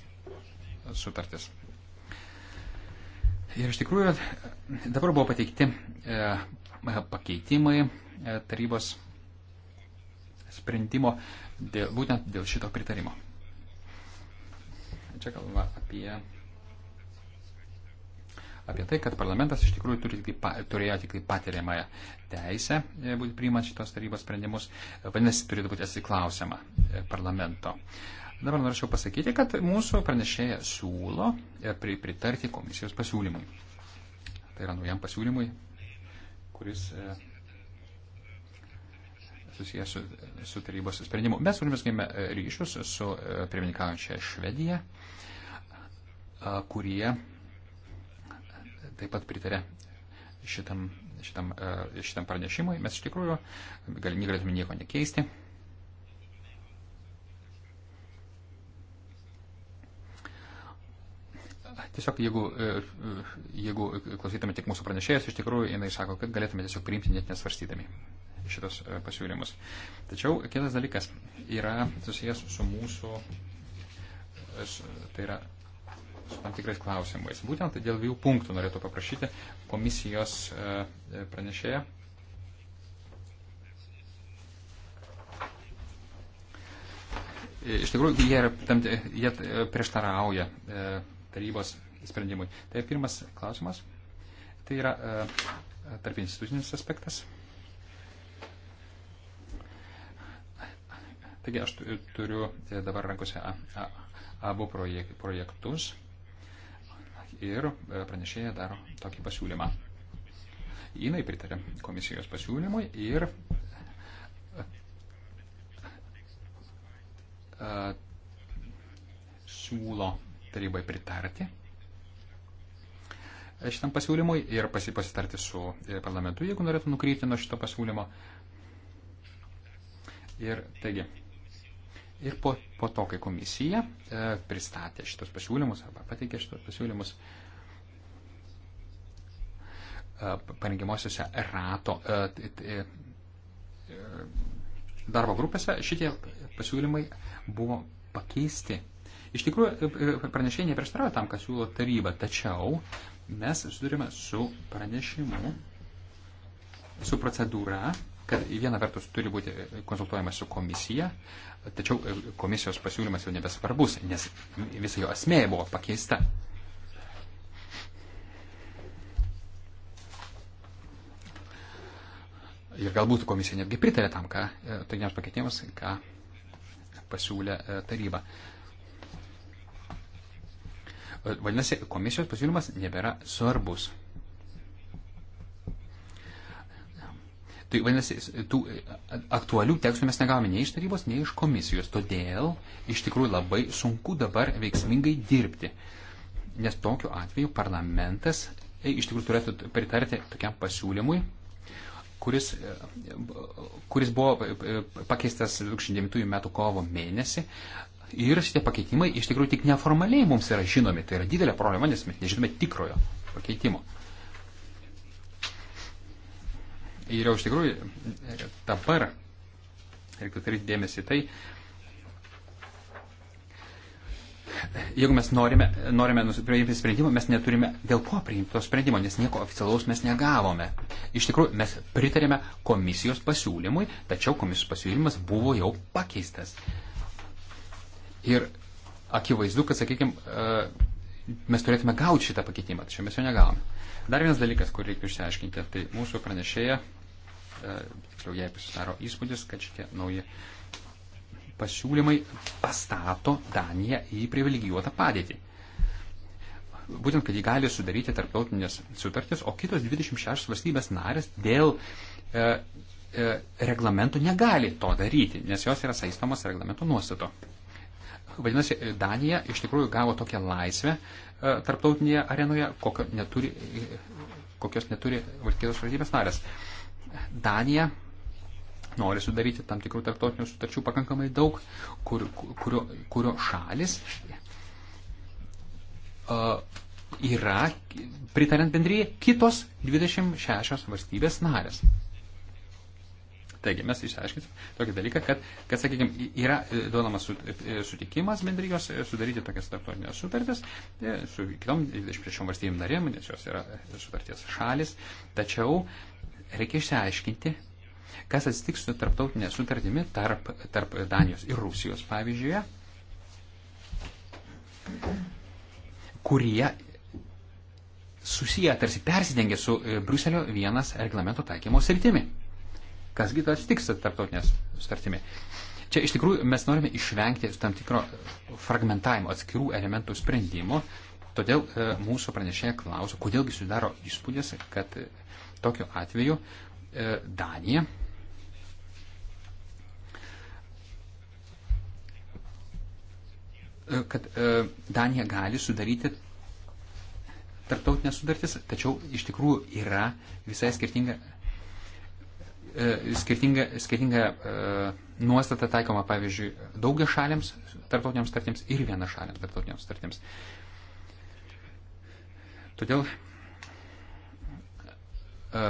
sutartis. Ir iš tikrųjų dabar buvo pateikti e, pakeitimai e, tarybos sprendimo dėl, būtent dėl šito pritarimo čia kalbama apie, apie tai, kad parlamentas iš tikrųjų turi, turėjo tik tai patiriamąją teisę e, būti priimant šitos tarybos sprendimus, vadinasi, turėtų būti atsiklausiama e, parlamento. Dabar norėčiau pasakyti, kad mūsų pranešėja siūlo e, pritarti komisijos pasiūlymui. Tai yra naujam pasiūlymui, kuris susijęs su, su tarybos sprendimu. Mes užmėsgėme e, ryšius su e, pirmininkaujančia Švedija, kurie taip pat pritarė šitam, šitam, e, šitam pranešimui. Mes iš tikrųjų galėtume nieko nekeisti. Tiesiog jeigu, jeigu klausytume tik mūsų pranešėjas, iš tikrųjų jinai sako, kad galėtume tiesiog priimti net nesvarstydami šitas e, pasiūlymus. Tačiau kitas dalykas yra susijęs su mūsų, e, tai yra su tam tikrais klausimais. Būtent dėl dviejų punktų norėtų paprašyti komisijos e, pranešėją. Iš tikrųjų, jie, tam, jie prieštarauja tarybos sprendimui. Tai pirmas klausimas. Tai yra tarp institucinis aspektas. Taigi aš turiu e, dabar rankose abu projektus ir e, pranešėja daro tokį pasiūlymą. Jinai pritarė komisijos pasiūlymui ir e, siūlo tarybai pritarti šitam pasiūlymui ir pasitarti su parlamentu, jeigu norėtų nukrypti nuo šito pasiūlymo. Ir taigi, Ir po, po to, kai komisija e, pristatė šitos pasiūlymus arba pateikė šitos pasiūlymus e, parengimuosiuose rato e, e, e, darbo grupėse, šitie pasiūlymai buvo pakeisti. Iš tikrųjų, e, e, pranešėjai neprieštarauja tam, ką siūlo taryba, tačiau mes susidurime su pranešimu, su procedūra, kad viena vertus turi būti konsultuojama su komisija, Tačiau e, komisijos pasiūlymas jau nebesvarbus, nes visa jo esmė buvo pakeista. Ir galbūt komisija netgi pritarė tam, ką, e, taigiams pakeitimas, ką pasiūlė e, taryba. Vadinasi, komisijos pasiūlymas nebėra svarbus. Tai vadinasi, tų aktualių tekstų mes negavome nei iš tarybos, nei iš komisijos. Todėl iš tikrųjų labai sunku dabar veiksmingai dirbti. Nes tokiu atveju parlamentas e, iš tikrųjų turėtų pritarti tokiam pasiūlymui, kuris, e, kuris buvo e, pakeistas 2009 m. kovo mėnesį. Ir šitie pakeitimai iš tikrųjų tik neformaliai mums yra žinomi. Tai yra didelė problema, nes mes nežinome tikrojo pakeitimo. Ir jau iš tikrųjų dabar reikia atkreipti dėmesį tai, jeigu mes norime, norime priimti sprendimą, mes neturime dėl ko priimti to sprendimo, nes nieko oficialaus mes negavome. Iš tikrųjų, mes pritarėme komisijos pasiūlymui, tačiau komisijos pasiūlymas buvo jau pakeistas. Ir akivaizdu, kad, sakykime, mes turėtume gauti šitą pakeitimą, tačiau mes jo negavome. Dar vienas dalykas, kurį reikia išsiaiškinti, tai mūsų pranešėja, e, tiksliau jai pasidaro įspūdis, kad šitie nauji pasiūlymai pastato Daniją į privilegijuotą padėtį. Būtent, kad jį gali sudaryti tarptautinės sutartys, o kitos 26 valstybės narės dėl e, e, reglamento negali to daryti, nes jos yra saistomas reglamento nuostato. Vadinasi, Danija iš tikrųjų gavo tokią laisvę e, tarptautinėje arenoje, kokio neturi, kokios neturi valstybės valstybės narės. Danija nori sudaryti tam tikrų tarptautinių sutarčių pakankamai daug, kur, kurio, kurio šalis uh, yra, pritarant bendryje, kitos 26 valstybės narės. Taigi mes išsiaiškinsim tokį dalyką, kad, kad sakykime, yra e, duodamas e, e, sutikimas bendrijos sudaryti tokias tarptautinės sutartis su kitom 23 valstybėm narėm, nes jos yra sutarties šalis, tačiau reikia išsiaiškinti, kas atsitiks su tarptautinė sutartimi tarp, tarp Danijos ir Rusijos, pavyzdžiui, kurie susiję, tarsi persidengia su Bruselio vienas reglamento taikymo sritimi kasgi tas tiks tarptautinės sutartimi. Čia iš tikrųjų mes norime išvengti tam tikro fragmentavimo atskirų elementų sprendimo, todėl e, mūsų pranešėja klausia, kodėlgi sudaro įspūdis, kad e, tokiu atveju e, Danija kad Danija gali sudaryti tarptautinės sudartis, tačiau iš tikrųjų yra visai skirtinga E, skirtinga, skirtinga e, nuostata taikoma, pavyzdžiui, daugia šalėms tarptautiniams startims ir viena šalėms tarptautiniams startims. Todėl e,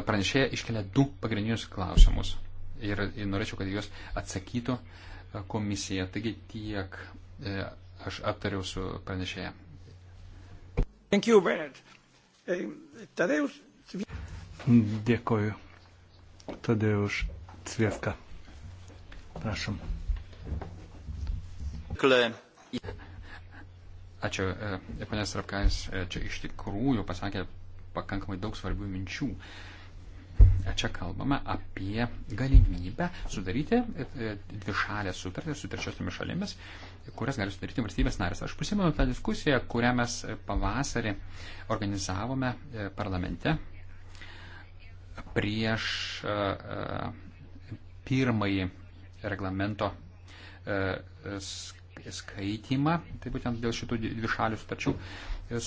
pranešėja iškelia du pagrindinius klausimus ir, ir norėčiau, kad juos atsakytų komisija. Taigi tiek aš aptariau su pranešėja. Thank you, Bernard. Tadeusz. Dėkoju. Tadeusz Cvievka. Prašom. Ačiū, e, panės Rapkais, e, čia iš tikrųjų pasakė pakankamai daug svarbių minčių. E, čia kalbame apie galimybę sudaryti dvišalę sutartį su trečiosiomis šalimis, kurias gali sudaryti valstybės narės. Aš prisimenu tą diskusiją, kurią mes pavasarį organizavome parlamente prieš e, e, pirmąjį reglamento e, skaitimą, tai būtent dėl šitų dvišalių sutarčių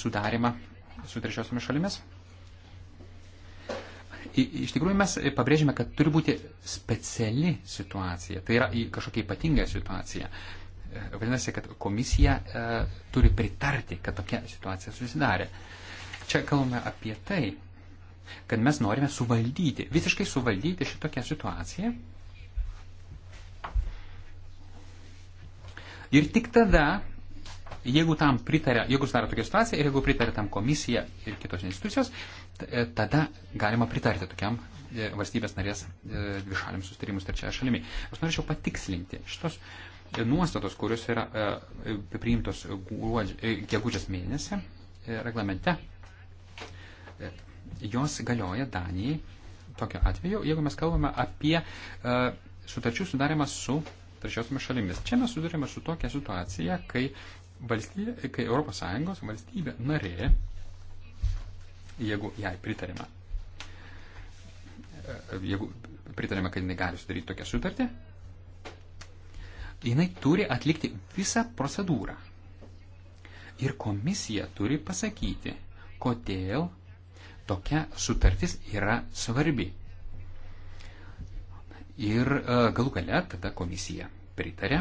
sudarimą su trečiosiomis šalimis. Iš tikrųjų mes pabrėžime, kad turi būti speciali situacija, tai yra kažkokia ypatinga situacija. Vadinasi, kad komisija e, turi pritarti, kad tokia situacija susidarė. Čia kalbame apie tai, kad mes norime suvaldyti, visiškai suvaldyti šitokią situaciją. Ir tik tada, jeigu tam pritarė, jeigu sudaro tokia situacija ir jeigu pritarė tam komisija ir kitos institucijos, e, tada galima pritarti tokiam e, valstybės narės e, dvišaliams sustarimus trečiaja šalimi. Aš norėčiau patikslinti šitos nuostatos, kurios yra priimtos gegužės mėnesį reglamente jos galioja Danijai tokiu atveju, jeigu mes kalbame apie uh, sutarčių sudarimą su trečiosiomis šalimis. Čia mes sudarėme su tokia situacija, kai, valstybė, kai ES valstybė narė, jeigu jai pritarima, e, jeigu pritarima, kad jinai gali sudaryti tokią sutartį, jinai turi atlikti visą procedūrą. Ir komisija turi pasakyti, kodėl tokia sutartis yra svarbi. Ir e, galų gale tada komisija pritarė,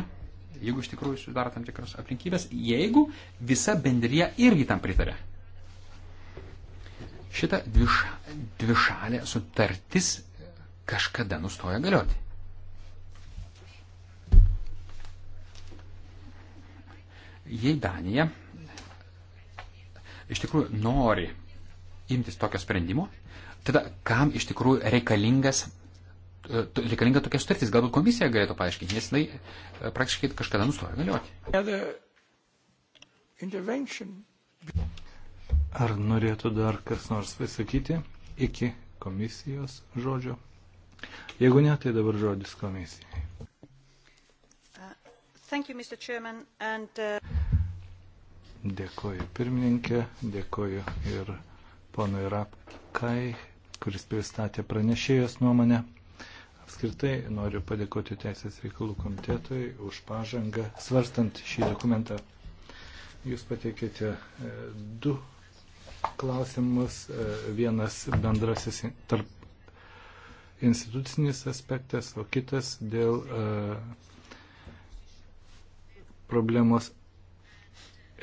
jeigu iš tikrųjų sudaro tam tikros aplinkybės, jeigu visa bendrija irgi tam pritarė. Šita dviš, dvišalė sutartis kažkada nustoja galioti. Jei Danija iš tikrųjų nori imtis tokio sprendimo, tada kam iš tikrųjų reikalingas e, reikalinga tokia sutartis. Galbūt komisija galėtų paaiškinti, nes jinai e, praktiškai kažkada nustojo galioti. Ar norėtų dar kas nors pasakyti iki komisijos žodžio? Jeigu ne, tai dabar žodis komisijai. Uh, you, Chairman, and, uh... Dėkoju pirmininkė, dėkoju ir ponui Rapkai, kuris pristatė pranešėjos nuomonę. Apskritai noriu padėkoti Teisės reikalų komitetui už pažangą svarstant šį dokumentą. Jūs pateikėte e, du klausimus. E, vienas bendrasis tarp institucinis aspektas, o kitas dėl e, problemos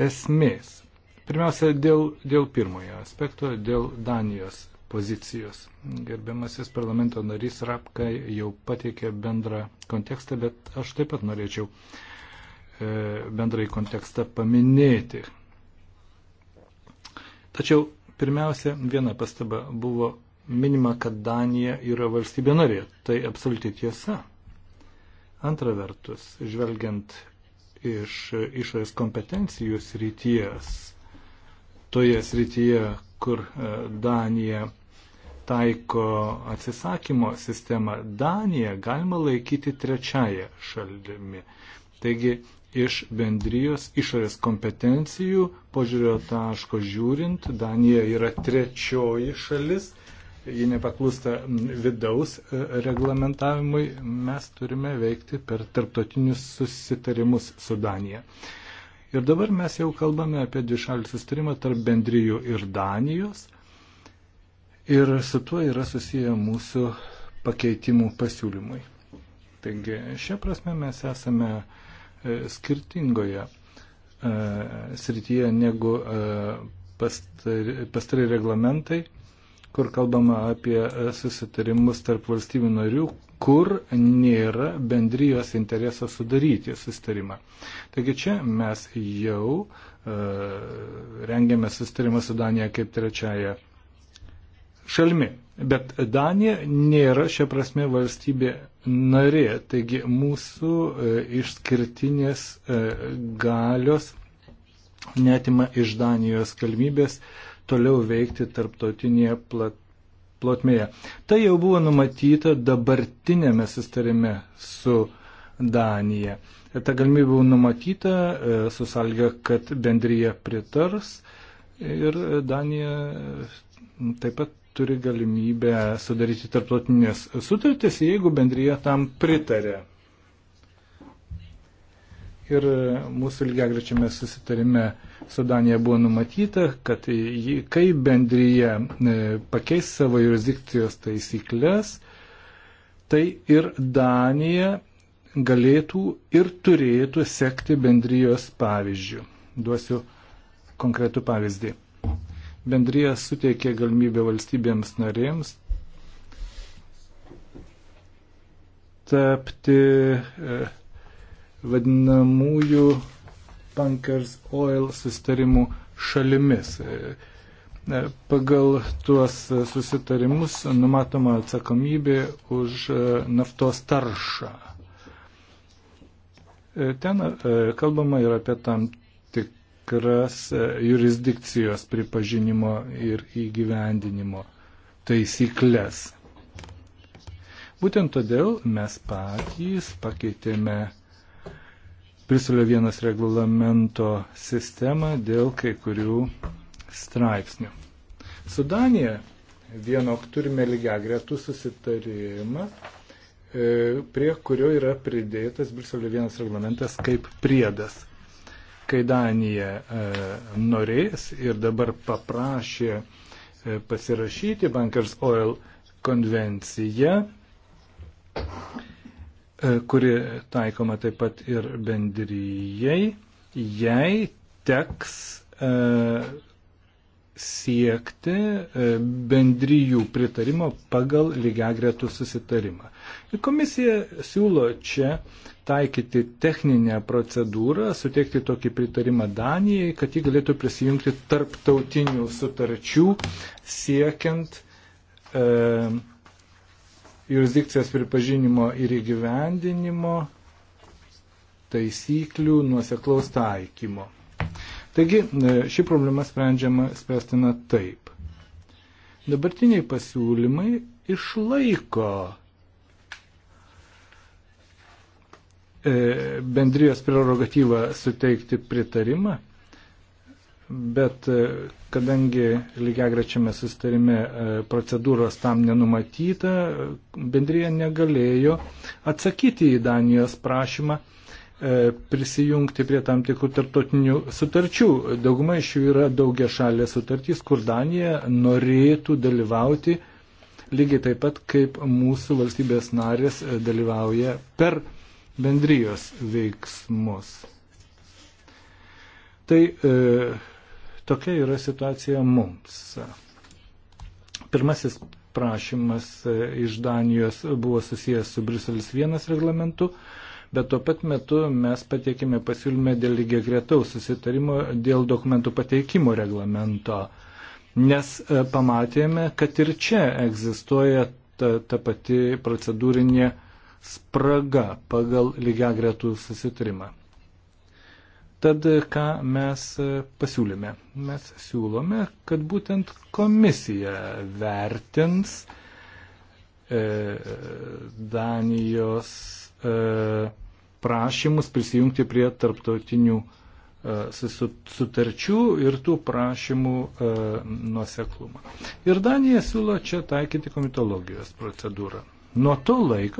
esmės. Pirmiausia, dėl, dėl pirmojo aspekto, dėl Danijos pozicijos. Gerbiamasis parlamento narys Rapkai jau pateikė bendrą kontekstą, bet aš taip pat norėčiau e, bendrai kontekstą paminėti. Tačiau pirmiausia, viena pastaba buvo minima, kad Danija yra valstybė narė. Tai absoliuti tiesa. Antra vertus, žvelgiant iš išorės kompetencijų srities, toje srityje, kur e, Danija taiko atsisakymo sistemą, Daniją galima laikyti trečiaja šalimi. Taigi iš bendrijos išorės kompetencijų požiūrio taško žiūrint, Danija yra trečioji šalis, ji nepaklūsta vidaus e, reglamentavimui, mes turime veikti per tarptautinius susitarimus su Danija. Ir dabar mes jau kalbame apie dvišalį sustarimą tarp bendrijų ir Danijos. Ir su tuo yra susiję mūsų pakeitimų pasiūlymui. Taigi, šią prasme mes esame e, skirtingoje e, srityje negu e, pastari reglamentai, kur kalbama apie susitarimus tarp valstybių narių, kur nėra bendrijos interesą sudaryti sustarimą. Taigi čia mes jau e, rengėme sustarimą su Danija kaip trečiaja šalmi. Bet Danija nėra šia prasme valstybė narė, taigi mūsų e, išskirtinės e, galios netima iš Danijos galimybės toliau veikti tarptautinėje plat, plotmėje. Tai jau buvo numatyta dabartinėme sustarime su Danija. Ta galimybė buvo numatyta e, su salga, kad bendryje pritars ir Danija e, taip pat turi galimybę sudaryti tarptautinės sutartis, jeigu bendryje tam pritarė ir mūsų lygiagrečiame susitarime su Danija buvo numatyta, kad kai bendryje e, pakeis savo jurisdikcijos taisyklės, tai ir Danija galėtų ir turėtų sekti bendrijos pavyzdžių. Duosiu konkretų pavyzdį. Bendrija suteikė galimybę valstybėms narėms tapti e, vadinamųjų Pankers Oil susitarimų šalimis. E, pagal tuos susitarimus numatoma atsakomybė už e, naftos taršą. E, ten kalbama ir apie tam tikras jurisdikcijos pripažinimo ir įgyvendinimo taisyklės. Būtent todėl mes patys pakeitėme Briselio vienas reglamento sistemą dėl kai kurių straipsnių. Su Danija vienok turime lygiagretų susitarimą, e, prie kurio yra pridėtas Briselio vienas reglamentas kaip priedas. Kai Danija e, norės ir dabar paprašė e, pasirašyti Bankers Oil konvenciją, E, kuri taikoma taip pat ir bendryjei, jai teks e, siekti e, bendryjų pritarimo pagal lygiagretų susitarimą. Ir komisija siūlo čia taikyti techninę procedūrą, suteikti tokį pritarimą Danijai, kad ji galėtų prisijungti tarptautinių sutarčių siekiant e, jurisdikcijos pripažinimo ir įgyvendinimo taisyklių nuoseklaus taikymo. Taigi e, ši problema sprendžiama spręstina taip. Dabartiniai pasiūlymai išlaiko e, bendrijos prerogatyvą suteikti pritarimą bet e, kadangi lygiagrečiame sustarime e, procedūros tam nenumatyta, e, bendrėje negalėjo atsakyti į Danijos prašymą prisijungti prie tam tikrų tarptautinių sutarčių. Dauguma iš jų yra daugia šalė sutartys, kur Danija norėtų dalyvauti lygiai taip pat, kaip mūsų valstybės narės dalyvauja per bendrijos veiksmus. Tai e, Tokia yra situacija mums. Pirmasis prašymas e, iš Danijos buvo susijęs su Briselis vienas reglamentu, bet tuo pat metu mes patiekime pasiūlymę dėl lygiai gretaus susitarimo dėl dokumentų pateikimo reglamento, nes e, pamatėme, kad ir čia egzistuoja ta, ta pati procedūrinė spraga pagal lygiai gretų susitarimą. Tad ką mes e, pasiūlėme? Mes siūlome, kad būtent komisija vertins e, Danijos e, prašymus prisijungti prie tarptautinių e, sutarčių ir tų prašymų e, nuoseklumą. Ir Danija siūlo čia taikyti komitologijos procedūrą. Nuo to laiko